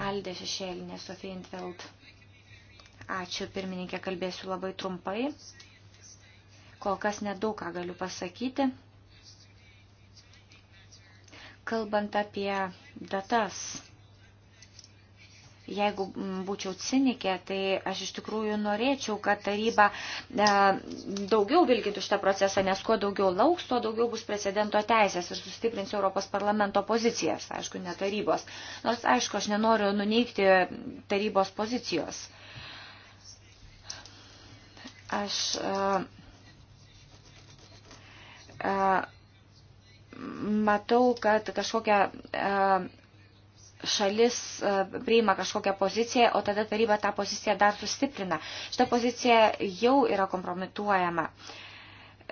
Aldė šešėlinė, Sofija Intveld. Ačiū, pirmininkė, kalbėsiu labai trumpai. Kol kas nedaug ką galiu pasakyti. Kalbant apie datas, jeigu būčiau cinikė, tai aš iš tikrųjų norėčiau, kad taryba e, daugiau vilkintų šitą procesą, nes kuo daugiau lauks, tuo daugiau bus precedento teisės ir sustiprins Europos parlamento pozicijas, aišku, ne tarybos. Nors, aišku, aš nenoriu nuneikti tarybos pozicijos. E, Aš e, e, matau, kad kažkokia e, šalis priima kažkokią poziciją, o tada taryba tą poziciją dar sustiprina. Šita pozicija jau yra kompromituojama. Uh,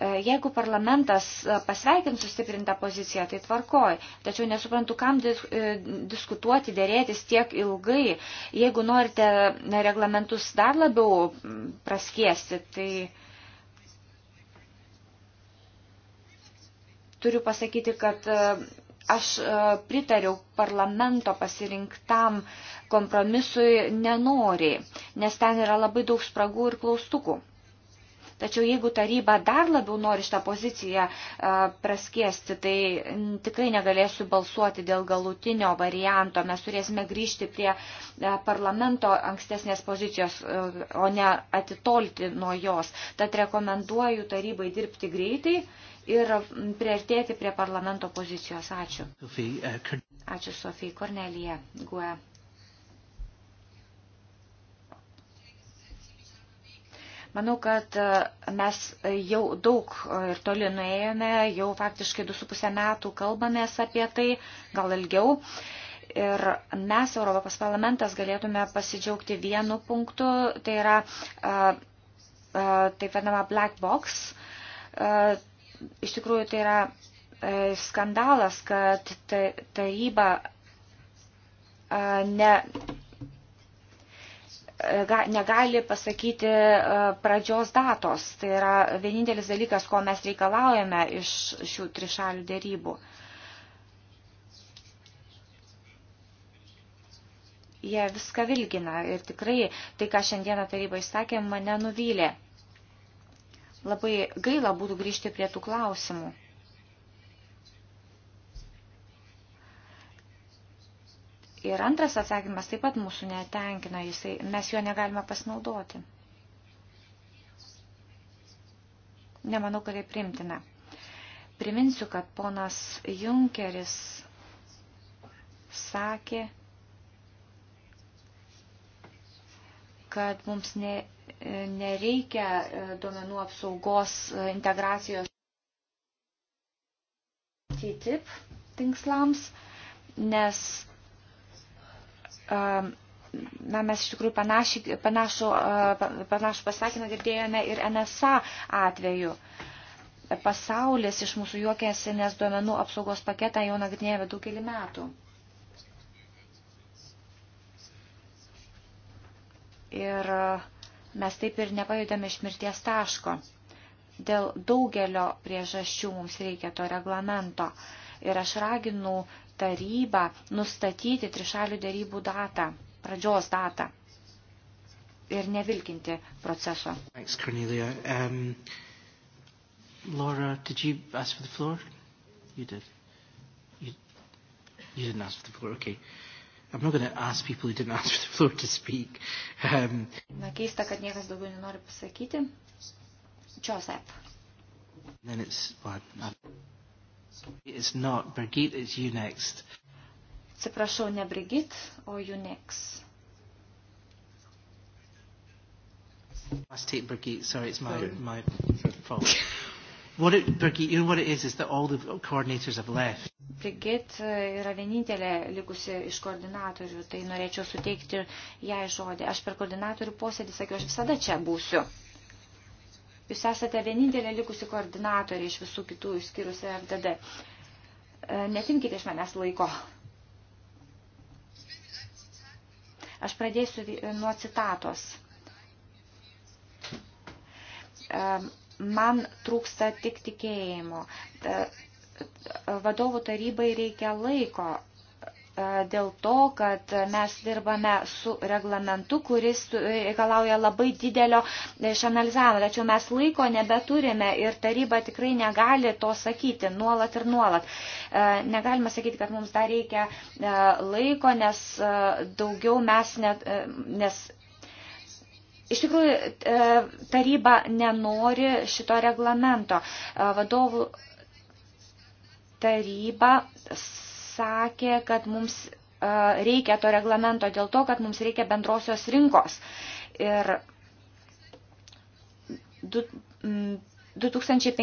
E, jeigu parlamentas e, pasveikins sustiprintą poziciją, tai tvarkoj. Tačiau nesuprantu, kam e, diskutuoti, dėrėtis tiek ilgai. Jeigu norite reglamentus dar labiau praskiesti, tai turiu pasakyti, kad aš pritariau parlamento pasirinktam kompromisui nenoriai, nes ten yra labai daug spragų ir klaustukų. Tačiau jeigu taryba dar labiau nori šitą poziciją e, praskėsti, tai tikrai negalėsiu balsuoti dėl galutinio varianto. Mes turėsime grįžti prie e, parlamento ankstesnės pozicijos, e, o ne atitolti nuo jos. Tad rekomenduoju tarybai dirbti greitai ir priartėti prie parlamento pozicijos. Ačiū. Ačiū, Sofija Kornelija Gue. Manau, kad e, mes jau daug e, ir toli nuėjome, jau faktiškai 2,5 metų kalbamės apie tai, gal ilgiau. Ir mes, Europos parlamentas, galėtume pasidžiaugti vienu punktu, tai yra e, taip vadinama black box. Iš tikrųjų, tai yra skandalas, kad taryba ne negali pasakyti e, pradžios datos. Tai yra vienintelis dalykas, ko mes reikalaujame iš šių trišalių dėrybų. Jie viską vilgina ir tikrai tai, ką šiandieną taryba įsakė, mane nuvylė. Labai gaila būtų grįžti prie tų klausimų. Ir antras atsakymas taip pat mūsų netenkina, jisai, mes jo negalime pasinaudoti. Nemanau, kad tai primtina. Priminsiu, kad ponas Junkeris sakė, kad mums ne, nereikia e, duomenų apsaugos e, integracijos TTIP tinkslams, nes Na, mes iš tikrųjų panašį, panašų, panašų pasakymą girdėjome ir NSA atveju. Pasaulis iš mūsų juokėsi, nes duomenų apsaugos paketą jau nagrinėjame daugelį metų. Ir mes taip ir nepajudame iš mirties taško. Dėl daugelio priežasčių mums reikia to reglamento. Ir aš raginu tarybą nustatyti trišalių dėrybų datą, pradžios datą ir nevilkinti proceso. Thanks, Cornelia. Um, Laura, did you ask for the floor? You did. You, you didn't ask for the floor, okay. I'm not going to ask people who didn't (laughs) ask for the floor to speak. Um, Na keista, kad niekas daugiau nenori pasakyti. Joseph. Then it's, well, I, I, Atsiprašau, ne Brigit, o Unix. Must take Brigitte, sorry, it's my, my fault. What it, Brigitte, you know what it is, is that all the coordinators have left. Brigitte uh, yra vienintelė likusi iš koordinatorių, tai norėčiau suteikti jai žodį. Aš per koordinatorių posėdį sakiau, aš visada čia būsiu. Jūs esate vienintelė likusi koordinatorė iš visų kitų išskyrus FDD. E, Netimkite iš manęs laiko. Aš pradėsiu nuo citatos. E, man trūksta tik tikėjimo. E, vadovų tarybai reikia laiko E, dėl to, kad mes dirbame su reglamentu, kuris e, reikalauja labai didelio išanalizavimo. Tačiau mes laiko nebeturime ir taryba tikrai negali to sakyti nuolat ir nuolat. E, negalima sakyti, kad mums dar reikia laiko, nes daugiau mes net. Nes Iš tikrųjų, taryba nenori šito reglamento. Vadovų taryba sakė, kad mums e, reikia to reglamento dėl to, kad mums reikia bendrosios rinkos. Ir 2015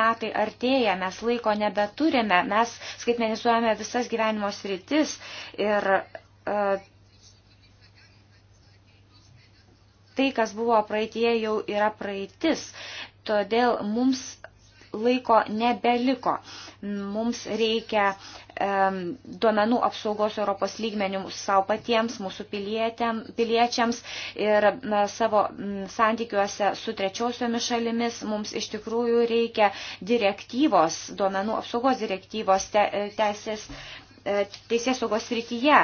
metai artėja, mes laiko nebeturime, mes skaitmenizuojame visas gyvenimo sritis ir e, tai, kas buvo praeitie, jau yra praeitis. Todėl mums laiko nebeliko. Mums reikia um, duomenų apsaugos Europos lygmenių savo patiems, mūsų piliečiams ir na, savo m, santykiuose su trečiosiomis šalimis mums iš tikrųjų reikia direktyvos, duomenų apsaugos direktyvos te, teisės E, teisės saugos srityje.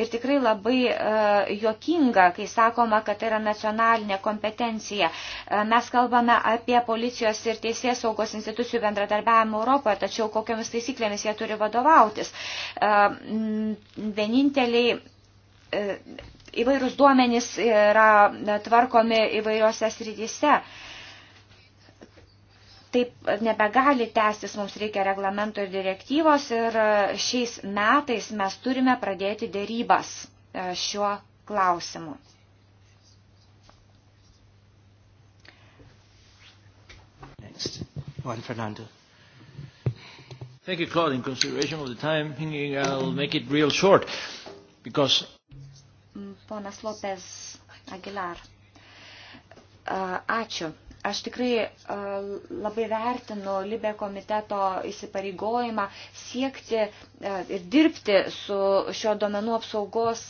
Ir tikrai labai e, juokinga, kai sakoma, kad tai yra nacionalinė kompetencija. E, mes kalbame apie policijos ir teisės saugos institucijų bendradarbiavimą Europoje, tačiau kokiamis taisyklėmis jie turi vadovautis. Vieninteliai įvairūs duomenys yra tvarkomi įvairiose srityse taip nebegali tęstis, mums reikia reglamento ir direktyvos ir e, šiais metais mes turime pradėti dėrybas e, šiuo klausimu. Next. Juan Fernando. Thank you, Claude. In consideration of the time, I'll make it real short, because... Ponas Lopez Aguilar. E, ačiū. Aš tikrai labai vertinu Libė komiteto įsipareigojimą siekti ir dirbti su šio domenų apsaugos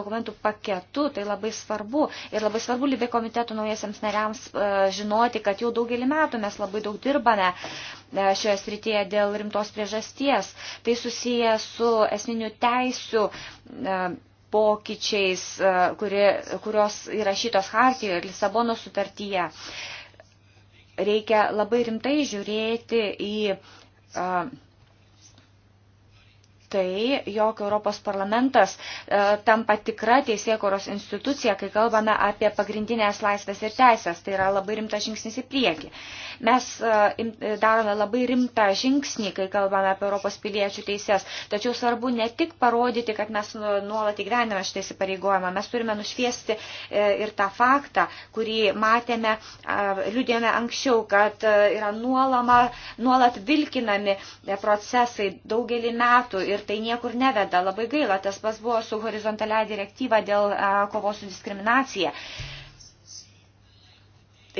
dokumentų paketu. Tai labai svarbu. Ir labai svarbu Libė komiteto naujiesiams nariams žinoti, kad jau daugelį metų mes labai daug dirbame šioje srityje dėl rimtos priežasties. Tai susiję su esminių teisių pokyčiais, e, kuri, kurios įrašytos Hartijoje ir Lisabono sutartyje. Reikia labai rimtai žiūrėti į uh, tai, jog Europos parlamentas e, tampa tikra teisėkoros institucija, kai kalbame apie pagrindinės laisvės ir teisės. Tai yra labai rimtas žingsnis į priekį. Mes e, e, darome labai rimtą žingsnį, kai kalbame apie Europos piliečių teises. Tačiau svarbu ne tik parodyti, kad mes nu, nuolat įgyvenime šitą įsipareigojimą. Mes turime nušviesti e, ir tą faktą, kurį matėme, e, liūdėjome anksčiau, kad e, yra nuolama, nuolat vilkinami e, procesai daugelį metų. Ir ir tai niekur neveda. Labai gaila, tas pas buvo su horizontalia direktyva dėl kovos su diskriminacija.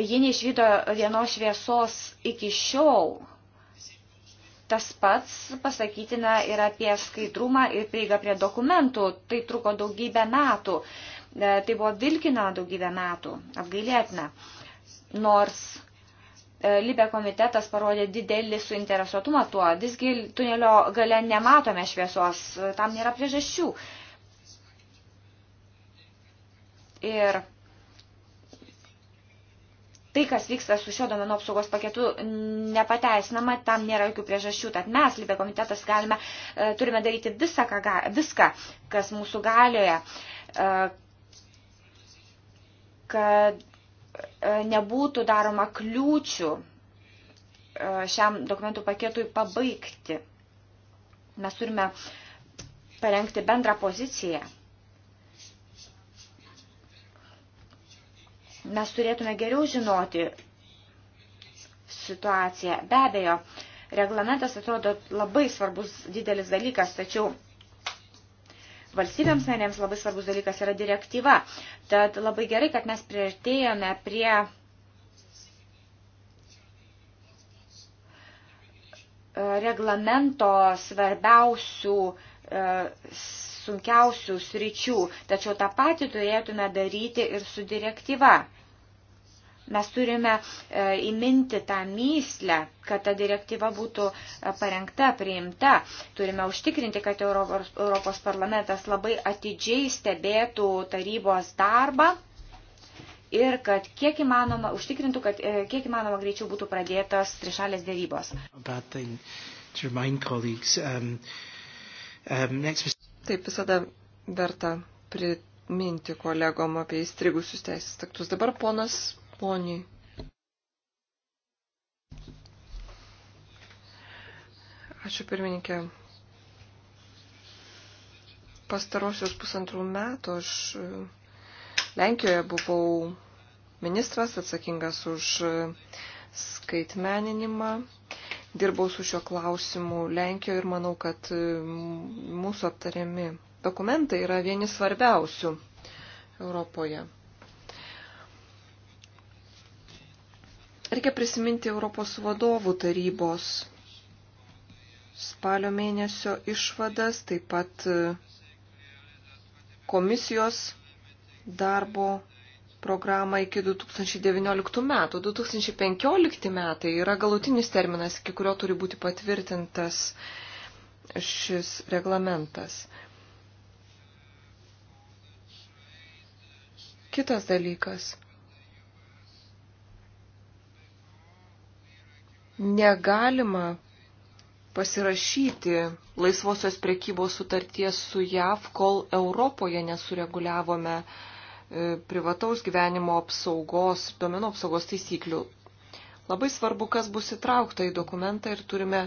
Ji neišvydo vienos šviesos iki šiol. Tas pats pasakytina ir apie skaidrumą ir prieigą prie dokumentų. Tai truko daugybę metų. E, tai buvo vilkina daugybę metų. Apgailėtina. Nors E, Libė komitetas parodė didelį suinteresuotumą tuo. Visgi tunelio gale nematome šviesos, e, tam nėra priežasčių. Ir tai, kas vyksta su šio domenų apsaugos paketu, nepateisinama, tam nėra jokių priežasčių. Tad mes, Libė komitetas, galime, e, turime daryti visą, ką, ga, viską, kas mūsų galioje, kad E, nebūtų daroma kliūčių e, šiam dokumentų paketui pabaigti. Mes turime parengti bendrą poziciją. Mes turėtume geriau žinoti situaciją. Be abejo, reglamentas atrodo labai svarbus didelis dalykas, tačiau valstybėms narėms labai svarbus dalykas yra direktyva. Tad labai gerai, kad mes priartėjome prie reglamento svarbiausių e, sunkiausių sričių, tačiau tą patį turėtume daryti ir su direktyva. Mes turime e, įminti tą myslę, kad ta direktyva būtų e, parengta, priimta. Turime užtikrinti, kad Europos parlamentas labai atidžiai stebėtų tarybos darbą ir kad kiek įmanoma, užtikrintų, kad e, kiek įmanoma greičiau būtų pradėtas trišalės dėrybos. Um, um, Taip visada verta priminti kolegom apie įstrigusius teisės aktus. Dabar ponas poniai. Ačiū pirmininkė. Pastarosios pusantrų metų aš e, Lenkijoje buvau ministras atsakingas už e, skaitmeninimą. Dirbau su šiuo klausimu Lenkijoje ir manau, kad e, mūsų aptariami dokumentai yra vieni svarbiausių Europoje. Reikia prisiminti Europos vadovų tarybos spalio mėnesio išvadas, taip pat e, komisijos darbo programą iki 2019 metų. 2015 metai yra galutinis terminas, iki kurio turi būti patvirtintas šis reglamentas. Kitas dalykas – negalima pasirašyti laisvosios prekybos sutarties su JAV, kol Europoje nesureguliavome e, privataus gyvenimo apsaugos, domenų apsaugos taisyklių. Labai svarbu, kas bus įtraukta į dokumentą ir turime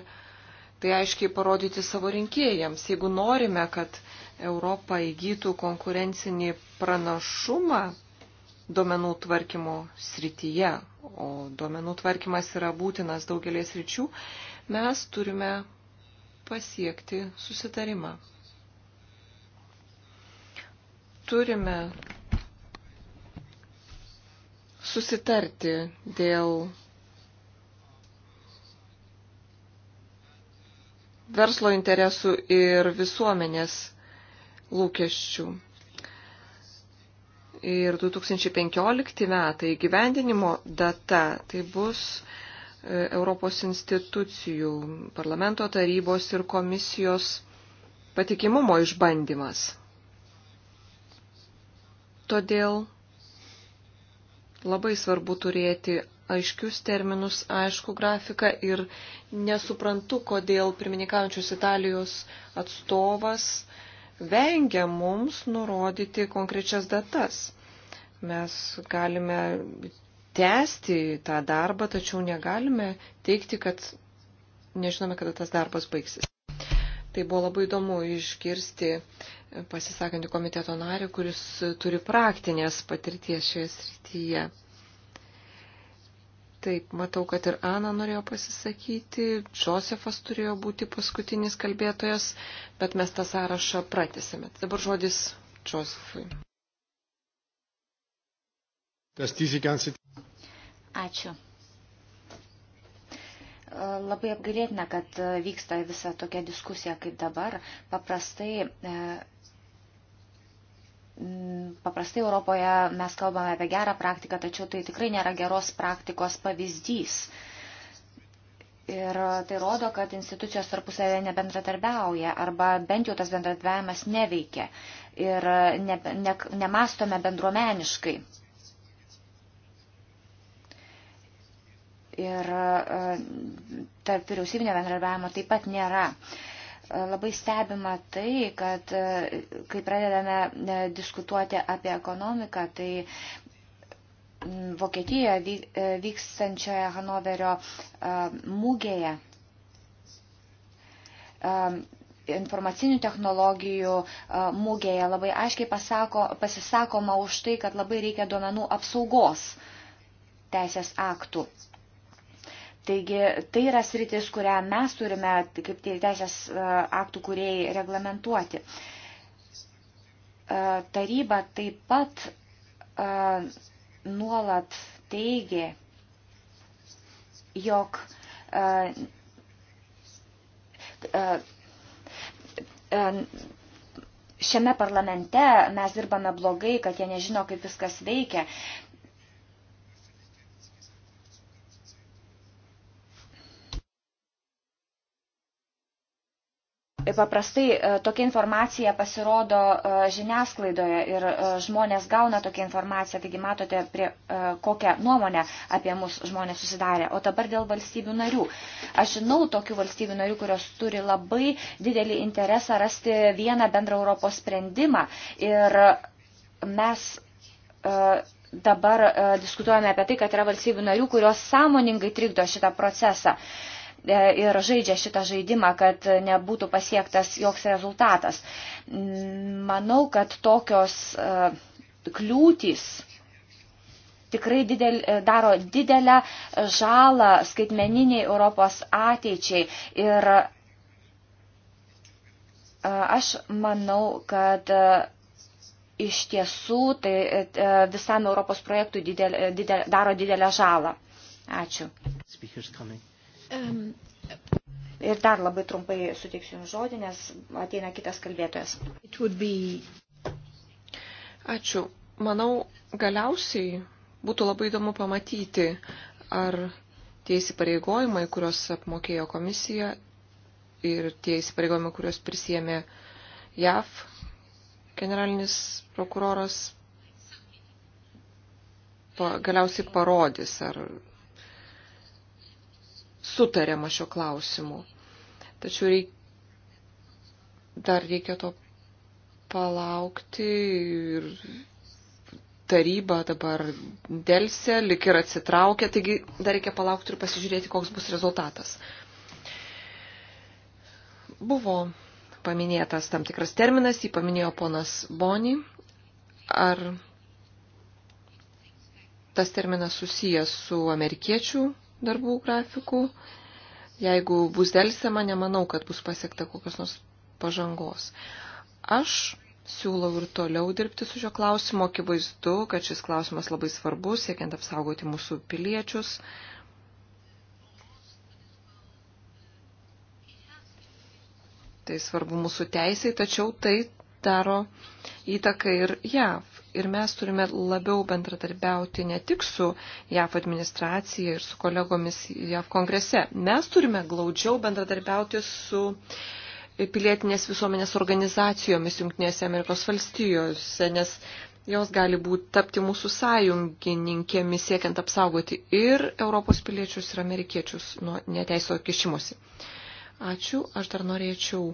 tai aiškiai parodyti savo rinkėjams. Jeigu norime, kad Europa įgytų konkurencinį pranašumą, duomenų tvarkymo srityje, o duomenų tvarkymas yra būtinas daugelės ryčių, mes turime pasiekti susitarimą. Turime susitarti dėl verslo interesų ir visuomenės lūkesčių ir 2015 metai gyvendinimo data, tai bus e, Europos institucijų, parlamento tarybos ir komisijos patikimumo išbandymas. Todėl labai svarbu turėti aiškius terminus, aišku grafiką ir nesuprantu, kodėl pirmininkaujančios Italijos atstovas uh, vengia mums nurodyti konkrečias datas. Mes galime tęsti tą darbą, tačiau negalime teikti, kad nežinome, kada tas darbas baigsis. Tai buvo labai įdomu išgirsti pasisakantį komiteto narį, kuris turi praktinės patirties šioje srityje. Taip, matau, kad ir Ana norėjo pasisakyti, Josefas turėjo būti paskutinis kalbėtojas, bet mes tą sąrašą pratėsime. Dabar žodis Josefui. Ačiū. Labai apgailėtina, kad vyksta visa tokia diskusija kaip dabar. Paprastai e, Paprastai Europoje mes kalbame apie gerą praktiką, tačiau tai tikrai nėra geros praktikos pavyzdys. Ir tai rodo, kad institucijos tarpusavėje nebendradarbiauja arba bent jau tas bendradarbiavimas neveikia ir ne, ne, nemastome bendruomeniškai. Ir e, tarp vyriausybinio bendradarbiavimo taip pat nėra. Uh, labai stebima tai, kad e, kai pradedame e, diskutuoti apie ekonomiką, tai Vokietijoje e, vykstančioje Hanoverio mūgėje informacinių technologijų mūgėje labai aiškiai pasako, pasisakoma už tai, kad labai reikia duomenų apsaugos teisės aktų. Taigi tai yra sritis, kurią mes turime, kaip teisės e, aktų kuriejai, reglamentuoti. E, taryba taip pat e, nuolat teigė, jog šiame parlamente mes dirbame blogai, kad jie nežino, kaip viskas veikia. Paprastai e, tokia informacija pasirodo e, žiniasklaidoje ir e, žmonės gauna tokią informaciją, taigi matote, prie, kokią nuomonę apie mus žmonės susidarė. O dabar dėl valstybių narių. Aš žinau tokių valstybių narių, kurios turi labai didelį interesą rasti vieną bendrą Europos sprendimą. Ir mes dabar diskutuojame apie tai, kad yra valstybių narių, kurios sąmoningai trikdo šitą procesą. E, ir žaidžia šitą žaidimą, kad nebūtų pasiektas joks rezultatas. Manau, kad tokios e, kliūtys tikrai didel, e, daro didelę žalą skaitmeniniai Europos ateičiai. Ir aš manau, kad iš tiesų tai visam Europos projektui didel, didel, daro didelę žalą. Ačiū. Speakers coming. Um. Ir dar labai trumpai suteiksiu Jums žodį, nes ateina kitas kalbėtojas. Be... Ačiū. Manau, galiausiai būtų labai įdomu pamatyti, ar tie įsipareigojimai, kuriuos apmokėjo komisija ir tie įsipareigojimai, kuriuos prisėmė JAV generalinis prokuroras, galiausiai parodys, ar sutarėma šio klausimu. Tačiau reik... dar reikia to palaukti ir taryba dabar dėlse, lik ir atsitraukia, taigi dar reikia palaukti ir pasižiūrėti, koks bus rezultatas. Buvo paminėtas tam tikras terminas, jį paminėjo ponas Boni. Ar tas terminas susijęs su amerikiečių darbų grafikų. Jeigu bus dėlsiama, nemanau, kad bus pasiekta kokios nors pažangos. Aš siūlau ir toliau dirbti su šio klausimu, akivaizdu, kad šis klausimas labai svarbus, siekiant apsaugoti mūsų piliečius. Tai svarbu mūsų teisai, tačiau tai daro įtaką ir JAV. Ir mes turime labiau bendradarbiauti ne tik su JAV administracija ir su kolegomis JAV kongrese. Mes turime glaudžiau bendradarbiauti su pilietinės visuomenės organizacijomis Junktinėse Amerikos valstijose, nes jos gali būti tapti mūsų sąjungininkėmis siekiant apsaugoti ir Europos piliečius, ir amerikiečius nuo neteiso kišimusi. Ačiū, aš dar norėčiau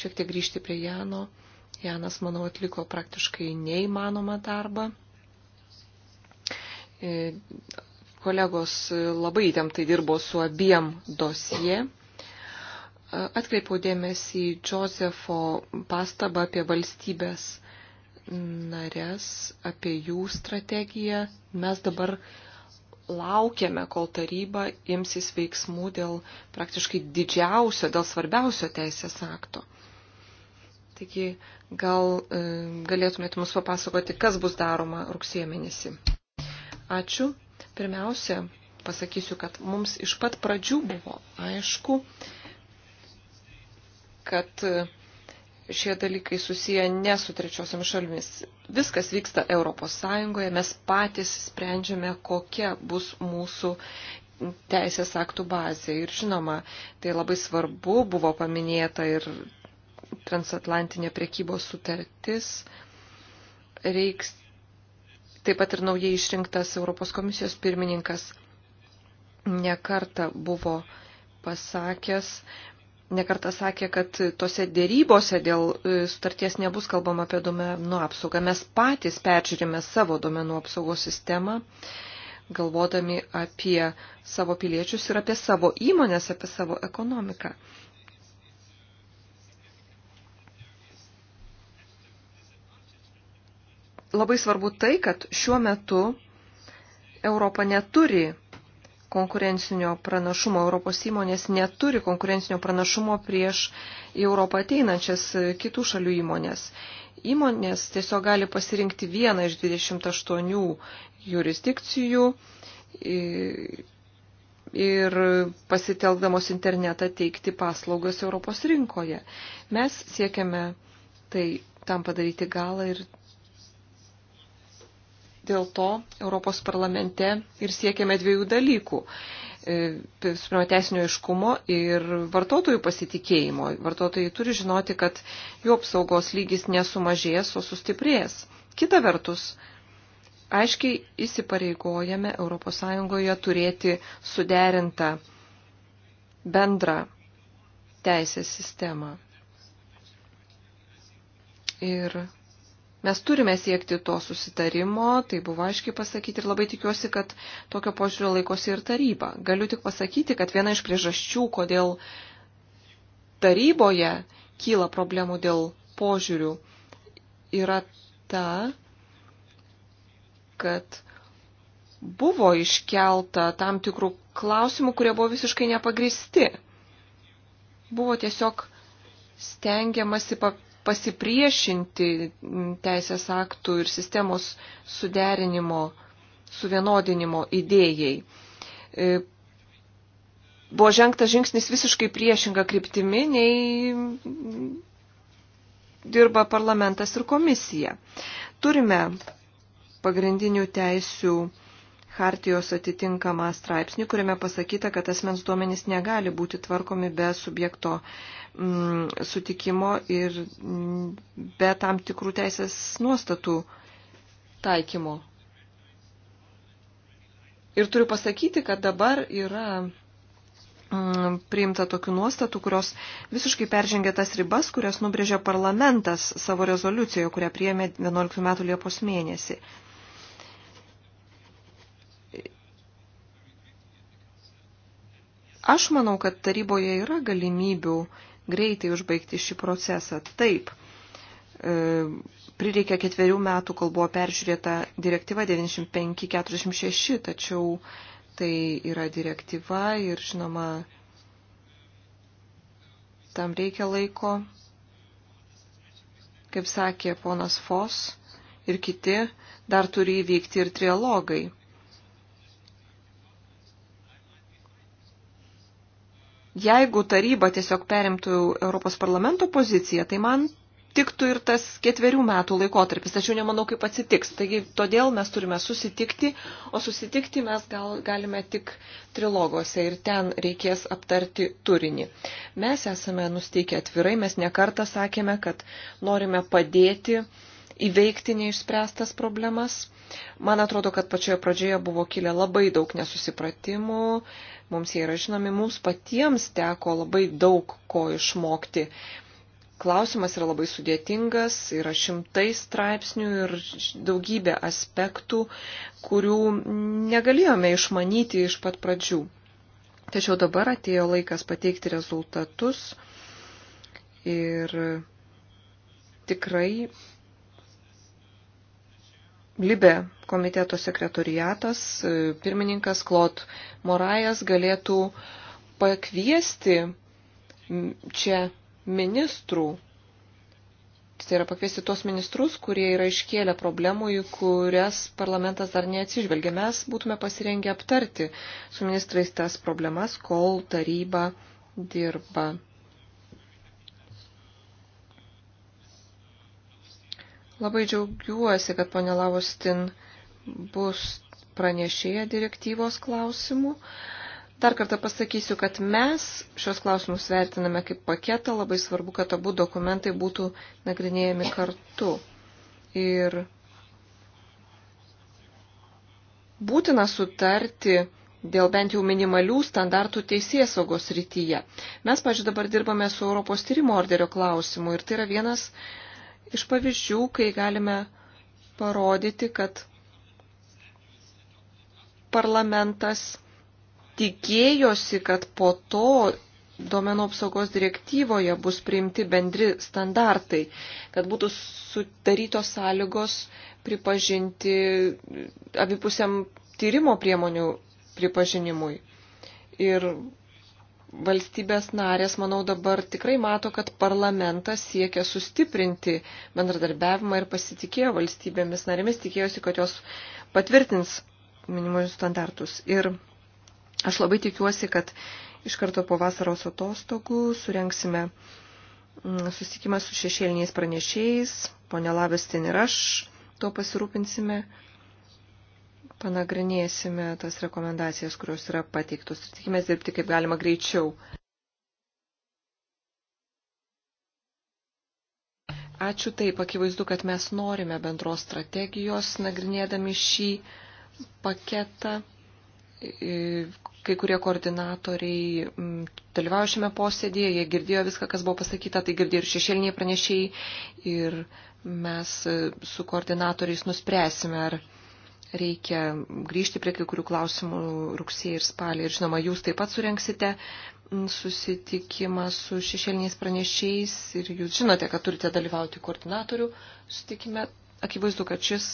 šiek tiek grįžti prie Jano Janas, manau, atliko praktiškai neįmanomą darbą. E, kolegos labai įtemptai dirbo su abiem dosie. E, atkreipiau dėmesį į Džozefo pastabą apie valstybės narės, apie jų strategiją. Mes dabar laukiame, kol taryba imsis veiksmų dėl praktiškai didžiausio, dėl svarbiausio teisės akto. Taigi gal e, galėtumėte mums papasakoti, kas bus daroma rugsėjo mėnesį. Ačiū. Pirmiausia, pasakysiu, kad mums iš pat pradžių buvo aišku, kad e, šie dalykai susiję ne su trečiosiomis šalimis. Viskas vyksta Europos Sąjungoje, mes patys sprendžiame, kokia bus mūsų teisės aktų bazė. Ir žinoma, tai labai svarbu, buvo paminėta ir transatlantinė priekybos sutartis reiks taip pat ir naujai išrinktas Europos komisijos pirmininkas nekarta buvo pasakęs, nekarta sakė, kad tose dėrybose dėl e, sutarties nebus kalbama apie duomenų apsaugą. Mes patys peržiūrime savo duomenų apsaugos sistemą, galvodami apie savo piliečius ir apie savo įmonės, apie savo ekonomiką. labai svarbu tai, kad šiuo metu Europa neturi konkurencinio pranašumo, Europos įmonės neturi konkurencinio pranašumo prieš į Europą ateinančias kitų šalių įmonės. Įmonės tiesiog gali pasirinkti vieną iš 28 jurisdikcijų ir pasitelkdamos internetą teikti paslaugas Europos rinkoje. Mes siekiame tai tam padaryti galą ir Dėl to Europos parlamente ir siekiame dviejų dalykų. E, Pirmiausia, teisinio iškumo ir vartotojų pasitikėjimo. Vartotojai turi žinoti, kad jų apsaugos lygis nesumažės, o sustiprės. Kita vertus, aiškiai įsipareigojame ES turėti suderintą bendrą teisės sistemą. Ir Mes turime siekti to susitarimo, tai buvo aiškiai pasakyti ir labai tikiuosi, kad tokio požiūrio laikosi ir taryba. Galiu tik pasakyti, kad viena iš priežasčių, kodėl taryboje kyla problemų dėl požiūrių, yra ta, kad buvo iškelta tam tikrų klausimų, kurie buvo visiškai nepagristi. Buvo tiesiog stengiamasi papildyti pasipriešinti teisės aktų ir sistemos suderinimo, suvienodinimo idėjai. E, buvo žengtas žingsnis visiškai priešinga kryptimi, nei dirba parlamentas ir komisija. Turime pagrindinių teisių hartijos atitinkamą straipsnį, kuriame pasakyta, kad asmens duomenys negali būti tvarkomi be subjekto mm, sutikimo ir mm, be tam tikrų teisės nuostatų taikymo. Ir turiu pasakyti, kad dabar yra mm, priimta tokių nuostatų, kurios visiškai peržengia tas ribas, kurias nubrėžė parlamentas savo rezoliucijoje, kurią priėmė 11 metų Liepos mėnesį. Aš manau, kad taryboje yra galimybių greitai užbaigti šį procesą. Taip, e, prireikė ketverių metų, kol buvo peržiūrėta direktyva 95-46, tačiau tai yra direktyva ir, žinoma, tam reikia laiko. Kaip sakė ponas Fos ir kiti, dar turi įvykti ir trialogai. Jeigu taryba tiesiog perimtų Europos parlamento poziciją, tai man tiktų ir tas ketverių metų laikotarpis, tačiau nemanau, kaip atsitiks. Taigi, todėl mes turime susitikti, o susitikti mes gal, galime tik trilogose ir ten reikės aptarti turinį. Mes esame nusteikę atvirai, mes nekartą sakėme, kad norime padėti įveikti neišspręstas problemas. Man atrodo, kad pačioje pradžioje buvo kilę labai daug nesusipratimų, mums jie yra žinomi, mums patiems teko labai daug ko išmokti. Klausimas yra labai sudėtingas, yra šimtai straipsnių ir daugybė aspektų, kurių negalėjome išmanyti iš pat pradžių. Tačiau dabar atėjo laikas pateikti rezultatus ir tikrai Libe komiteto sekretoriatas, e, pirmininkas Klot Morajas galėtų pakviesti čia ministrų, tai yra pakviesti tos ministrus, kurie yra iškėlę problemų, į kurias parlamentas dar neatsižvelgia. Mes būtume pasirengę aptarti su ministrais tas problemas, kol taryba dirba. Labai džiaugiuosi, kad ponė Lavostin bus pranešėja direktyvos klausimų. Dar kartą pasakysiu, kad mes šios klausimus vertiname kaip paketą, labai svarbu, kad abu dokumentai būtų nagrinėjami kartu. Ir būtina sutarti dėl bent jau minimalių standartų teisėsaugos rytyje. Mes, pažiūrėjau, dabar dirbame su Europos tyrimo orderio klausimu ir tai yra vienas iš pavyzdžių, kai galime parodyti, kad parlamentas tikėjosi, kad po to duomenų apsaugos direktyvoje bus priimti bendri standartai, kad būtų sudarytos sąlygos pripažinti abipusiam tyrimo priemonių pripažinimui. Ir valstybės narės, manau, dabar tikrai mato, kad parlamentas siekia sustiprinti bendradarbiavimą ir pasitikėjo valstybėmis narėmis, tikėjosi, kad jos patvirtins minimalius standartus. Ir aš labai tikiuosi, kad iš karto po vasaros atostogų surenksime mm, susitikimą su šešėliniais pranešėjais, ponė Lavestin ir aš, to pasirūpinsime panagrinėsime tas rekomendacijas, kurios yra pateiktos ir tikimės dirbti kaip galima greičiau. Ačiū taip, akivaizdu, kad mes norime bendros strategijos, nagrinėdami šį paketą. Kai kurie koordinatoriai dalyvauja šiame posėdėje, jie girdėjo viską, kas buvo pasakyta, tai girdėjo ir šešėliniai pranešėjai ir mes e, su koordinatoriais nuspręsime, ar Reikia grįžti prie kai kurių klausimų rugsėjai ir spalį. Ir žinoma, jūs taip pat surenksite susitikimą su šešėliniais pranešėjais ir jūs žinote, kad turite dalyvauti koordinatorių susitikime. Akivaizdu, kad šis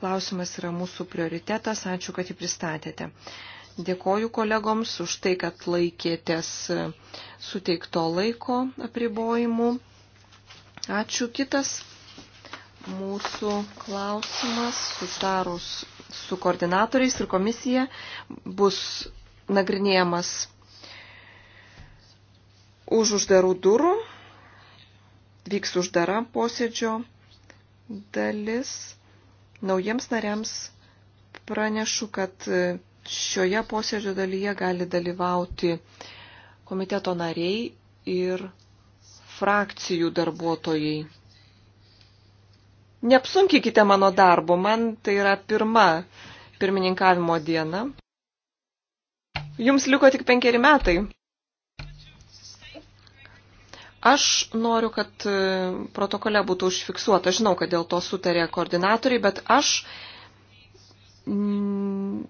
klausimas yra mūsų prioritetas. Ačiū, kad jį pristatėte. Dėkoju kolegoms už tai, kad laikėtės suteikto laiko apribojimų. Ačiū kitas. Mūsų klausimas sudarus su koordinatoriais ir komisija bus nagrinėjamas už uždarų durų, vyks uždara posėdžio dalis. Naujiems nariams pranešu, kad šioje posėdžio dalyje gali dalyvauti komiteto nariai ir frakcijų darbuotojai. Neapsunkykite mano darbo, man tai yra pirma pirmininkavimo diena. Jums liko tik penkeri metai. Aš noriu, kad e, protokole būtų užfiksuota. Žinau, kad dėl to sutarė koordinatoriai, bet aš mm,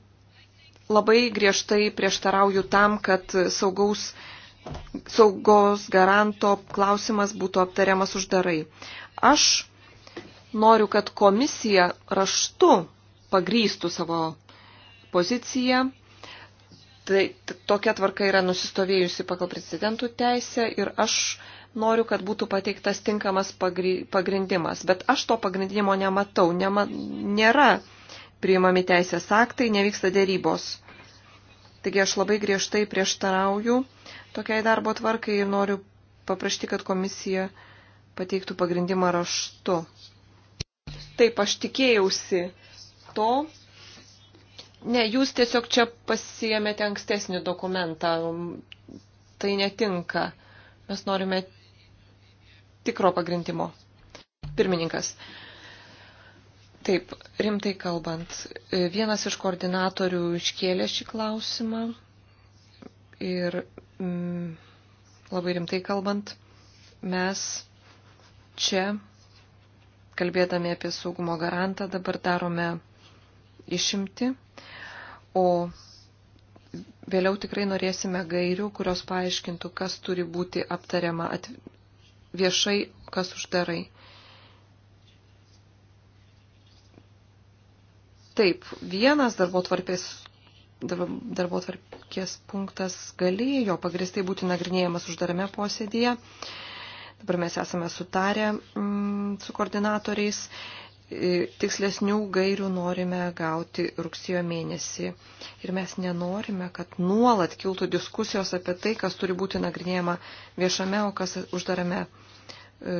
labai griežtai prieštarauju tam, kad saugaus, saugos garanto klausimas būtų aptariamas uždarai. Aš Noriu, kad komisija raštu pagrystų savo poziciją. Tai tokia tvarka yra nusistovėjusi pagal precedentų teisę ir aš noriu, kad būtų pateiktas tinkamas pagrindimas. Bet aš to pagrindimo nematau. Nema, nėra priimami teisės aktai, nevyksta dėrybos. Taigi aš labai griežtai prieštarauju tokiai darbo tvarkai ir noriu paprašyti, kad komisija pateiktų pagrindimą raštu taip aš tikėjausi to. Ne, jūs tiesiog čia pasijėmėte ankstesnį dokumentą. Tai netinka. Mes norime tikro pagrindimo. Pirmininkas. Taip, rimtai kalbant, vienas iš koordinatorių iškėlė šį klausimą ir mm, labai rimtai kalbant, mes čia kalbėdami apie saugumo garantą, dabar darome išimti, o vėliau tikrai norėsime gairių, kurios paaiškintų, kas turi būti aptariama at... viešai, kas uždarai. Taip, vienas darbo tvarkės, darbo tvarkės punktas galėjo pagristai būti nagrinėjamas uždarame posėdėje. Dabar mes esame sutarę mm, su koordinatoriais. E, tikslesnių gairių norime gauti rugsėjo mėnesį. Ir mes nenorime, kad nuolat kiltų diskusijos apie tai, kas turi būti nagrinėjama viešame, o kas uždarame e,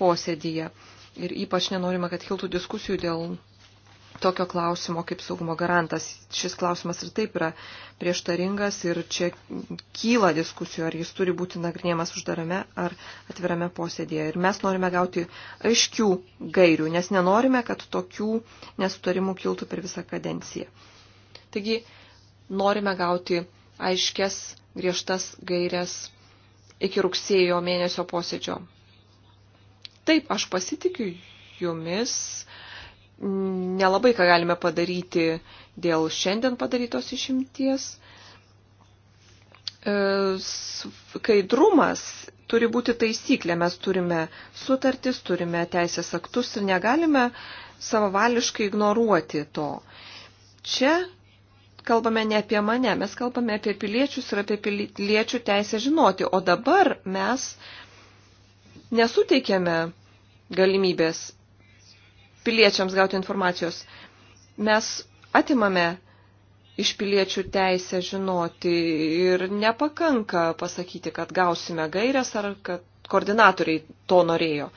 posėdyje. Ir ypač nenorime, kad kiltų diskusijų dėl tokio klausimo kaip saugumo garantas. Šis klausimas ir taip yra prieštaringas ir čia kyla diskusijų, ar jis turi būti nagrinėjamas uždarame ar atvirame posėdėje. Ir mes norime gauti aiškių gairių, nes nenorime, kad tokių nesutarimų kiltų per visą kadenciją. Taigi norime gauti aiškės, griežtas gairias iki rugsėjo mėnesio posėdžio. Taip, aš pasitikiu jumis nelabai ką galime padaryti dėl šiandien padarytos išimties. E, skaidrumas turi būti taisyklė. Mes turime sutartis, turime teisės aktus ir negalime savavališkai ignoruoti to. Čia kalbame ne apie mane, mes kalbame apie piliečius ir apie piliečių teisę žinoti. O dabar mes nesuteikėme galimybės piliečiams gauti informacijos. Mes atimame iš piliečių teisę žinoti ir nepakanka pasakyti, kad gausime gairias ar kad koordinatoriai to norėjo.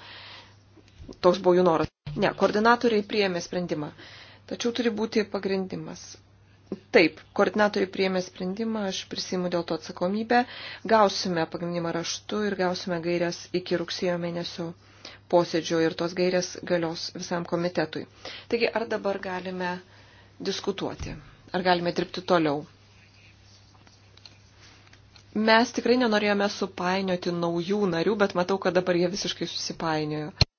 Toks buvo jų noras. Ne, koordinatoriai priėmė sprendimą. Tačiau turi būti pagrindimas. Taip, koordinatoriai priėmė sprendimą, aš prisimu dėl to atsakomybę. Gausime pagrindimą raštu ir gausime gairias iki rugsėjo mėnesio posėdžio ir tos gairės galios visam komitetui. Taigi, ar dabar galime diskutuoti, ar galime dirbti toliau? Mes tikrai nenorėjome supainioti naujų narių, bet matau, kad dabar jie visiškai susipainiojo.